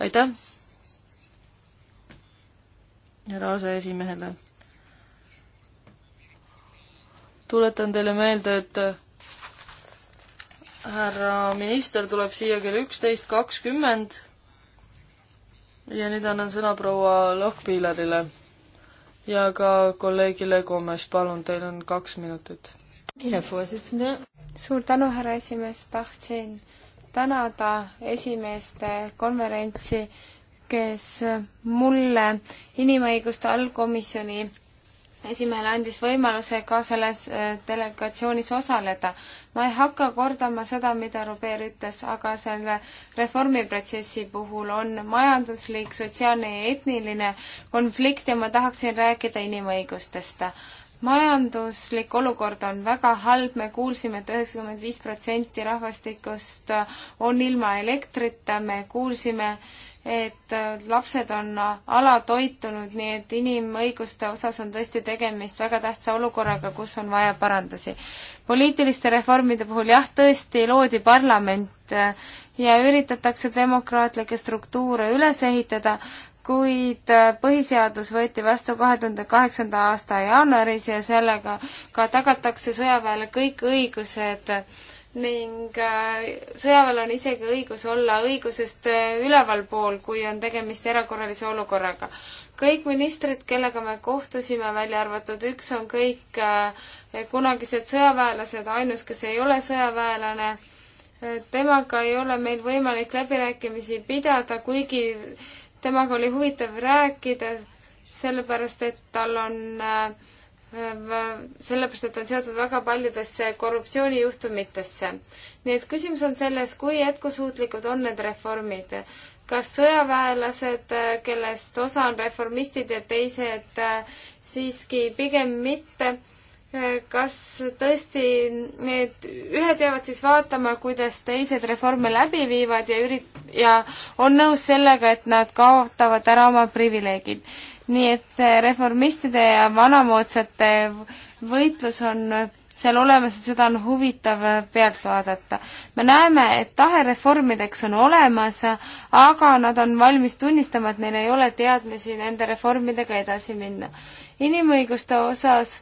aitäh härra aseesimehele. tuletan teile meelde, et härra minister tuleb siia kell üksteist kakskümmend. ja nüüd annan sõna proua Lohkpiilerile ja ka kolleegile Gomes, palun, teil on kaks minutit. suur tänu, härra esimees, tahtsin tänada esimeeste konverentsi, kes mulle inimõiguste allkomisjoni esimehele andis võimaluse ka selles äh, delegatsioonis osaleda. ma ei hakka kordama seda, mida Robert ütles, aga selle reformiprotsessi puhul on majanduslik, sotsiaalne ja etniline konflikt ja ma tahaksin rääkida inimõigustest majanduslik olukord on väga halb, me kuulsime et, et üheksakümmend viis protsenti rahvastikust on ilma elektrita, me kuulsime, et äh, lapsed on äh, alatoitunud, nii et inimõiguste osas on tõesti tegemist väga tähtsa olukorraga, kus on vaja parandusi. poliitiliste reformide puhul jah, tõesti loodi parlament äh, ja üritatakse demokraatlikke struktuure üles ehitada, kuid põhiseadus võeti vastu kahe tuhande kaheksanda aasta jaanuaris ja sellega ka tagatakse sõjaväele kõik õigused äh, ning äh, sõjaväel on isegi õigus olla õigusest äh, ülevalpool, kui on tegemist erakorralise olukorraga. kõik ministrid, kellega me kohtusime, välja arvatud üks, on kõik äh, kunagised sõjaväelased, ainus, kes ei ole sõjaväelane, temaga ei ole meil võimalik läbirääkimisi pidada, kuigi temaga oli huvitav rääkida, sellepärast et tal on äh, sellepärast, et on seotud väga paljudesse korruptsioonijuhtumitesse. nii et küsimus on selles, kui jätkusuutlikud on need reformid. kas sõjaväelased, kellest osa on reformistid ja teised siiski pigem mitte, kas tõesti need ühed jäävad siis vaatama, kuidas teised reforme läbi viivad ja ürit- ja on nõus sellega, et nad kaotavad ära oma privileegid nii et see reformistide ja vanamoodsate võitlus on seal olemas ja seda on huvitav pealt vaadata. me näeme, et tahe reformideks on olemas, aga nad on valmis tunnistama, et neil ei ole teadmisi nende reformidega edasi minna. inimõiguste osas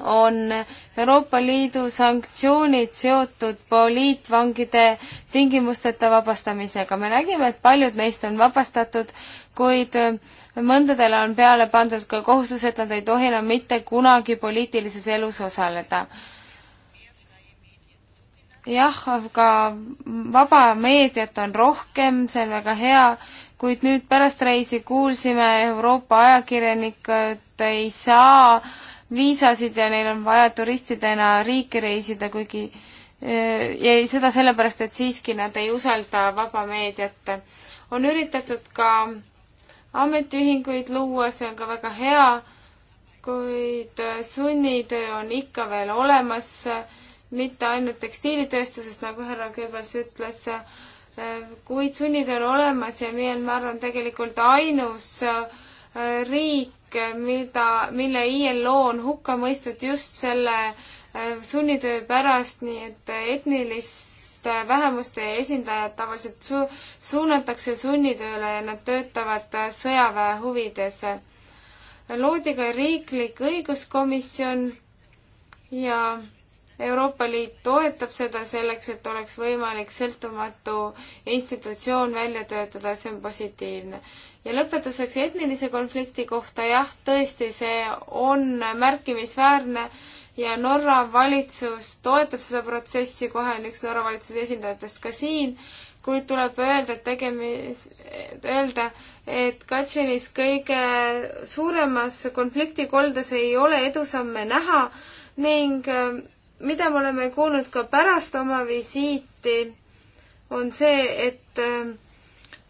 on Euroopa Liidu sanktsioonid seotud poliitvangide tingimusteta vabastamisega. me nägime, et paljud neist on vabastatud kuid äh, mõndadele on peale pandud ka kohustus, et nad ei tohi enam mitte kunagi poliitilises elus osaleda. jah, aga vaba meediat on rohkem, see on väga hea, kuid nüüd pärast reisi kuulsime, Euroopa ajakirjanikud ei saa viisasid ja neil on vaja turistidena riiki reisida, kuigi äh, ja seda sellepärast, et siiski nad ei usalda vaba meediat. on üritatud ka ametiühinguid luua, see on ka väga hea, kuid äh, sunnitöö on ikka veel olemas, mitte ainult tekstiilitööstuses, nagu härra Goebbels ütles, äh, kuid sunnitöö on olemas ja Myanmar on tegelikult ainus äh, riik, mida, mille ILO on hukka mõistnud just selle sunnitöö pärast, nii et etnilist sest äh, vähemuste esindajad tavaliselt su suunatakse sunnitööle ja nad töötavad äh, sõjaväe huvides. loodi ka riiklik õiguskomisjon ja Euroopa Liit toetab seda selleks, et oleks võimalik sõltumatu institutsioon välja töötada, see on positiivne. ja lõpetuseks etnilise konflikti kohta, jah, tõesti, see on märkimisväärne ja Norra valitsus toetab seda protsessi, kohe on üks Norra valitsuse esindajatest ka siin, kuid tuleb öelda, et tegemis, öelda, et Katšinis kõige suuremas konfliktikoldes ei ole edusamme näha ning äh, mida me oleme kuulnud ka pärast oma visiiti, on see, et äh,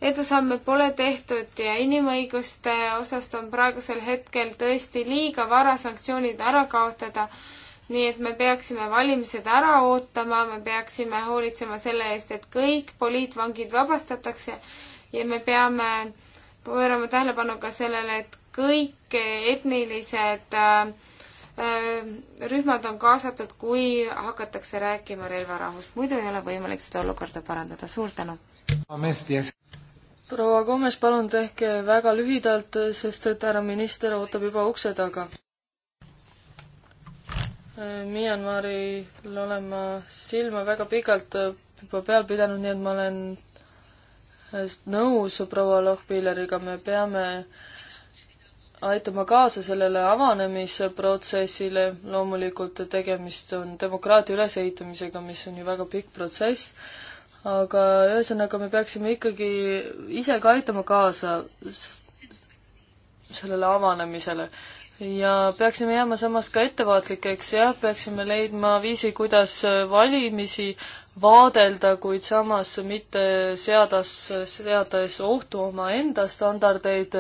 edusamme pole tehtud ja inimõiguste osast on praegusel hetkel tõesti liiga vara sanktsioonid ära kaotada nii et me peaksime valimised ära ootama, me peaksime hoolitsema selle eest, et kõik poliitvangid vabastatakse ja me peame pöörama tähelepanu ka sellele, et kõik etnilised äh, rühmad on kaasatud, kui hakatakse rääkima relvarahust, muidu ei ole võimalik seda olukorda parandada, suur tänu! proua Gomes, palun tehke väga lühidalt, sest et härra minister ootab juba ukse taga. Myanmaril olen ma silma väga pikalt äh, juba peal pidanud, nii et ma olen äh, nõus proua Lohpilleriga, me peame aitama kaasa sellele avanemisprotsessile, loomulikult tegemist on demokraatia ülesehitamisega, mis on ju väga pikk protsess, aga ühesõnaga, me peaksime ikkagi ise ka aitama kaasa sellele avanemisele ja peaksime jääma samas ka ettevaatlikeks, jah, peaksime leidma viisi, kuidas valimisi vaadelda, kuid samas mitte seades, seades ohtu omaenda standardeid,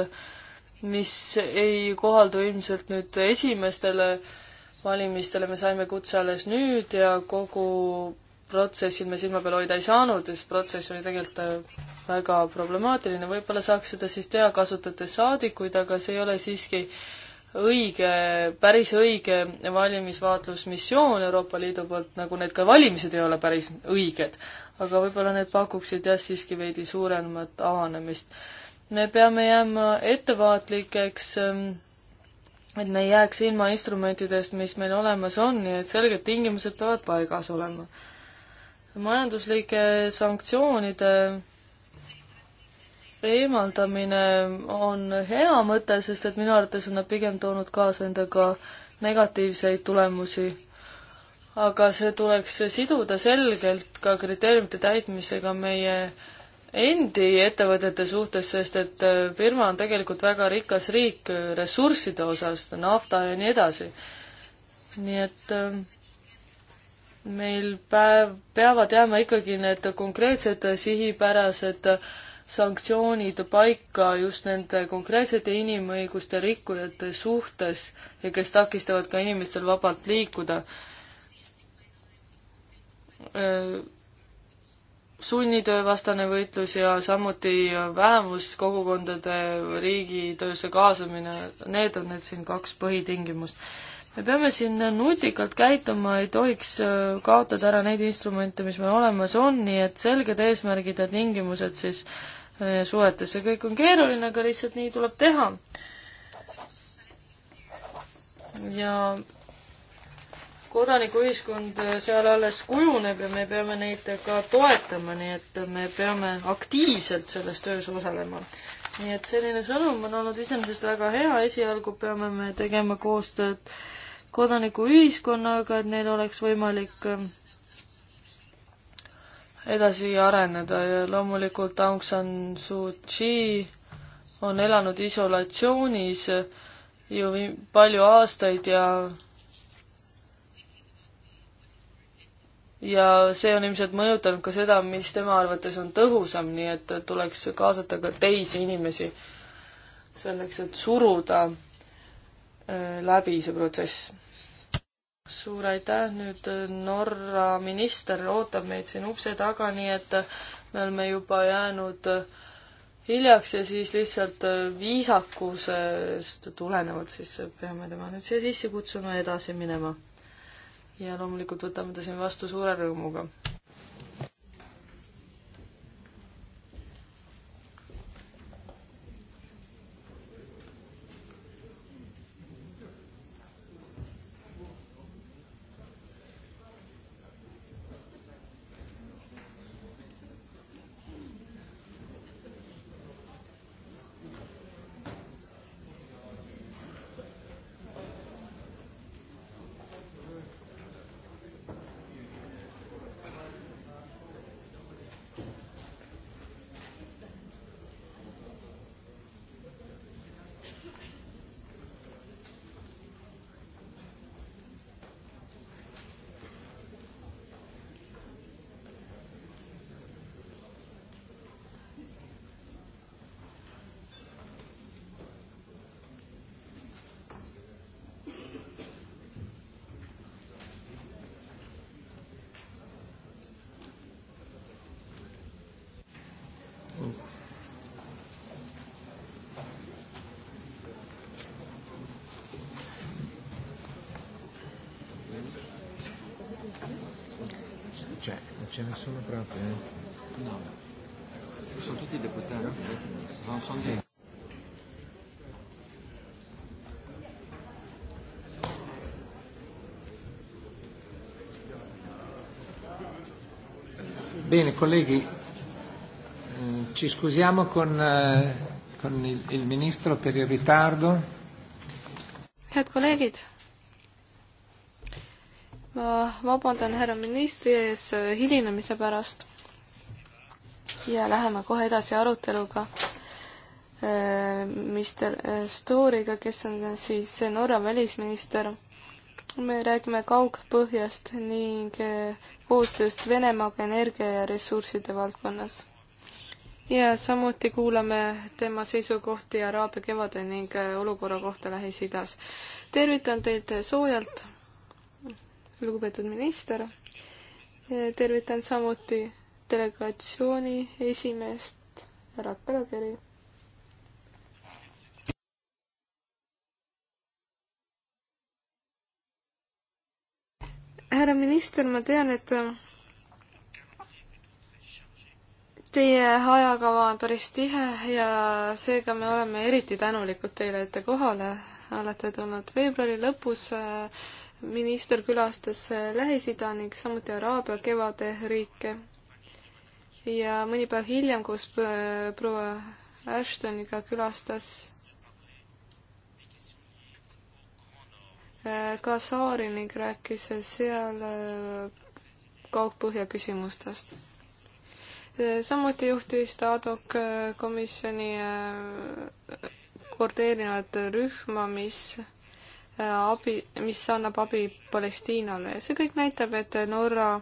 mis ei kohaldu ilmselt nüüd esimestele valimistele, me saime kutse alles nüüd ja kogu protsessil me silma peal hoida ei saanud, sest protsess oli tegelikult äh, väga problemaatiline, võib-olla saaks seda siis teha, kasutades saadikuid, aga see ei ole siiski äh, õige, päris õige valimisvaatlusmissioon Euroopa Liidu poolt, nagu need ka valimised ei ole päris õiged. aga võib-olla need pakuksid jah, siiski veidi suuremat avanemist. me peame jääma ettevaatlikeks, ähm, et me ei jääks ilma instrumentidest, mis meil olemas on, nii et selged tingimused peavad paigas olema. majanduslike sanktsioonide eemaldamine on hea mõte, sest et minu arvates on nad pigem toonud kaasa endaga negatiivseid tulemusi. aga see tuleks siduda selgelt ka kriteeriumite täitmisega meie endi ettevõtete suhtes, sest et Birma on tegelikult väga rikas riik ressursside osas, nafta ja nii edasi. nii et ähm, meil päev, peavad jääma ikkagi need konkreetsed sihipärased äh, sanktsioonid paika just nende konkreetsete inimõiguste rikkujate suhtes ja kes takistavad ka inimestel vabalt liikuda. sunnitöövastane võitlus ja samuti vähemuskogukondade riigitöösse kaasamine, need on need siin kaks põhitingimust me peame siin nutikalt käituma, ei tohiks kaotada ära neid instrumente, mis meil olemas on, nii et selged eesmärgid ja tingimused siis Äh, suhetes ja kõik on keeruline, aga lihtsalt nii tuleb teha. ja kodanikuühiskond äh, seal alles kujuneb ja me peame neid ka toetama, nii et me peame aktiivselt selles töös osalema. nii et selline sõnum on olnud iseenesest väga hea, esialgu peame me tegema koostööd kodanikuühiskonnaga, et neil oleks võimalik äh, edasi areneda ja loomulikult Aung San Suu Kyi on elanud isolatsioonis ju palju aastaid ja ja see on ilmselt mõjutanud ka seda, mis tema arvates on tõhusam, nii et tuleks kaasata ka teisi inimesi selleks, et suruda äh, läbi see protsess suur aitäh, nüüd äh, Norra minister ootab meid siin ukse taga, nii et äh, me oleme juba jäänud äh, hiljaks ja siis lihtsalt viisakusest tulenevalt siis peame tema nüüd siia sisse kutsuma ja edasi minema. ja loomulikult võtame ta siin vastu suure rõõmuga ce ne sono proprio. Eh? No, sono tutti deputati, non sono dei Bene, colleghi, eh, ci scusiamo con, eh, con il, il Ministro per il ritardo. Head colleghi, ma vabandan härra ministri ees äh, hilinemise pärast ja läheme kohe edasi aruteluga äh, minister äh, Storiga, kes on siis Norra välisminister. me räägime kaugpõhjast ning koostööst Venemaaga energia ja ressursside valdkonnas. ja samuti kuulame tema seisukohti Araabia kevade ning olukorra kohta Lähis-Idas. tervitan teid soojalt lugupeetud minister. tervitan samuti delegatsiooni esimeest härra Pelgeri. härra minister, ma tean, et teie ajakava on päris tihe ja seega me oleme eriti tänulikud teile, et te kohale olete tulnud veebruari lõpus äh, minister külastas äh, Lähis-Ida ning samuti Araabia kevade riike. ja mõni päev hiljem koos äh, proua Ashtoniga külastas äh, ka saari ning rääkis seal kaugpõhja küsimustest. samuti juhtis Tadok komisjoni koordineerivat rühma, mis Äh, abi, mis annab abi Palestiinale ja see kõik näitab, et Norra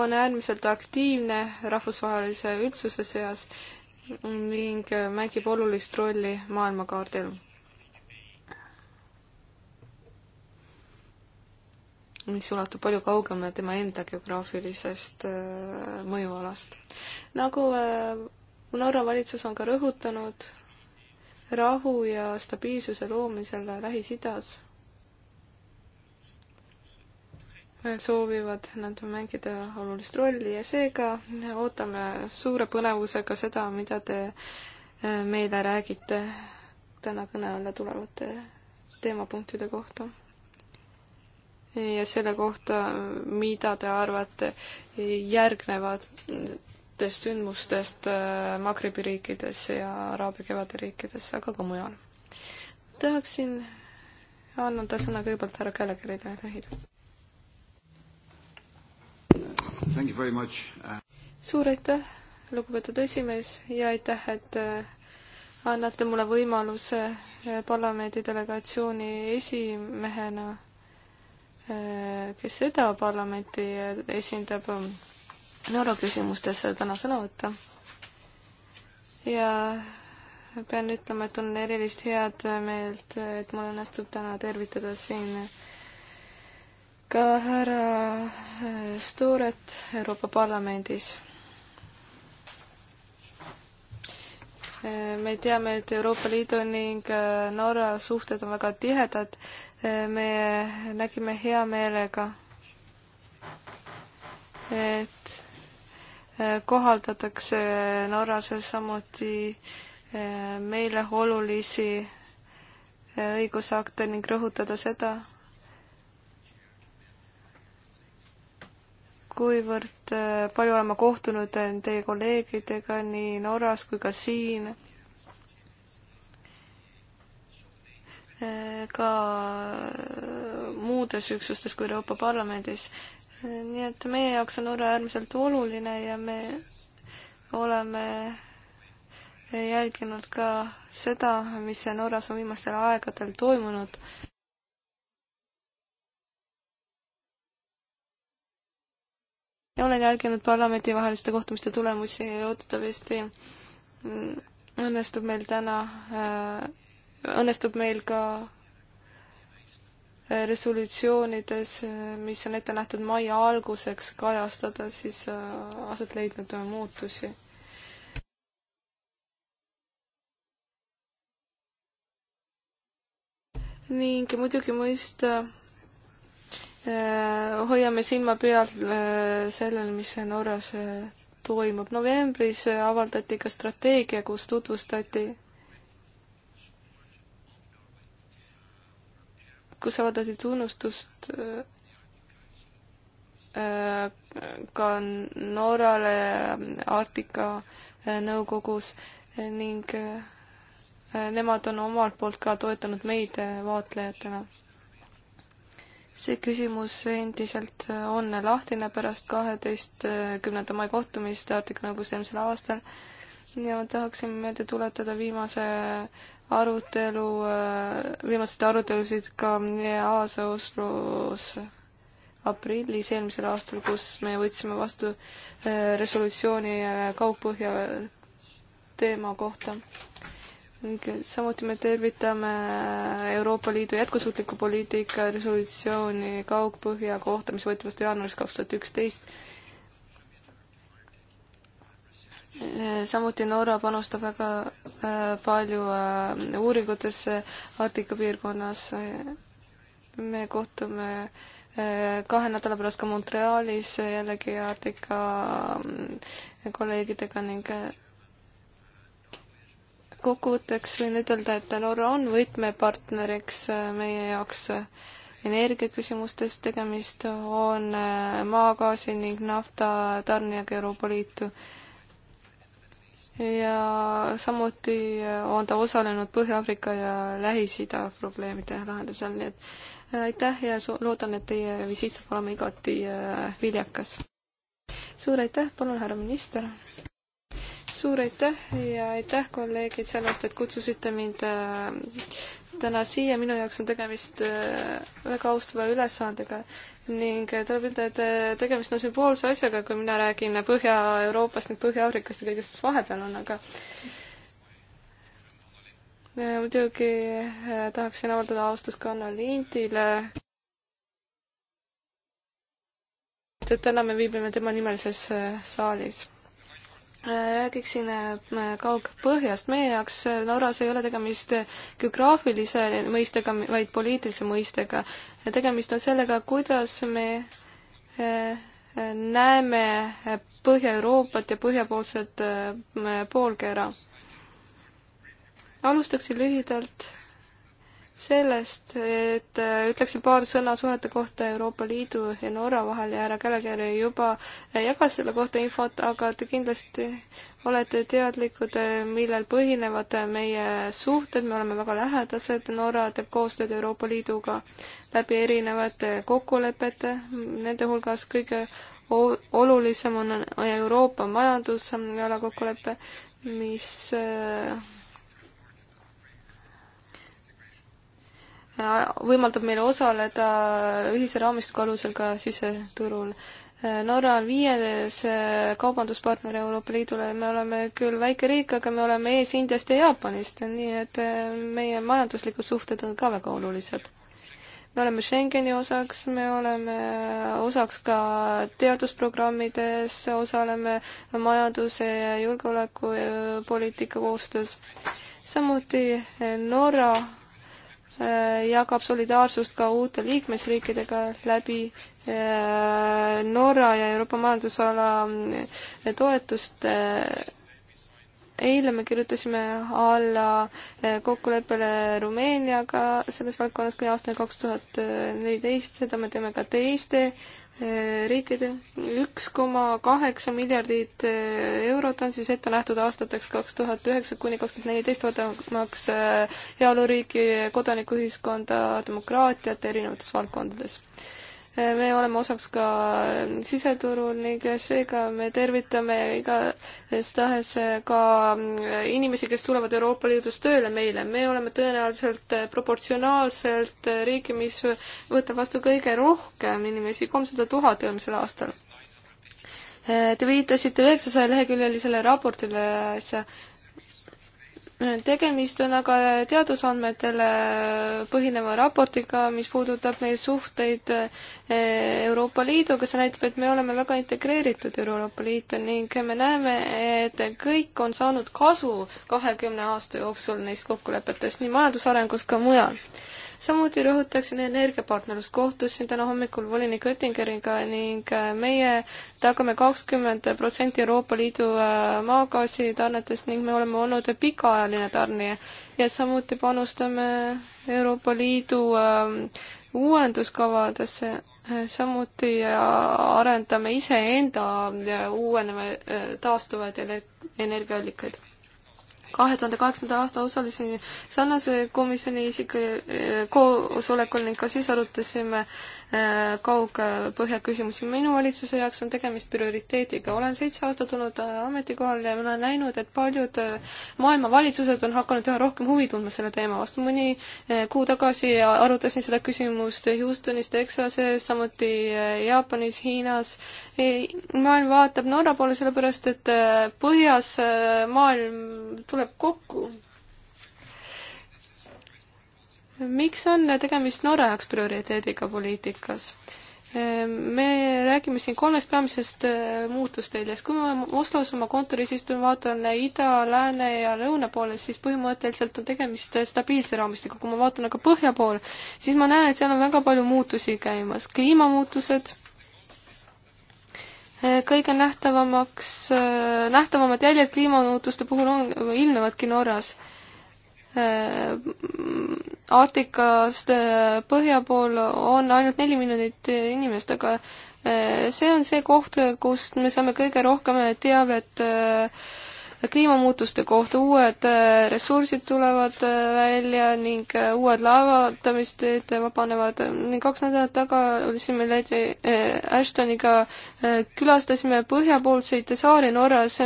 on äärmiselt aktiivne rahvusvahelise üldsuse seas ning äh, mängib olulist rolli maailmakaardil. mis ulatub palju kaugemale tema enda geograafilisest äh, mõjualast. nagu Norra valitsus on ka rõhutanud, rahu ja stabiilsuse loomisele Lähis-Idas soovivad nad mängida olulist rolli ja seega ootame suure põnevusega seda, mida te äh, meile räägite täna kõne alla tulevate teemapunktide kohta. ja selle kohta, mida te arvate järgnevatest sündmustest äh, Magribi riikides ja Araabia kevade riikides, aga ka mujal. tahaksin, annan ta sõna kõigepealt härra Källekerile lühidalt Uh, suur aitäh, lugupeetud esimees ja aitäh, et äh, annate mulle võimaluse äh, parlamendi delegatsiooni esimehena, äh, kes seda parlamenti esindab, ähm, Norra küsimustes täna sõna võtta. ja pean ütlema, et on erilist head meelt, et mul õnnestub täna tervitada siin ka härra äh, Sturet Euroopa Parlamendis. Äh, me teame, et Euroopa Liidu ning äh, Norra suhted on väga tihedad. me nägime hea meelega, et kohaldatakse Norras samuti meile olulisi õigusakte ning rõhutada seda, kuivõrd äh, palju olen ma kohtunud äh, teie kolleegidega nii Norras kui ka siin. Äh, ka muudes üksustes kui Euroopa Parlamendis. nii et meie jaoks on Norra äärmiselt oluline ja me oleme jälginud ka seda, mis Norras on viimastel aegadel toimunud ja olen jälginud parlamendivaheliste kohtumiste tulemusi ja loodetavasti mm, õnnestub meil täna, äh, õnnestub meil ka äh, resolutsioonides, äh, mis on ette nähtud mai alguseks, kajastada siis aset leidnud muutusi. ning muidugi mõista Äh, hoiame silma peal äh, sellel, mis Norras äh, toimub. novembris avaldati ka strateegia, kus tutvustati, kus avaldati tunnustust ka Norrale Arktika nõukogus ning nemad on omalt poolt ka toetanud meid vaatlejatena see küsimus endiselt äh, on lahtine pärast kaheteistkümnenda mai kohtumist Arktika Nõukogus eelmisel aastal ja tahaksin meelde tuletada viimase arutelu, äh, viimaseid arutelusid ka EAS-e Oslos aprillis eelmisel aastal, kus me võtsime vastu äh, resolutsiooni Kaug-Põhja teema kohta samuti me tervitame Euroopa Liidu jätkusuutliku poliitika resolutsiooni Kaug-Põhja kohta, mis võeti vastu jaanuaris kaks tuhat üksteist. samuti Norra panustab väga äh, palju äh, uuringutesse Arktika piirkonnas. me kohtume äh, kahe nädala pärast ka Montrealis jällegi Arktika mm, kolleegidega ning kokkuvõtteks võin ütelda, et Norra on võtmepartneriks äh, meie jaoks äh, energiaküsimustes, tegemist on äh, maagaasi ning nafta tarnijaga Euroopa Liitu. ja samuti on ta osalenud Põhja-Aafrika ja Lähis-Ida probleemide lahendamisel, nii et aitäh ja loodan, et teie visiit saab olema igati viljakas. suur aitäh, palun, härra minister! suur aitäh ja aitäh, kolleegid, selle eest, et kutsusite mind äh, täna siia, minu jaoks on tegemist äh, väga austava ülesandega ning äh, tuleb ütelda, et tegemist on sümboolse asjaga, kui mina räägin Põhja-Euroopast ning Põhja-Aafrikast ja kõigest, mis vahepeal on, aga muidugi tahaksin avaldada austust ka Anna Lindile. et täna me viibime tema nimelises saalis räägiksin äh, kaugpõhjast. meie jaoks äh, Norras ei ole tegemist äh, geograafilise mõistega, vaid poliitilise mõistega. tegemist on sellega, kuidas me näeme Põhja-Euroopat ja põhjapoolset poolkera. alustaksin lühidalt sellest, et äh, ütleksin paar sõna suhete kohta Euroopa Liidu ja Norra vahel ja härra Kälekere juba äh, jagas selle kohta infot, aga te kindlasti olete teadlikud, äh, millel põhinevad meie suhted, me oleme väga lähedased, Norra teeb koostööd Euroopa Liiduga läbi erinevate kokkulepete, nende hulgas kõige olulisem on Euroopa majandusala kokkulepe, mis võimaldab meil osaleda ühise raamistiku alusel ka siseturul. Äh, Norra on viies äh, kaubanduspartner Euroopa Liidule, me oleme küll väike riik, aga me oleme ees Indiast ja Jaapanist, nii et äh, meie majanduslikud suhted on ka väga olulised. me oleme Schengeni osaks, me oleme osaks ka teadusprogrammides, osaleme majanduse ja julgeolekupoliitika koostöös. samuti Norra Äh, jagab solidaarsust ka uute liikmesriikidega läbi äh, Norra ja Euroopa Majandusala äh, toetuste. eile me kirjutasime alla kokkuleppele Rumeeniaga selles valdkonnas kuni aastani kaks tuhat neliteist, seda me teeme ka teiste riikide üks koma kaheksa miljardit eh, eurot on siis ette nähtud aastateks kaks tuhat üheksa kuni kaks tuhat neliteist, võtamaks eh, heaoluriiki, kodanikuühiskonda, demokraatiat erinevates valdkondades me oleme osaks ka siseturul ning seega me tervitame igas tahes ka inimesi, kes tulevad Euroopa Liidust tööle meile. me oleme tõenäoliselt proportsionaalselt riik, mis võtab vastu kõige rohkem inimesi, kolmsada tuhat eelmisel aastal Te viitasite üheksasaja leheküljelisele raportile äsja tegemist on aga teadusandmetele põhineva raportiga, mis puudutab meie suhteid eh, Euroopa Liiduga, see näitab, et me oleme väga integreeritud Euroopa Liitu ning me näeme, et kõik on saanud kasu kahekümne aasta jooksul neist kokkulepetest nii majandusarengus ka mujal samuti rõhutaksin energiapartnerlust, kohtusin täna hommikul volinik Oettingeriga ning äh, meie tagame kakskümmend protsenti Euroopa Liidu äh, maagaasi tarnetest ning me oleme olnud pikaajaline tarnija ja samuti panustame Euroopa Liidu äh, uuenduskavadesse samuti arendame iseenda uueneva taastuvaid energiaallikaid kahe tuhande kaheksanda aasta osalesin sarnase komisjoni isik eh, koosolekul ning ka siis arutasime äh, Äh, kaugpõhja küsimusi. minu valitsuse jaoks on tegemist prioriteediga. olen seitse aastat olnud äh, ametikohal ja olen näinud, et paljud äh, maailma valitsused on hakanud üha rohkem huvi tundma selle teema vastu. mõni kuu tagasi arutasin seda küsimust Houstonis, Texases, samuti Jaapanis, Hiinas. E, maailm vaatab Norra poole, sellepärast et põhjas maailm tuleb kokku miks on tegemist Norra jaoks prioriteediga poliitikas? Ehm, me räägime siin kolmest peamisest eh, muutusteljest. kui ma Oslos oma kontoris istun, vaatan ida, lääne ja lõuna poole, siis põhimõtteliselt on tegemist eh, stabiilse raamistikuga. kui ma vaatan aga põhja poole, siis ma näen, et seal on väga palju muutusi käimas. kliimamuutused, eh, kõige nähtavamaks, nähtavamad jäljed kliimamuutuste puhul on, ilmnevadki Norras Äh, Arktikast äh, põhja pool on ainult neli miljonit inimest, aga äh, see on see koht, kust me saame kõige rohkem teavet äh, kliimamuutuste kohta, uued äh, ressursid tulevad äh, välja ning äh, uued laevatamisteed vabanevad ning kaks nädalat taga olime Lady Ashtoniga, külastasime põhjapoolseid saari Norras,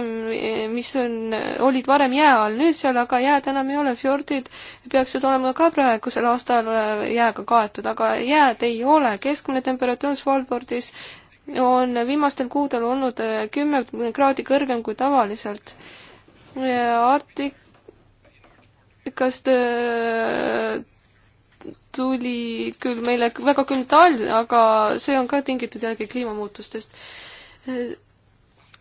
mis on, olid varem jää all, nüüd seal aga jääd enam ei ole, fjordid peaksid olema ka praegusel aastal jääga kaetud, aga jääd ei ole, keskmine temperatuur Svalbardis on viimastel kuudel olnud kümme kraadi kõrgem kui tavaliselt Arktikast äh, tuli küll meile väga külm talv, aga see on ka tingitud jällegi kliimamuutustest.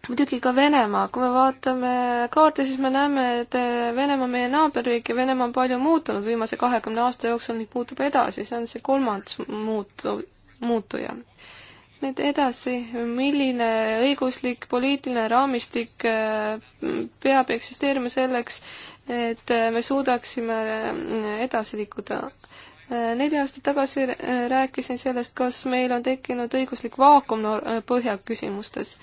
muidugi ka Venemaa, kui me vaatame kaarte, siis me näeme, et Venemaa on meie naaberriik ja Venemaa on palju muutunud viimase kahekümne aasta jooksul ning muutub edasi, see on see kolmas muutu, muutuja nüüd edasi, milline õiguslik poliitiline raamistik äh, peab eksisteerima selleks, et äh, me suudaksime äh, edasi liikuda? neli aastat tagasi rääkisin sellest, kas meil on tekkinud õiguslik vaakum põhja küsimustes.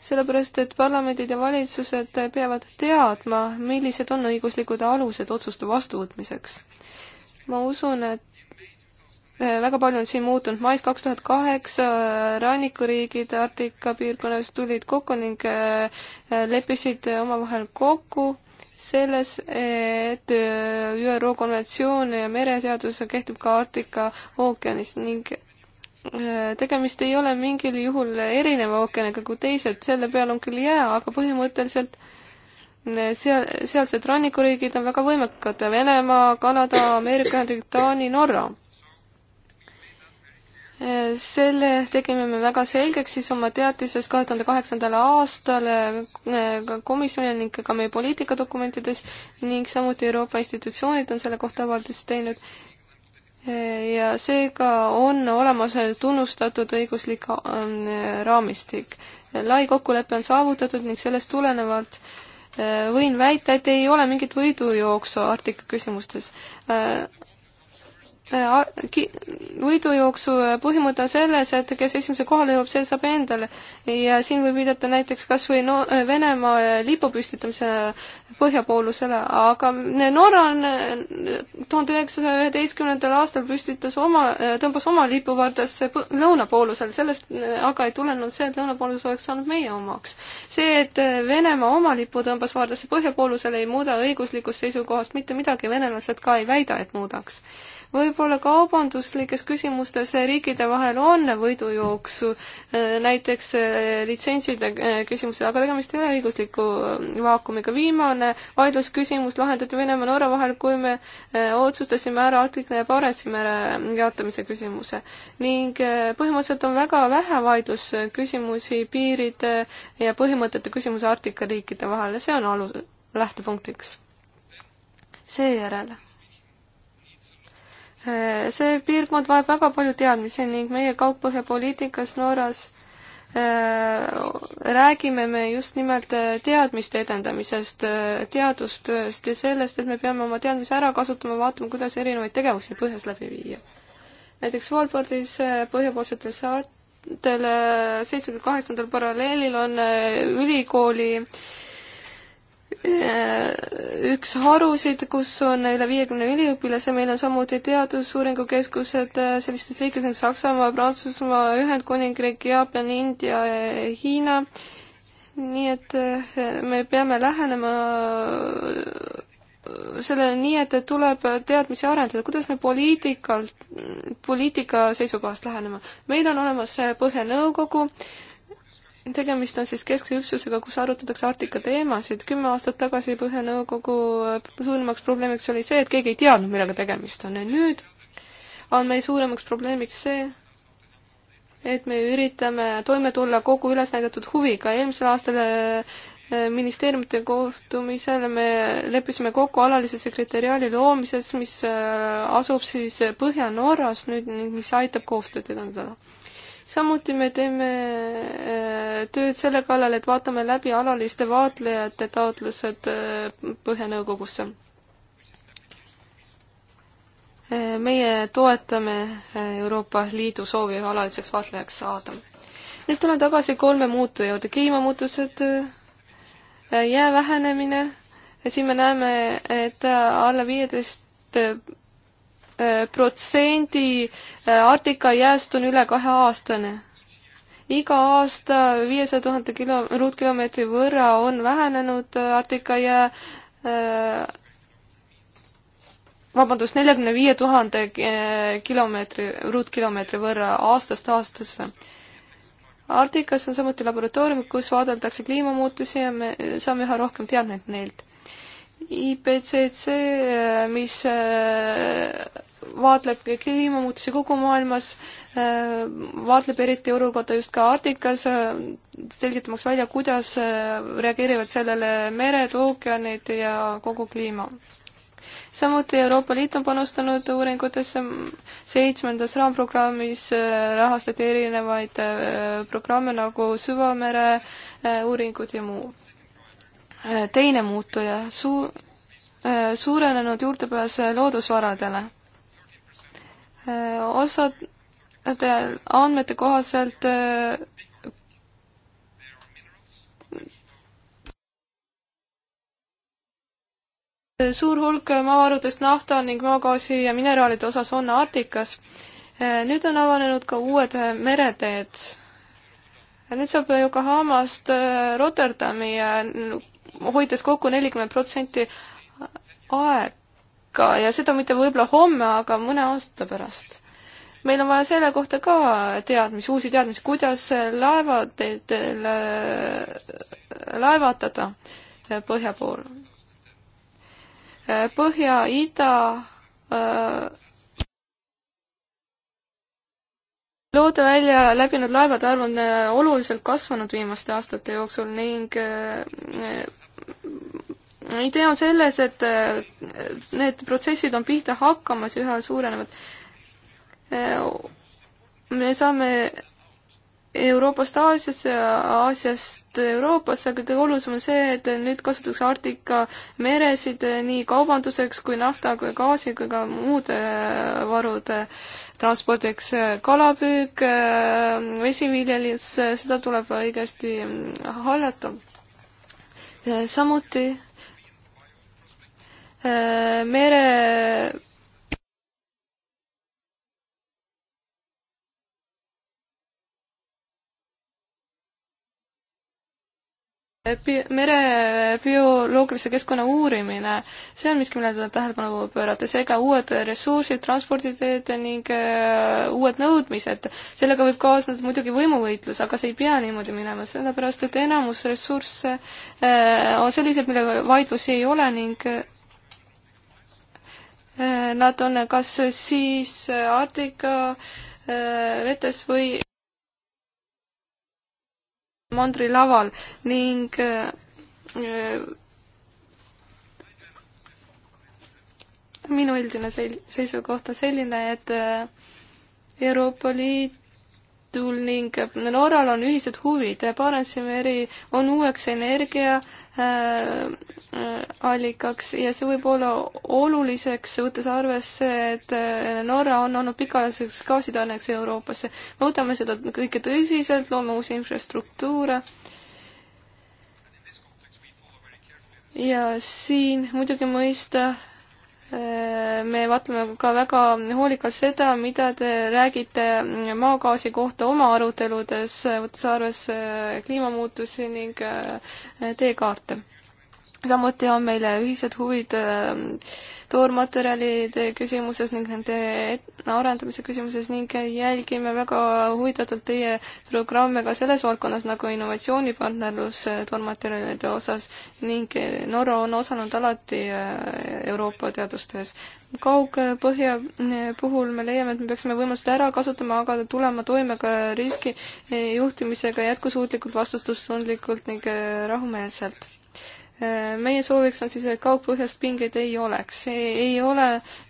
sellepärast, et parlamendid ja valitsused peavad teadma, millised on õiguslikud alused otsuste vastuvõtmiseks. ma usun, et väga palju on siin muutunud. mais kaks tuhat kaheksa rannikuriigid Arktika piirkonnas tulid kokku ning äh, leppisid omavahel kokku selles, et äh, ÜRO konventsioon ja mereseadus kehtib ka Arktika ookeanis ning äh, tegemist ei ole mingil juhul erineva ookeaniga kui teised, selle peal on küll jää, aga põhimõtteliselt seal, sealsed rannikuriigid on väga võimekad, Venemaa, Kanada, Ameerika Ühendriigid, Taani, Norra selle tegime me väga selgeks siis oma teatises kahe tuhande kaheksandal aastal äh, komisjonil ning ka meie poliitikadokumentides ning samuti Euroopa institutsioonid on selle kohta avaldust teinud. Äh, ja seega on olemas tunnustatud õiguslik ähm, raamistik. lai kokkulepe on saavutatud ning sellest tulenevalt äh, võin väita, et ei ole mingit võidujooksu Arktika küsimustes võidujooksu äh, põhimõte on selles, et kes esimese kohale jõuab, see saab endale. ja siin võib viidata näiteks kas või no äh, Venemaa äh, lipu püstitamisele põhjapoolusele, aga Norra on tuhande üheksasaja üheteistkümnendal aastal püstitas oma, tõmbas oma lipu vardasse lõunapoolusel, sellest aga ei tulenenud see, et lõunapoolus oleks saanud meie omaks. see, et Venemaa oma lipu tõmbas vardasse põhjapoolusele, ei muuda õiguslikust seisukohast mitte midagi, venelased ka ei väida, et muudaks võib-olla kaubanduslikes küsimustes riikide vahel on võidujooksu, äh, näiteks äh, litsentside äh, küsimused, aga tegemist ei ole õigusliku vaakumiga. viimane vaidlusküsimus lahendati Venemaa ja Norra vahel, kui me otsustasime ära Arktika ja Barentsi mere jaotamise küsimuse. ning põhimõtteliselt on väga vähe vaidlusküsimusi piiride ja põhimõtete küsimuse Arktika riikide vahel ja see on alu-, lähtepunktiks. seejärel Eh, see piirkond vajab väga palju teadmisi ning meie kaugpõhjapoliitikas Norras eh, räägime me just nimelt eh, teadmiste edendamisest, teadustööst ja sellest, et me peame oma teadmisi ära kasutama, vaatama, kuidas erinevaid tegevusi põhjas läbi viia. näiteks Waldwardis põhjapoolsetel saartel seitsmekümne kaheksandal paralleelil on ülikooli äh, Äh, üks harusid, kus on üle viiekümne üliõpilase, meil on samuti teadusuuringukeskused äh, sellistes riikides nagu Saksamaa, Prantsusmaa, Ühendkuningriik, Jaapan, India, äh, Hiina. nii et me peame lähenema sellele nii, et tuleb teadmisi arendada, kuidas me poliitikalt, poliitika seisukohast läheneme. meil on olemas Põhjanõukogu, tegemist on siis keskse üksusega, kus arutatakse Arktika teemasid. kümme aastat tagasi Põhjanõukogu äh, suurimaks probleemiks oli see, et keegi ei teadnud, millega tegemist on ja nüüd on meie suuremaks probleemiks see, et me üritame toime tulla kogu üles näidatud huviga. eelmisel aastal äh, äh, ministeeriumite kohtumisel me leppisime kokku alalise sekretäriaali loomises, mis asub siis Põhja-Norras nüüd ning mis aitab koostööd edendada samuti me teeme äh, tööd selle kallal, et vaatame läbi alaliste vaatlejate taotlused äh, Põhjanõukogusse. Äh, meie toetame Euroopa Liidu soovi alaliseks vaatlejaks saada. nüüd tulen tagasi kolme muutuja juurde, kliimamuutused, jää vähenemine ja siin me näeme, et alla viieteist protsendi äh, Arktika jääst on üle kaheaastane. iga aasta viiesaja tuhande kilo, ruutkilomeetri võrra on vähenenud äh, Arktika jää äh, vabandust, neljakümne viie tuhande kilomeetri, ruutkilomeetri võrra aastast aastasse. Arktikas on samuti laboratooriumid, kus vaadeldakse kliimamuutusi ja me saame üha rohkem teadmeid neilt IPCC, mis vaatleb kliimamuutusi kogu maailmas, äh, vaatleb eriti olukorda just ka Arktikas, äh, selgitamaks välja, kuidas äh, reageerivad sellele mered, ookeanid ja kogu kliima. samuti Euroopa Liit on panustanud uuringutesse, seitsmendas raamprogrammis rahastati erinevaid programme nagu süvamere uuringud ja muu. teine muutuja, suu-, suurenenud juurdepääs loodusvaradele. Äh, osade andmete kohaselt äh, suur hulk maavarudest nafta ning maagaasi ja mineraalide osas on Arktikas. Äh, nüüd on avanenud ka uued mereteed. Need saab Yokohamast Rotterdami, mm, hoides kokku nelikümmend protsenti aeg, paika ja seda mitte võib-olla homme, aga mõne aasta pärast. meil on vaja selle kohta ka teadmisi, uusi teadmisi, kuidas laevateedel laevatada põhja pool. Põhja, ida äh, loote välja läbinud laevade arv on äh, oluliselt kasvanud viimaste aastate jooksul ning äh, idee on selles, et äh, need protsessid on pihta hakkamas ja üha suurenevad. Äh, me saame Euroopast Aasiasse ja Aasiast Euroopasse, aga kõige olulisem on see, et nüüd kasutatakse Arktika meresid nii kaubanduseks kui nafta kui gaasi kui ka muude äh, varude transpordiks. kalapüük, vesiviljelis, seda tuleb õigesti mm, hallata. samuti Äh, mere mere bioloogilise keskkonna uurimine, see on miski, millele tuleb tähelepanu pöörata, seega uued ressursid, transporditeed ning äh, uued nõudmised. sellega võib kaasneda muidugi võimuvõitlus, aga see ei pea niimoodi minema, sellepärast et enamus ressursse äh, on sellised, mille vaidlusi ei ole ning Nad on kas siis Arktika äh, vetes või mandrilaval ning äh, minu üldine seisukoht on selline, et äh, Euroopa Liidul ning Norral on ühised huvid. Barentsi meri on uueks energia allikaks ja see võib olla oluliseks, võttes arvesse, et äh, Norra on olnud pikaajaliseks gaasitarneks Euroopasse. me võtame seda kõike tõsiselt, loome uusi infrastruktuure. ja siin muidugi mõista äh, me vaatleme ka väga hoolikalt seda, mida te räägite maagaasi kohta oma aruteludes, võttes arvesse kliimamuutusi ning äh, teekaarte samuti on meil ühised huvid ähm, toormaterjalide küsimuses ning nende arendamise küsimuses ning jälgime väga huvitatult teie programme ka selles valdkonnas nagu innovatsioonipartnerlus äh, toormaterjalide osas ning äh, Norra on osanud alati äh, Euroopa teadustes. kaugpõhja puhul me leiame, et me peaksime võimalused ära kasutama, aga tulema toime ka riski juhtimisega jätkusuutlikult, vastutustundlikult ning rahumeelselt meie sooviks on siis, et kaugpõhjast pingeid ei oleks, ei ole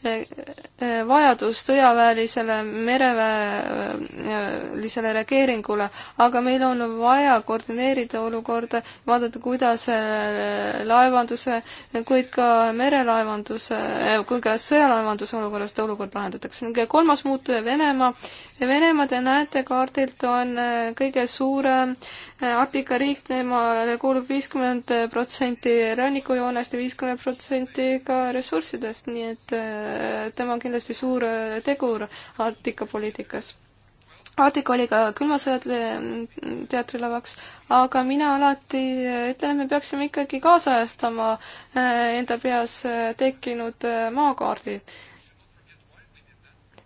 eh, eh, vajadus sõjaväelisele mereväelisele reageeringule, aga meil on vaja koordineerida olukorda, vaadata, kuidas eh, laevanduse, kuid ka merelaevanduse, kui ka sõjalaevanduse olukorras seda olukorda lahendatakse. ning kolmas muutuja, Venemaa. Venemaa, te näete kaardilt, on kõige suurem Arktika riik, temale kuulub viiskümmend protsenti protsenti rannikujoonest ja viiskümmend protsenti ka ressurssidest, nii et äh, tema on kindlasti suur äh, tegur Arktika poliitikas Aadika oli ka külmasõjade mm, teatrilavaks, aga mina alati äh, ütlen, et me peaksime ikkagi kaasajastama enda peas tekkinud maakaardid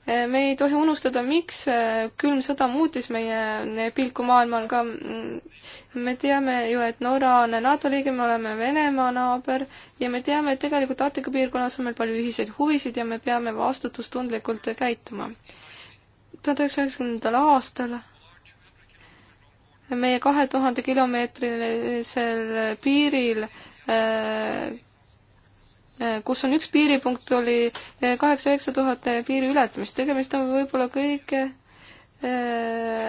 me ei tohi unustada, miks äh, külm sõda muutis meie äh, pilku maailmal ka. Mm, me teame ju, et Norra on NATO liige, me oleme Venemaa naaber ja me teame, et tegelikult Arktika piirkonnas on meil palju ühiseid huvisid ja me peame vastutustundlikult käituma. tuhande üheksasaja üheksakümnendal aastal meie kahe tuhande kilomeetrisel piiril äh, Äh, kus on üks piiripunkt, oli äh, kaheksa-üheksa tuhat äh, piiri ületamist, tegemist on võib-olla kõige äh,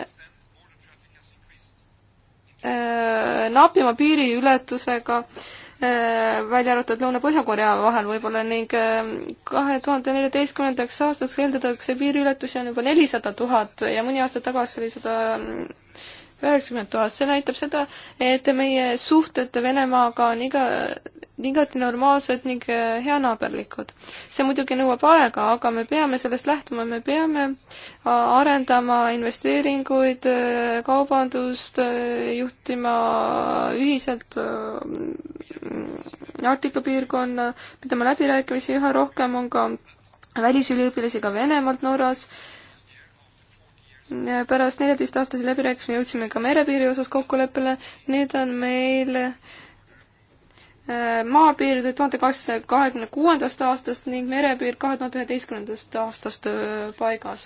äh, napima piiriületusega äh, välja arvatud Lõuna-Põhja-Korea vahel võib-olla ning kahe tuhande neljateistkümnendaks aastaks eeldatakse piiriületusi on juba nelisada tuhat ja mõni aasta tagasi oli sada mm, üheksakümmend tuhat, see näitab seda, et meie suhted Venemaaga on iga igati normaalsed ning eh, heanaaberlikud. see muidugi nõuab aega, aga me peame sellest lähtuma, me peame arendama investeeringuid, eh, kaubandust, eh, juhtima ühiselt Arktika piirkonna, pidama läbirääkimisi, üha rohkem on ka välisüliõpilasi ka Venemaalt, Norras pärast neljateistaastase läbirääkimisi jõudsime ka merepiiri osas kokkuleppele, nüüd on meil Äh, maapiir tuhande kaheksasaja kahekümne kuuendast aastast ning merepiir kahe tuhande üheteistkümnendast aastast äh, paigas.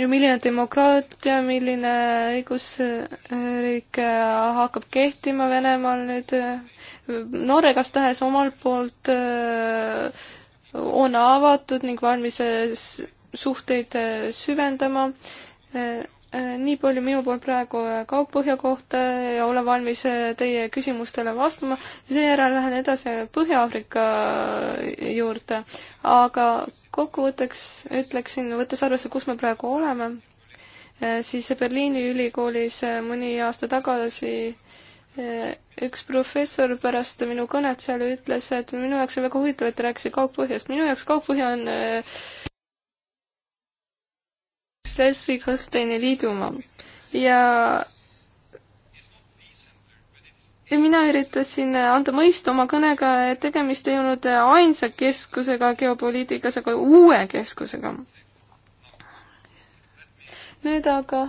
ja milline demokraatia, milline õigusriik äh, hakkab kehtima Venemaal nüüd, Norra kas tahes omalt poolt on avatud ning valmis suhteid süvendama Äh, nii palju minu poolt praegu äh, Kaug-Põhja kohta ja olen valmis äh, teie küsimustele vastama, seejärel lähen edasi Põhja-Aafrika juurde. aga kokkuvõtteks ütleksin, võttes arvesse, kus me praegu oleme, siis Berliini ülikoolis mõni aasta tagasi üks professor pärast minu kõnet seal ütles, et minu jaoks on väga huvitav, et te rääkisite Kaug-Põhjast. minu jaoks Kaug-Põhja on Schleswig-Holsteini liidumaa ja ja mina üritasin anda mõista oma kõnega, et tegemist ei olnud ainsa keskusega geopoliitikas, aga uue keskusega. nüüd aga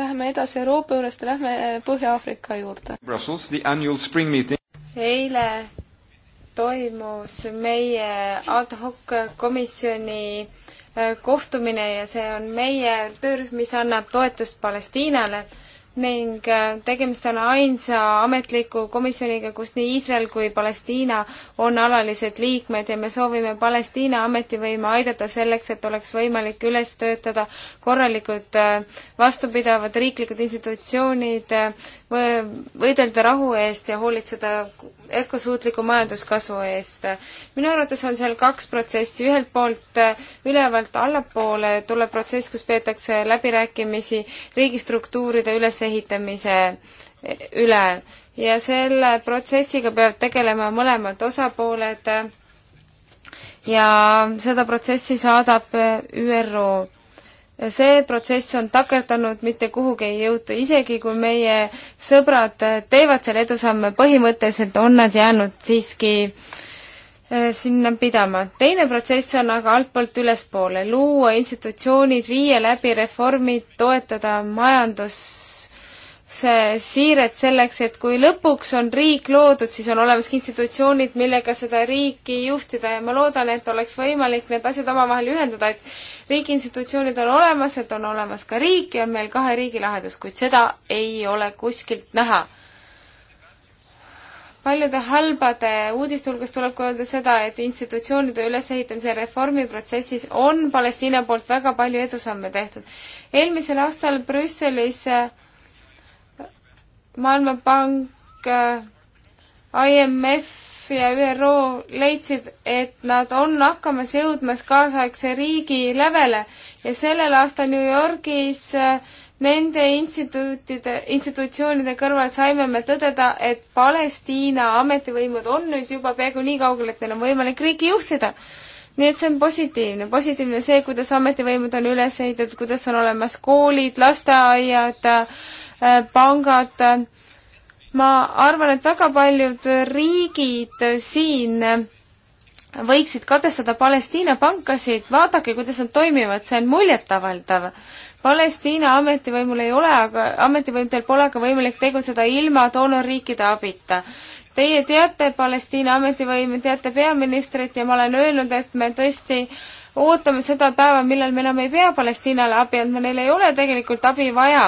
läheme edasi Euroopa juurest ja lähme Põhja-Aafrika juurde. eile toimus meie ad hoc komisjoni kohtumine ja see on meie töörühm, mis annab toetust Palestiinale ning äh, tegemist on ainsa ametliku komisjoniga, kus nii Iisrael kui Palestiina on alalised liikmed ja me soovime Palestiina ametivõime aidata selleks, et oleks võimalik üles töötada korralikud äh, vastupidavad riiklikud institutsioonid, äh, võidelda rahu eest ja hoolitseda jätkusuutliku majanduskasvu eest. minu arvates on seal kaks protsessi, ühelt poolt ülevalt allapoole tuleb protsess, kus peetakse läbirääkimisi riigistruktuuride üles ülesehitamise üle ja selle protsessiga peavad tegelema mõlemad osapooled ja seda protsessi saadab ÜRO. see protsess on takerdunud, mitte kuhugi ei jõuta, isegi kui meie sõbrad teevad selle edusamme, põhimõtteliselt on nad jäänud siiski eh, sinna pidama. teine protsess on aga altpoolt ülespoole, luua institutsioonid, viia läbi reformid, toetada majandus see siiret selleks, et kui lõpuks on riik loodud, siis on olemas ka institutsioonid, millega seda riiki juhtida ja ma loodan, et oleks võimalik need asjad omavahel ühendada, et riigi institutsioonid on olemas, et on olemas ka riik ja on meil kahe riigi lahendus, kuid seda ei ole kuskilt näha paljude halbade uudiste hulgas tuleb ka öelda seda, et institutsioonide ülesehitamise reformiprotsessis on Palestiina poolt väga palju edusamme tehtud. eelmisel aastal Brüsselis äh, Maailmapank, äh, IMF ja ÜRO leidsid, et nad on hakkamas jõudmas kaasaegse riigi lävele ja sellel aastal New Yorgis äh, nende instituutide, institutsioonide kõrval saime me tõdeda, et Palestiina ametivõimud on nüüd juba peaaegu nii kaugel, et neil on võimalik riiki juhtida nii et see on positiivne, positiivne see, kuidas ametivõimud on üles ehitatud, kuidas on olemas koolid, lasteaiad, Äh, pangad. ma arvan, et väga paljud riigid siin võiksid katestada Palestiina pankasid, vaadake, kuidas nad toimivad, see on muljetavaldav. Palestiina ametivõimul ei ole, aga ametivõimudel pole ka võimalik tegutseda ilma doonorriikide abita teie teate Palestiina ametivõime, teate peaministrit ja ma olen öelnud, et me tõesti ootame seda päeva, millal me enam ei pea Palestiinale abi andma, neil ei ole tegelikult abi vaja.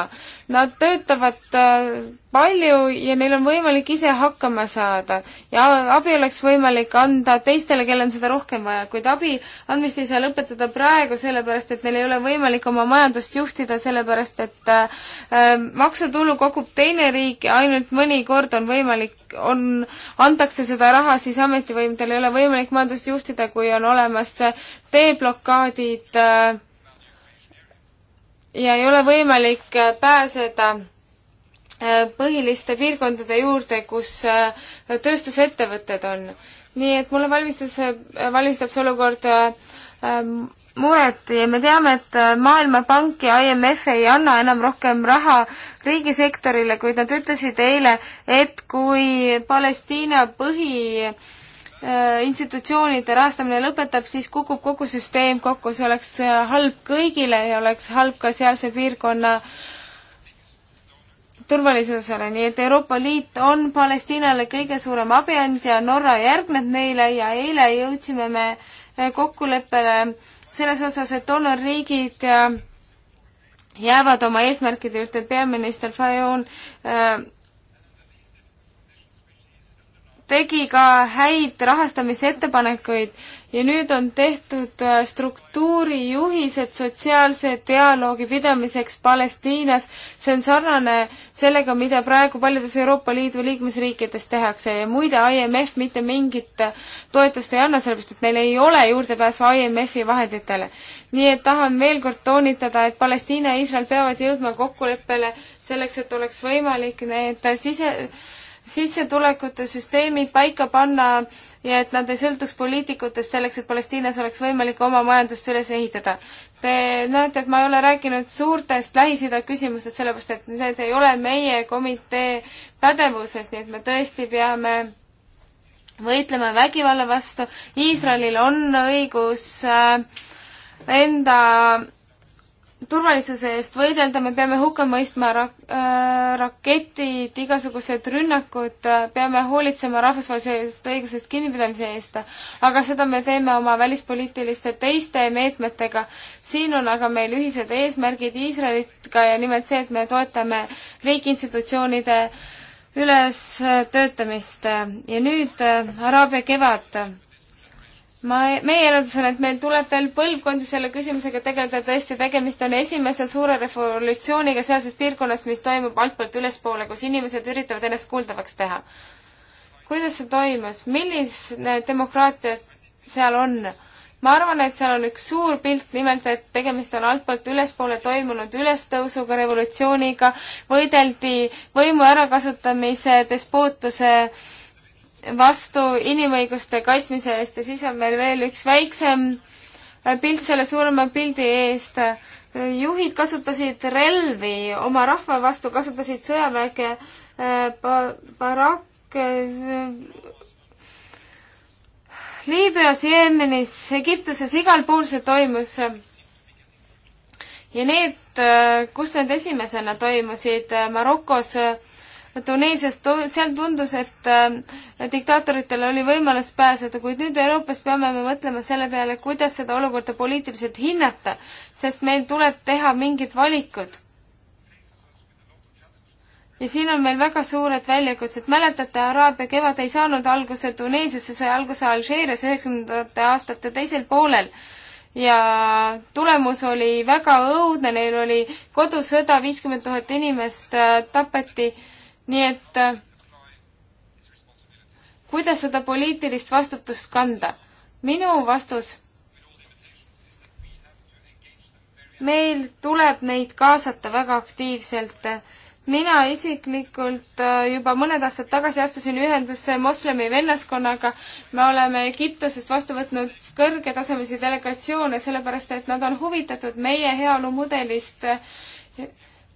Nad töötavad äh, palju ja neil on võimalik ise hakkama saada ja abi oleks võimalik anda teistele, kellel on seda rohkem vaja, kuid abi andmist ei saa lõpetada praegu, sellepärast et neil ei ole võimalik oma majandust juhtida, sellepärast et äh, äh maksutulu kogub teine riik ja ainult mõnikord on võimalik, on, antakse seda raha siis ametivõimudel, ei ole võimalik majandust juhtida, kui on olemas äh, teeblokaadid äh, ja ei ole võimalik äh, pääseda äh, põhiliste piirkondade juurde, kus äh, tööstusettevõtted on. nii et mulle valmistas, valmistab see olukord muret ja me teame, et Maailmapank ja IMF ei anna enam rohkem raha riigisektorile, kuid nad ütlesid eile, et kui Palestiina põhi Äh, institutsioonide rahastamine lõpetab, siis kukub kogu süsteem kokku, see oleks äh, halb kõigile ja oleks halb ka sealse piirkonna turvalisusele, nii et Euroopa Liit on Palestiinale kõige suurem abiandja, Norra järgneb meile ja eile jõudsime me äh, kokkuleppele selles osas, et doonorriigid jäävad oma eesmärkide juurde, peaminister Fajon äh, tegi ka häid rahastamisettepanekuid ja nüüd on tehtud äh, struktuurijuhised sotsiaalse dialoogi pidamiseks Palestiinas. see on sarnane sellega, mida praegu paljudes Euroopa Liidu liikmesriikides tehakse ja muide, IMF mitte mingit äh, toetust ei anna, sellepärast et neil ei ole juurdepääsu IMF-i vahenditele. nii et tahan veel kord toonitada, et Palestiina ja Iisrael peavad jõudma kokkuleppele selleks, et oleks võimalik need äh, sise, sissetulekute süsteemid paika panna ja et nad ei sõltuks poliitikutest selleks, et Palestiinas oleks võimalik oma majandust üles ehitada. Te näete, et ma ei ole rääkinud suurtest Lähis-Ida küsimustest, sellepärast et need ei ole meie komitee pädevuses, nii et me tõesti peame võitlema vägivalla vastu. Iisraelil on õigus äh, enda turvalisuse eest võidelda, me peame hukka mõistma rak-, äh, raketid, igasugused rünnakud, peame hoolitsema rahvusvahelisest õigusest kinnipidamise eest, aga seda me teeme oma välispoliitiliste teiste meetmetega. siin on aga meil ühised eesmärgid Iisraeliga ja nimelt see, et me toetame riigi-institutsioonide ülestöötamist ja nüüd äh, Araabia kevad ma, meie järeldus on, et meil tuleb veel põlvkondi selle küsimusega tegeleda, tõesti, tegemist on esimese suure revolutsiooniga sealses piirkonnas, mis toimub altpoolt ülespoole, kus inimesed üritavad ennast kuuldavaks teha. kuidas see toimus, milline demokraatia seal on? ma arvan, et seal on üks suur pilt, nimelt et tegemist on altpoolt ülespoole toimunud ülestõusuga, revolutsiooniga, võideldi võimu ärakasutamise, despootuse äh, vastu inimõiguste kaitsmise eest ja siis on meil veel üks väiksem pilt selle suurema pildi eest. juhid kasutasid relvi oma rahva vastu, kasutasid sõjaväge äh, ba-, barakk Liibüas, Jeemenis, Egiptuses, igal pool see toimus. ja need, äh, kus need esimesena toimusid, Marokos Tuneesias to-, seal tundus, et äh, diktatoritel oli võimalus pääseda, kuid nüüd Euroopas peame me mõtlema selle peale, kuidas seda olukorda poliitiliselt hinnata, sest meil tuleb teha mingid valikud. ja siin on meil väga suured väljakutsed, mäletate, Araabia kevad ei saanud alguse Tuneesias, see sai alguse Alžeerias üheksakümnendate aastate teisel poolel ja tulemus oli väga õudne, neil oli kodusõda, viiskümmend tuhat inimest äh, tapeti äh, nii et äh, kuidas seda poliitilist vastutust kanda? minu vastus. meil tuleb neid kaasata väga aktiivselt. mina isiklikult äh, juba mõned aastad tagasi astusin ühendusse moslemi vennaskonnaga. me oleme Egiptusest vastu võtnud kõrgetasemelisi delegatsioone, sellepärast et nad on huvitatud meie heaolumudelist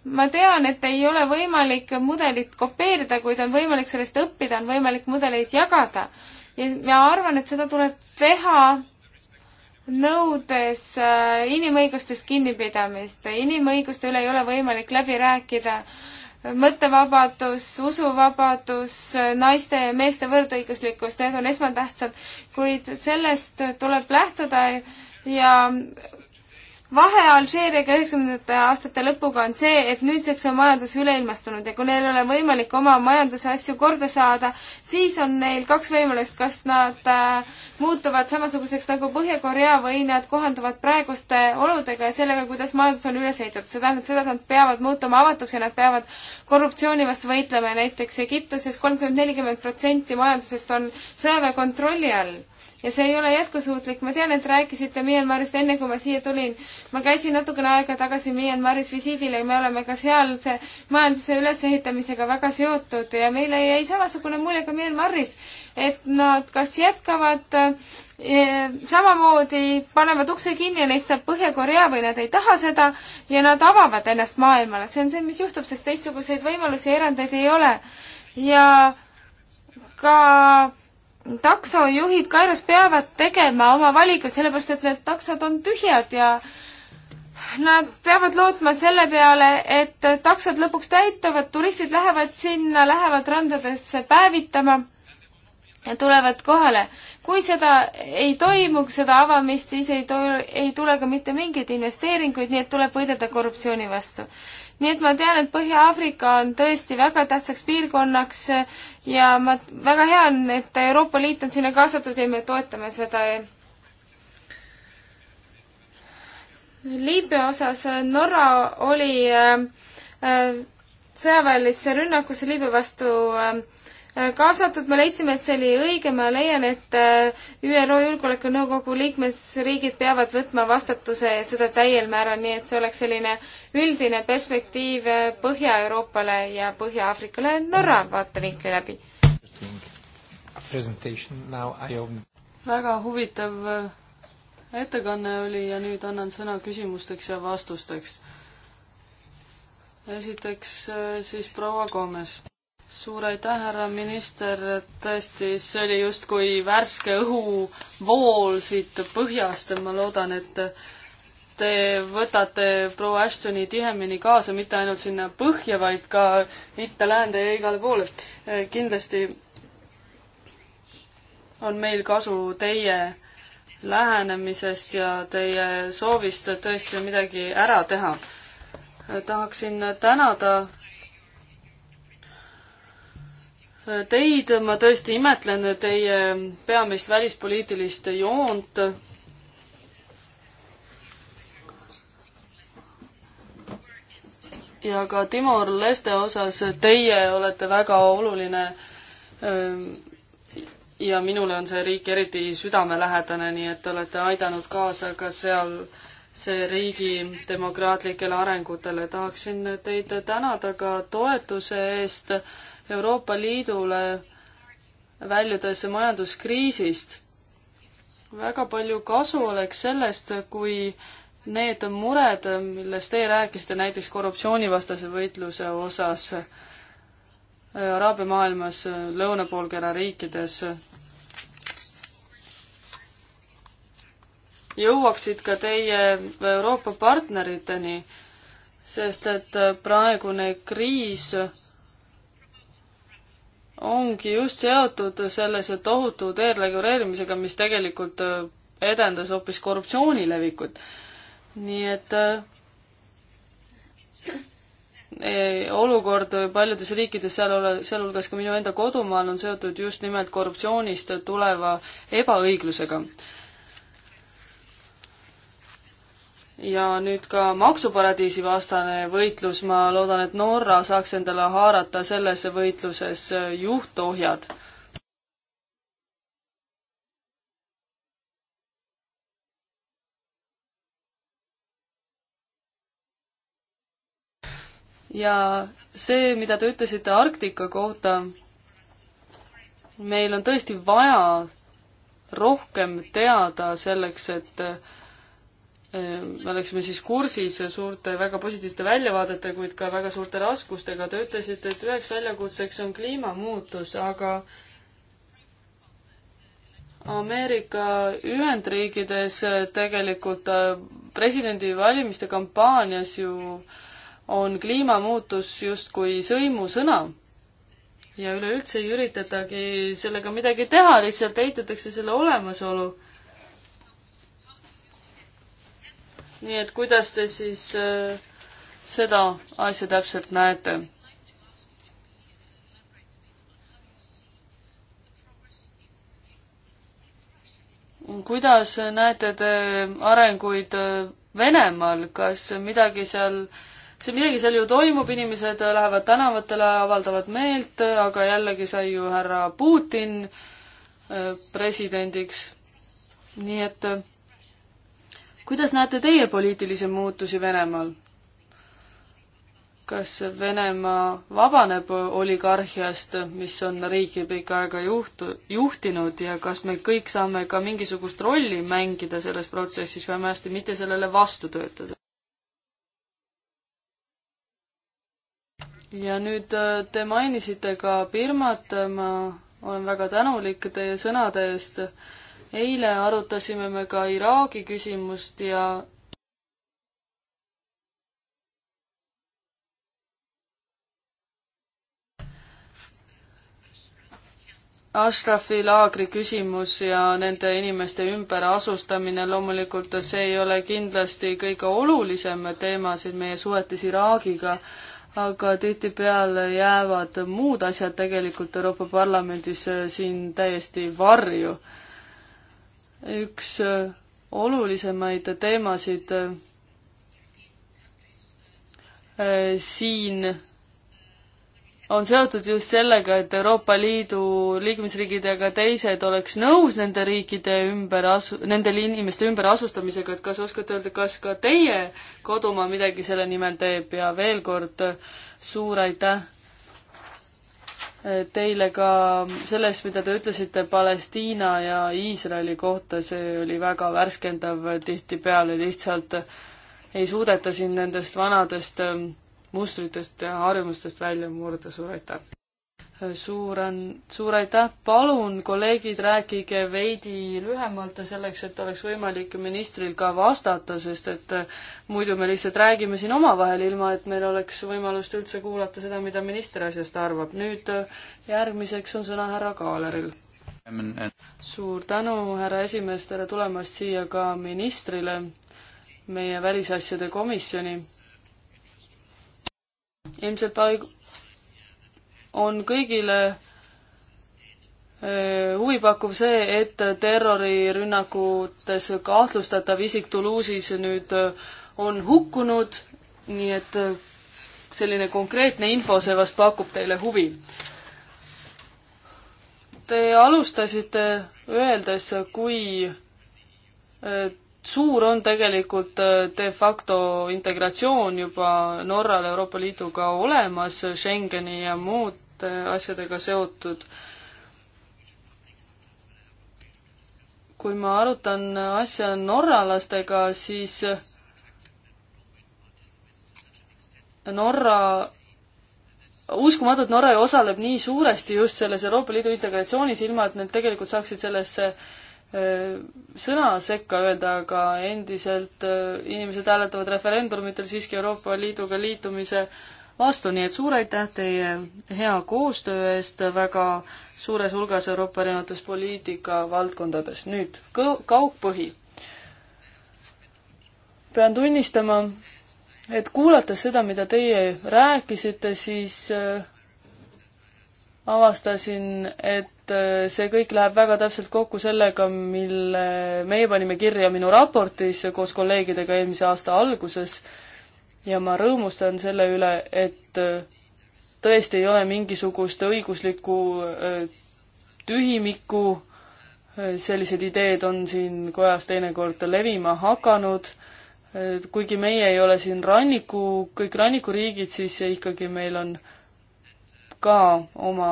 ma tean, et ei ole võimalik mudelit kopeerida, kuid on võimalik sellest õppida, on võimalik mudeleid jagada. ja ma arvan, et seda tuleb teha nõudes äh, inimõigustest kinnipidamist. inimõiguste üle ei ole võimalik läbi rääkida. mõttevabadus, usuvabadus, äh, naiste ja meeste võrdõiguslikkus, need on esmatähtsad, kuid sellest tuleb lähtuda ja vahe Alžeeriaga üheksakümnendate aastate lõpuga on see, et nüüdseks on majandus üleilmastunud ja kui neil ei ole võimalik oma majanduse asju korda saada, siis on neil kaks võimalust, kas nad äh, muutuvad samasuguseks nagu Põhja-Korea või nad kohanduvad praeguste oludega ja sellega, kuidas majandus on üles ehitatud. see tähendab seda, et nad peavad muutuma avatuks ja nad peavad korruptsiooni vastu võitlema ja näiteks Egiptuses kolmkümmend, nelikümmend protsenti majandusest on sõjaväe kontrolli all ja see ei ole jätkusuutlik. ma tean, et rääkisite Myanmarist enne, kui ma siia tulin. ma käisin natukene aega tagasi Myanmaris visiidil ja me oleme ka sealse majanduse ülesehitamisega väga seotud ja meile jäi samasugune mulje ka Myanmaris, et nad kas jätkavad eh, samamoodi panevad ukse kinni ja neist saab Põhja-Korea või nad ei taha seda ja nad avavad ennast maailmale. see on see, mis juhtub, sest teistsuguseid võimalusi ja erandeid ei ole. ja ka taksojuhid Kairos peavad tegema oma valiku, sellepärast et need taksod on tühjad ja nad peavad lootma selle peale, et taksod lõpuks täituvad, turistid lähevad sinna, lähevad randadesse päevitama ja tulevad kohale. kui seda ei toimu, seda avamist, siis ei to-, ei tule ka mitte mingeid investeeringuid, nii et tuleb võidelda korruptsiooni vastu nii et ma tean, et Põhja-Aafrika on tõesti väga tähtsaks piirkonnaks ja ma, väga hea on, et Euroopa Liit on sinna kaasatud ja me toetame seda. Liibüa osas Norra oli äh, äh sõjaväelisse rünnakusse Liibüa vastu äh, kaasatud, me leidsime, et see oli õige, ma leian, et äh, ÜRO Julgeolekunõukogu liikmesriigid peavad võtma vastutuse ja seda täiel määral, nii et see oleks selline üldine perspektiiv äh, Põhja-Euroopale ja Põhja-Aafrikale Norra vaatevinkli läbi. väga huvitav äh, ettekanne oli ja nüüd annan sõna küsimusteks ja vastusteks. esiteks siis proua Gomes suur aitäh, härra minister, tõesti, see oli justkui värske õhuvool siit põhjast ja ma loodan, et te võtate proua Ashtoni tihemini kaasa, mitte ainult sinna põhja, vaid ka itta, läände ja igale poole. kindlasti on meil kasu teie lähenemisest ja teie soovist tõesti midagi ära teha. tahaksin tänada teid, ma tõesti imetlen teie peamist välispoliitilist joont. ja ka Timor-Leste osas teie olete väga oluline. Ähm, ja minule on see riik eriti südamelähedane, nii et te olete aidanud kaasa ka seal see riigi demokraatlikele arengutele. tahaksin teid tänada ka toetuse eest äh, Euroopa Liidule väljudes majanduskriisist. väga palju kasu oleks sellest, kui need mured, millest teie rääkisite, näiteks korruptsioonivastase võitluse osas äh, Araabia maailmas, äh, lõunapoolkera riikides, jõuaksid ka teie Euroopa partneriteni, sest et äh, praegune kriis ongi just seotud sellise tohutu teerreguleerimisega, mis tegelikult äh, edendas hoopis korruptsiooni levikut. nii et äh, olukord paljudes riikides, seal, sealhulgas ka minu enda kodumaal, on seotud just nimelt korruptsioonist tuleva ebaõiglusega ja nüüd ka maksuparadiisi vastane võitlus, ma loodan, et Norra saaks endale haarata selles võitluses juhtohjad. ja see, mida te ütlesite Arktika kohta, meil on tõesti vaja rohkem teada selleks, et me äh, oleksime siis kursis suurte väga positiivsete väljavaadete, kuid ka väga suurte raskustega. Te ütlesite, et üheks väljakutseks on kliimamuutus, aga Ameerika Ühendriikides tegelikult äh, presidendivalimiste kampaanias ju on kliimamuutus justkui sõimusõna ja üleüldse ei üritatagi sellega midagi teha, lihtsalt eitatakse selle olemasolu nii et kuidas te siis äh, seda asja täpselt näete? kuidas näete te arenguid äh, Venemaal, kas midagi seal, see midagi seal ju toimub, inimesed lähevad tänavatele, avaldavad meelt, aga jällegi sai ju härra Putin äh, presidendiks. nii et äh, kuidas näete teie poliitilisi muutusi Venemaal? kas Venemaa vabaneb oligarhiast, mis on riiki pikka aega juht-, juhtinud ja kas me kõik saame ka mingisugust rolli mängida selles protsessis või vähemasti mitte sellele vastu töötada? ja nüüd äh, te mainisite ka Birmat, ma olen väga tänulik teie sõnade eest eile arutasime me ka Iraagi küsimust ja Ashrafi laagri küsimus ja nende inimeste ümberasustamine, loomulikult see ei ole kindlasti kõige olulisem teemasid meie suhetes Iraagiga, aga tihtipeale jäävad muud asjad tegelikult Euroopa Parlamendis äh, siin täiesti varju üks äh, olulisemaid teemasid äh, siin on seotud just sellega, et Euroopa Liidu liikmesriigid ja ka teised oleks nõus nende riikide ümber asu-, nende inimeste ümberasustamisega, et kas oskate öelda, kas ka teie kodumaa midagi selle nimel teeb ja veel kord äh, suur aitäh teile ka selles, mida te ütlesite Palestiina ja Iisraeli kohta, see oli väga värskendav, tihtipeale lihtsalt ei suudeta siin nendest vanadest mustritest ja harjumustest välja murda, suur aitäh! suur on, suur aitäh, palun, kolleegid, rääkige veidi lühemalt selleks, et oleks võimalik ministril ka vastata, sest et äh, muidu me lihtsalt räägime siin omavahel, ilma et meil oleks võimalust üldse kuulata seda, mida minister asjast arvab. nüüd äh, järgmiseks on sõna härra Kaaleril. suur tänu, härra esimees, tere tulemast siia ka ministrile, meie välisasjade komisjoni. ilmselt on kõigile eh, huvipakkuv see, et terrorirünnakutes kahtlustatav isik Toulouse'is nüüd eh, on hukkunud, nii et eh, selline konkreetne info, see vast pakub teile huvi. Te alustasite öeldes, kui suur on tegelikult äh, de facto integratsioon juba Norral Euroopa Liiduga olemas, Schengeni ja muude asjadega seotud. kui ma arutan asja norralastega, siis Norra, uskumatult Norra ju osaleb nii suuresti just selles Euroopa Liidu integratsioonis, ilma et nad tegelikult saaksid sellesse äh, sõna sekka öelda, aga endiselt äh, inimesed hääletavad referendumitel siiski Euroopa Liiduga liitumise vastu, nii et suur aitäh teie hea koostöö eest väga suures hulgas Euroopa erinevates poliitikavaldkondades. nüüd kaugpõhi. pean tunnistama, et kuulates seda, mida teie rääkisite, siis äh, avastasin, et äh, see kõik läheb väga täpselt kokku sellega, mille meie panime kirja minu raportis koos kolleegidega eelmise aasta alguses ja ma rõõmustan selle üle, et äh, tõesti ei ole mingisugust õiguslikku äh, tühimikku, sellised ideed on siin kojas teinekord levima hakanud kuigi meie ei ole siin ranniku, kõik rannikuriigid, siis ikkagi meil on ka oma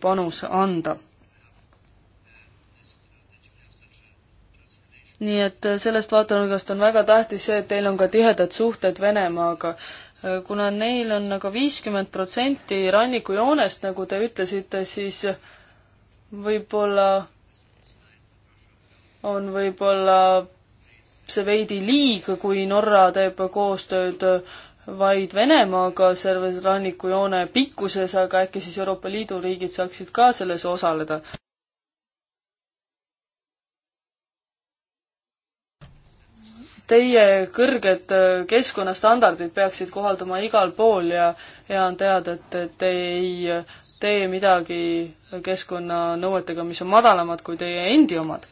panuse anda. nii et sellest vaatenurgast on väga tähtis see, et teil on ka tihedad suhted Venemaaga kuna neil on aga viiskümmend protsenti rannikujoonest, nagu te ütlesite, siis võib-olla on võib-olla see veidi liig, kui Norra teeb koostööd vaid Venemaaga selles rannikujoone pikkuses, aga äkki siis Euroopa Liidu riigid saaksid ka selles osaleda? Teie kõrged keskkonnastandardid peaksid kohalduma igal pool ja hea on teada, et te ei tee midagi keskkonnanõuetega, mis on madalamad kui teie endi omad.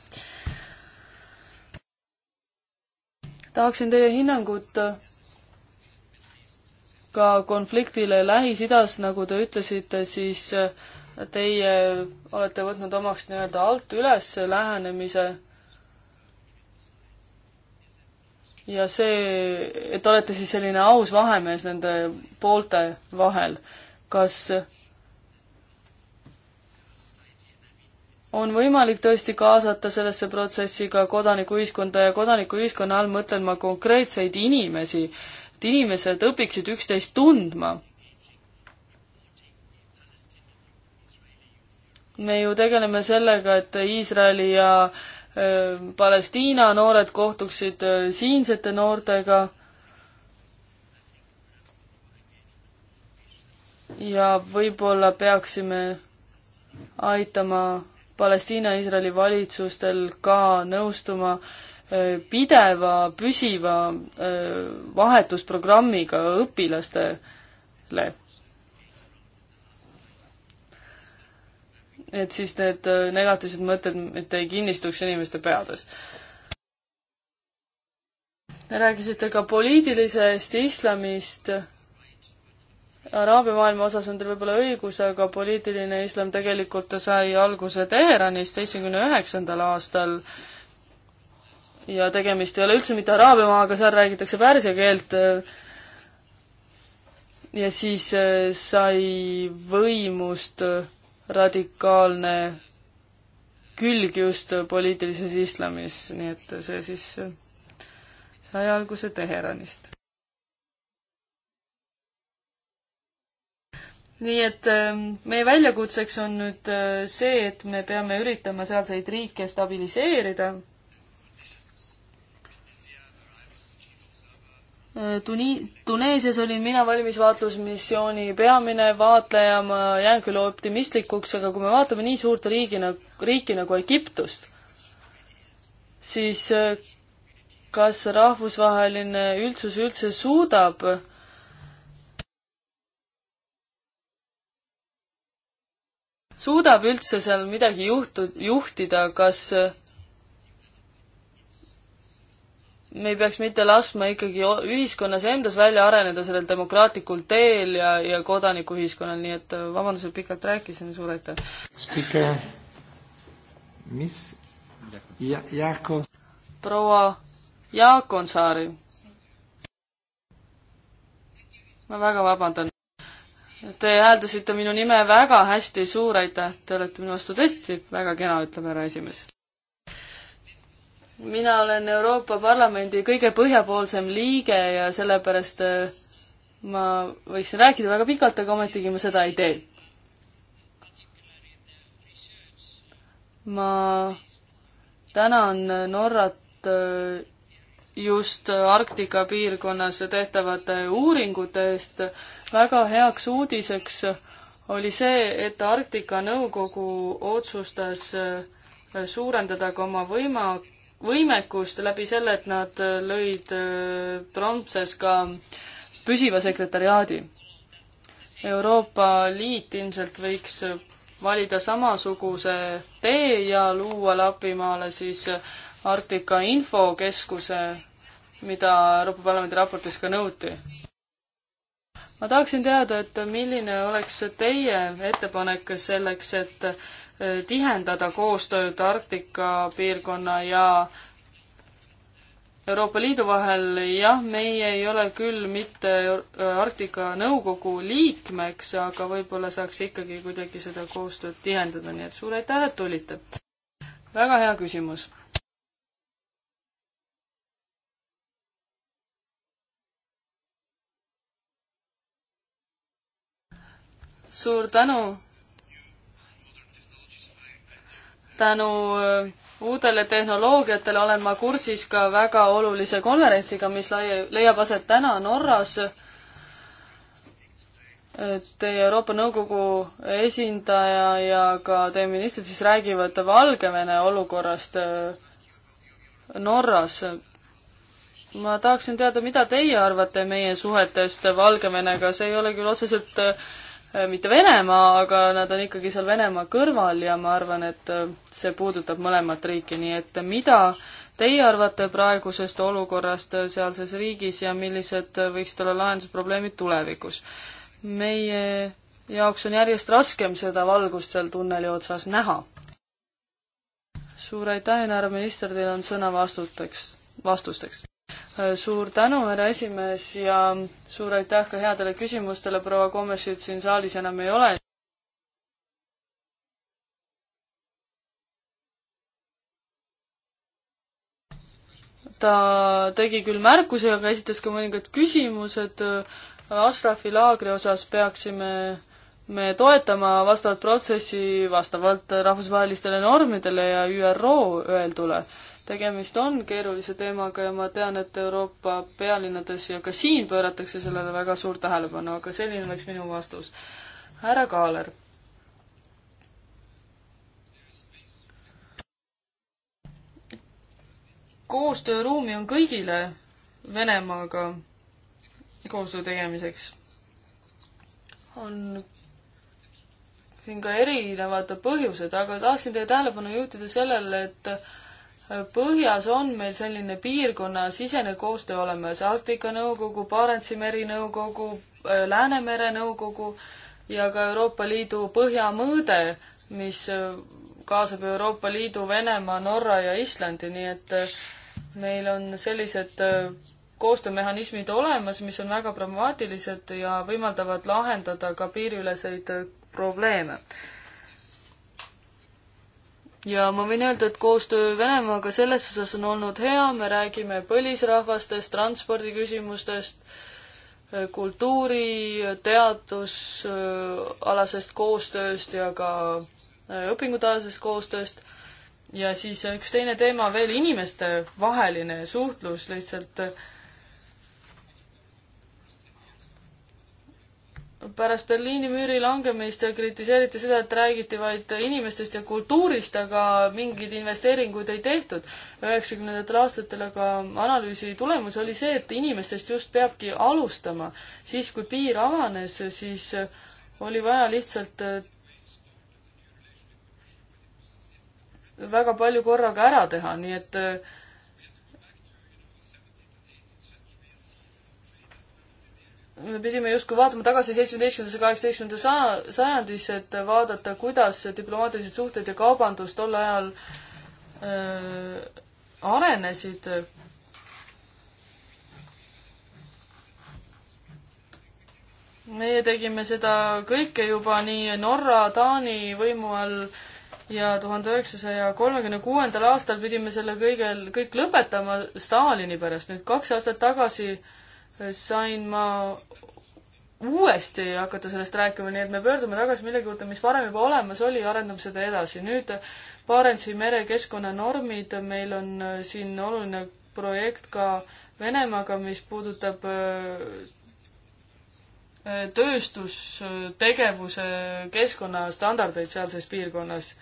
tahaksin teie hinnangut ka konfliktile Lähis-Idas, nagu te ütlesite, siis äh, teie olete võtnud omaks nii-öelda alt üles lähenemise. ja see, et olete siis selline aus vahemees nende poolte vahel, kas on võimalik tõesti kaasata sellesse protsessi ka kodanikuühiskonda ja kodanikuühiskonna all mõtlen ma konkreetseid inimesi, et inimesed õpiksid üksteist tundma. me ju tegeleme sellega, et Iisraeli ja Palestiina noored kohtuksid siinsete noortega ja võib-olla peaksime aitama Palestiina-Iisraeli valitsustel ka nõustuma äh, Äh, pideva püsiva äh, vahetusprogrammiga õpilastele. et siis need äh, negatiivsed mõtted mitte ei kinnistuks inimeste peades. Te rääkisite ka poliitilisest islamist Araabia maailma osas on teil võib-olla õigus, aga poliitiline islam tegelikult sai alguse Teheranis seitsmekümne üheksandal aastal ja tegemist ei ole üldse mitte araabia maaga, seal räägitakse pärsia keelt. Äh, ja siis äh, sai võimust äh, radikaalne külg just poliitilises islamis, nii et see siis sai alguse Teheranist. nii et ähm, meie väljakutseks on nüüd see, et me peame üritama sealseid riike stabiliseerida Tuni-, Tuneesias olin mina valmisvaatlusmissiooni peamine vaatleja, ma jään küll optimistlikuks, aga kui me vaatame nii suurt riigina, nagu, riiki nagu Egiptust, siis kas rahvusvaheline üldsus üldse suudab suudab üldse seal midagi juhtu-, juhtida, kas me ei peaks mitte laskma ikkagi ühiskonnas endas välja areneda sellel demokraatlikul teel ja, ja kodanikuühiskonnal, nii et vabandust, et pikalt rääkisin, suur aitäh. spiiker, mis ja,? Jaako. proua Jaakonsaari. ma väga vabandan. Te hääldasite minu nime väga hästi, suur aitäh, te olete minu vastu tõesti väga kena, ütleb härra esimees mina olen Euroopa Parlamendi kõige põhjapoolsem liige ja sellepärast äh, ma võiksin rääkida väga pikalt, aga ometigi ma seda ei tee. ma tänan Norrat äh, just Arktika piirkonnas tehtavate uuringute eest. väga heaks uudiseks oli see, et Arktika Nõukogu otsustas äh, suurendada ka oma võima-, võimekust läbi selle, et nad äh, lõid äh, Tromses ka püsiva sekretäriaadi. Euroopa Liit ilmselt võiks äh, valida samasuguse tee ja luua Lapimaale siis Arktika Infokeskuse, mida Euroopa Parlamendi raportis ka nõuti. ma tahaksin teada, et milline oleks teie ettepanek selleks, et tihendada koostööd Arktika piirkonna ja Euroopa Liidu vahel, jah, meie ei ole küll mitte Arktika Nõukogu liikmeks, aga võib-olla saaks ikkagi kuidagi seda koostööd tihendada, nii et suur aitäh, et tulite! väga hea küsimus suur tänu tänu äh, uudele tehnoloogiatele olen ma kursis ka väga olulise konverentsiga, mis laie, leiab aset täna Norras. Teie Euroopa Nõukogu esindaja ja ka teie ministrid siis räägivad Valgevene olukorrast äh, Norras. ma tahaksin teada, mida teie arvate meie suhetest Valgevenega, see ei ole küll otseselt äh, Äh, mitte Venemaa, aga nad on ikkagi seal Venemaa kõrval ja ma arvan, et äh, see puudutab mõlemat riiki, nii et mida teie arvate praegusest olukorrast äh, sealses riigis ja millised võiksid olla lahendusprobleemid tulevikus? meie jaoks on järjest raskem seda valgust seal tunneli otsas näha. suur aitäh, härra minister, teil on sõna vastuteks, vastusteks. Äh, suur tänu, härra esimees ja suur aitäh ka headele küsimustele, proua Komesid siin saalis enam ei ole. ta tegi küll märkusi, aga esitas ka mõningad küsimused. Äh, Ashrafi laagri osas peaksime me toetama vastavat protsessi vastavalt rahvusvahelistele normidele ja ÜRO öeldule tegemist on keerulise teemaga ja ma tean, et Euroopa pealinnades ja ka siin pööratakse sellele väga suurt tähelepanu, aga selline oleks minu vastus. härra Kaaler. koostööruumi on kõigile Venemaaga koostöö tegemiseks. on siin ka erinevad põhjused, aga tahaksin teie tähelepanu juhtida sellele, et põhjas on meil selline piirkonnasisene koostöö olemas, Arktika Nõukogu, Barentsi meri nõukogu, äh, Läänemere nõukogu ja ka Euroopa Liidu põhjamõõde, mis äh, kaasab Euroopa Liidu, Venemaa, Norra ja Islandi, nii et äh, meil on sellised koostöömehhanismid olemas, mis on väga pragmaatilised ja võimaldavad lahendada ka piiriüleseid probleeme ja ma võin öelda, et koostöö Venemaaga selles osas on olnud hea, me räägime põlisrahvastest, transpordiküsimustest, kultuuri, teadusalasest äh, koostööst ja ka äh, õpingutalasest koostööst. ja siis üks teine teema veel, inimestevaheline suhtlus lihtsalt äh, pärast Berliini müüri langemist kritiseeriti seda, et räägiti vaid inimestest ja kultuurist, aga mingeid investeeringuid ei tehtud. üheksakümnendatel aastatel aga analüüsi tulemus oli see, et inimestest just peabki alustama. siis, kui piir avanes, siis oli vaja lihtsalt äh, väga palju korraga ära teha, nii et äh, me pidime justkui vaatama tagasi seitsmeteistkümnendasse, kaheksateistkümnenda sajandisse, et vaadata, kuidas diplomaatilised suhted ja kaubandus tol ajal öö, arenesid. meie tegime seda kõike juba nii Norra, Taani võimu all ja tuhande üheksasaja kolmekümne kuuendal aastal pidime selle kõigel, kõik lõpetama Stalini pärast. nüüd kaks aastat tagasi öö, sain ma uuesti hakata sellest rääkima, nii et me pöördume tagasi millegi juurde, mis varem juba olemas oli ja arendame seda edasi. nüüd Barentsi mere keskkonnanormid, meil on äh, siin oluline projekt ka Venemaaga, mis puudutab äh, äh, tööstustegevuse keskkonnastandardeid sealses piirkonnas.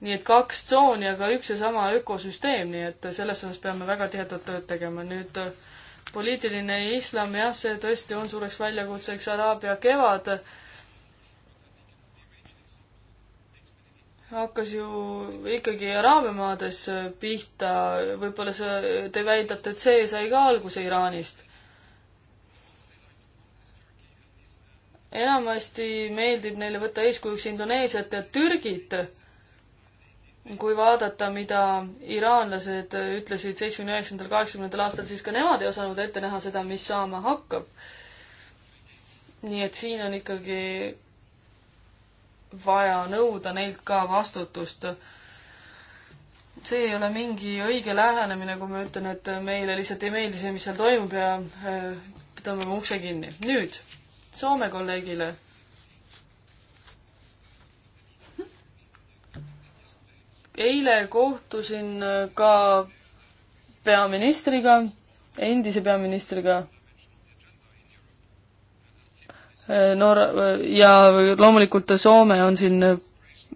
nii et kaks tsooni, aga üks ja sama ökosüsteem, nii et selles osas peame väga tihedat tööd tegema. nüüd äh, poliitiline islam, jah, see tõesti on suureks väljakutseks Araabia kevad. hakkas ju ikkagi Araabia maades pihta, võib-olla see, te väidate, et see sai ka alguse Iraanist. enamasti meeldib neile võtta eeskujuks Indoneesiat ja Türgit kui vaadata, mida iraanlased ütlesid seitsmekümne üheksandal, kaheksakümnendal aastal, siis ka nemad ei osanud ette näha seda, mis saama hakkab. nii et siin on ikkagi vaja nõuda neilt ka vastutust. see ei ole mingi õige lähenemine, kui ma ütlen, et meile lihtsalt ei meeldi see, mis seal toimub ja äh, tõmbame ukse kinni. nüüd Soome kolleegile eile kohtusin äh, ka peaministriga, endise peaministriga äh, Norra äh, ja loomulikult Soome on siin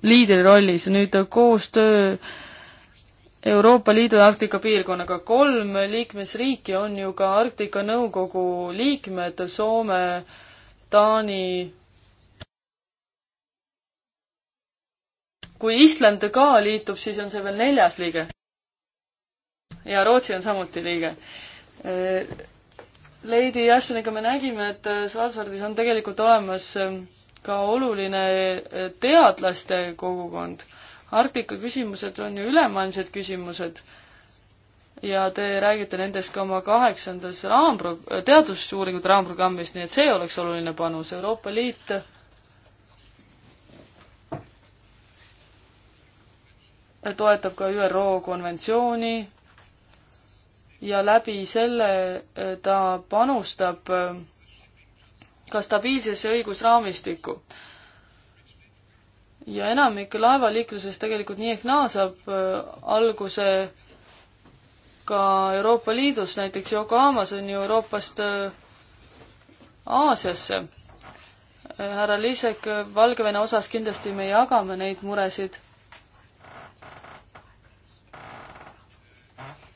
liidrirollis, nüüd koostöö Euroopa Liidu ja Arktika piirkonnaga, kolm liikmesriiki on ju ka Arktika Nõukogu liikmed, Soome, Taani kui Island ka liitub, siis on see veel neljas liige. ja Rootsi on samuti liige. Äh, Lady Ashtoniga me nägime, et äh, Svalbardis on tegelikult olemas ähm, ka oluline äh, teadlaste kogukond. Arktika küsimused on ju ülemaailmsed küsimused ja te räägite nendest ka oma kaheksandas raampro-, teadusuuringute raamprogrammis, nii et see oleks oluline panus. Euroopa Liit toetab ka ÜRO konventsiooni ja läbi selle äh, ta panustab äh, ka stabiilsesse õigusraamistikku. ja enamik laevaliikluses tegelikult nii ehk naa saab äh, alguse ka Euroopa Liidus, näiteks Yokohamas on ju Euroopast Aasiasse. härra Liisek, Valgevene osas kindlasti me jagame neid muresid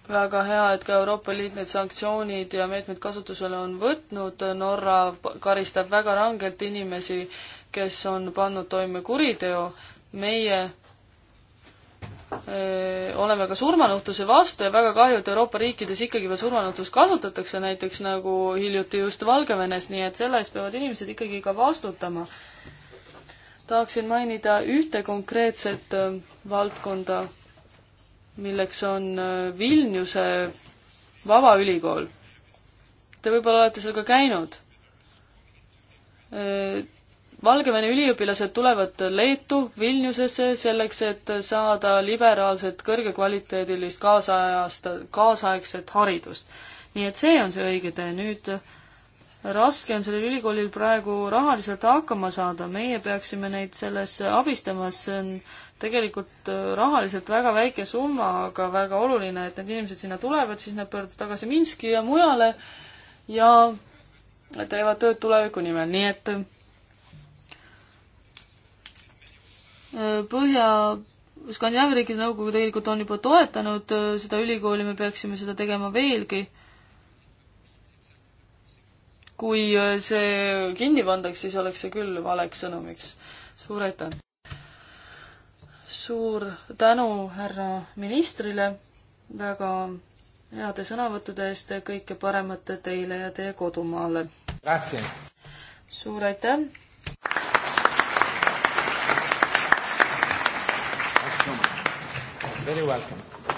väga hea, et ka Euroopa Liit need sanktsioonid ja meetmed kasutusele on võtnud, Norra karistab väga rangelt inimesi, kes on pannud toime kuriteo, meie öö, eh, oleme ka surmanuhtluse vastu ja väga kahju, et Euroopa riikides ikkagi veel surmanuhtlust kasutatakse, näiteks nagu hiljuti just Valgevenes, nii et selle eest peavad inimesed ikkagi ka vastutama. tahaksin mainida ühte konkreetset öö, eh, valdkonda milleks on äh, Vilniuse Vabaülikool. Te võib-olla olete seal ka käinud. Äh, Valgevene üliõpilased tulevad Leetu, Vilniusesse selleks, et saada liberaalset, kõrgekvaliteedilist, kaasajast, kaasaegset haridust. nii et see on see õige tee. nüüd raske on sellel ülikoolil praegu rahaliselt hakkama saada, meie peaksime neid selles abistama, see on äh, tegelikult äh, rahaliselt väga väike summa, aga väga oluline, et need inimesed sinna tulevad, siis nad pöörduvad tagasi Minski ja mujale ja teevad tööd tuleviku nimel, nii et äh, Põhja Skandinaavia riikide nõukogu tegelikult on juba toetanud äh, seda ülikooli, me peaksime seda tegema veelgi. kui see kinni pandaks, siis oleks see küll valeks sõnumiks. suur aitäh! suur tänu härra ministrile väga heade sõnavõttude eest ja kõike paremat teile ja teie kodumaale. suur aitäh. Very welcome.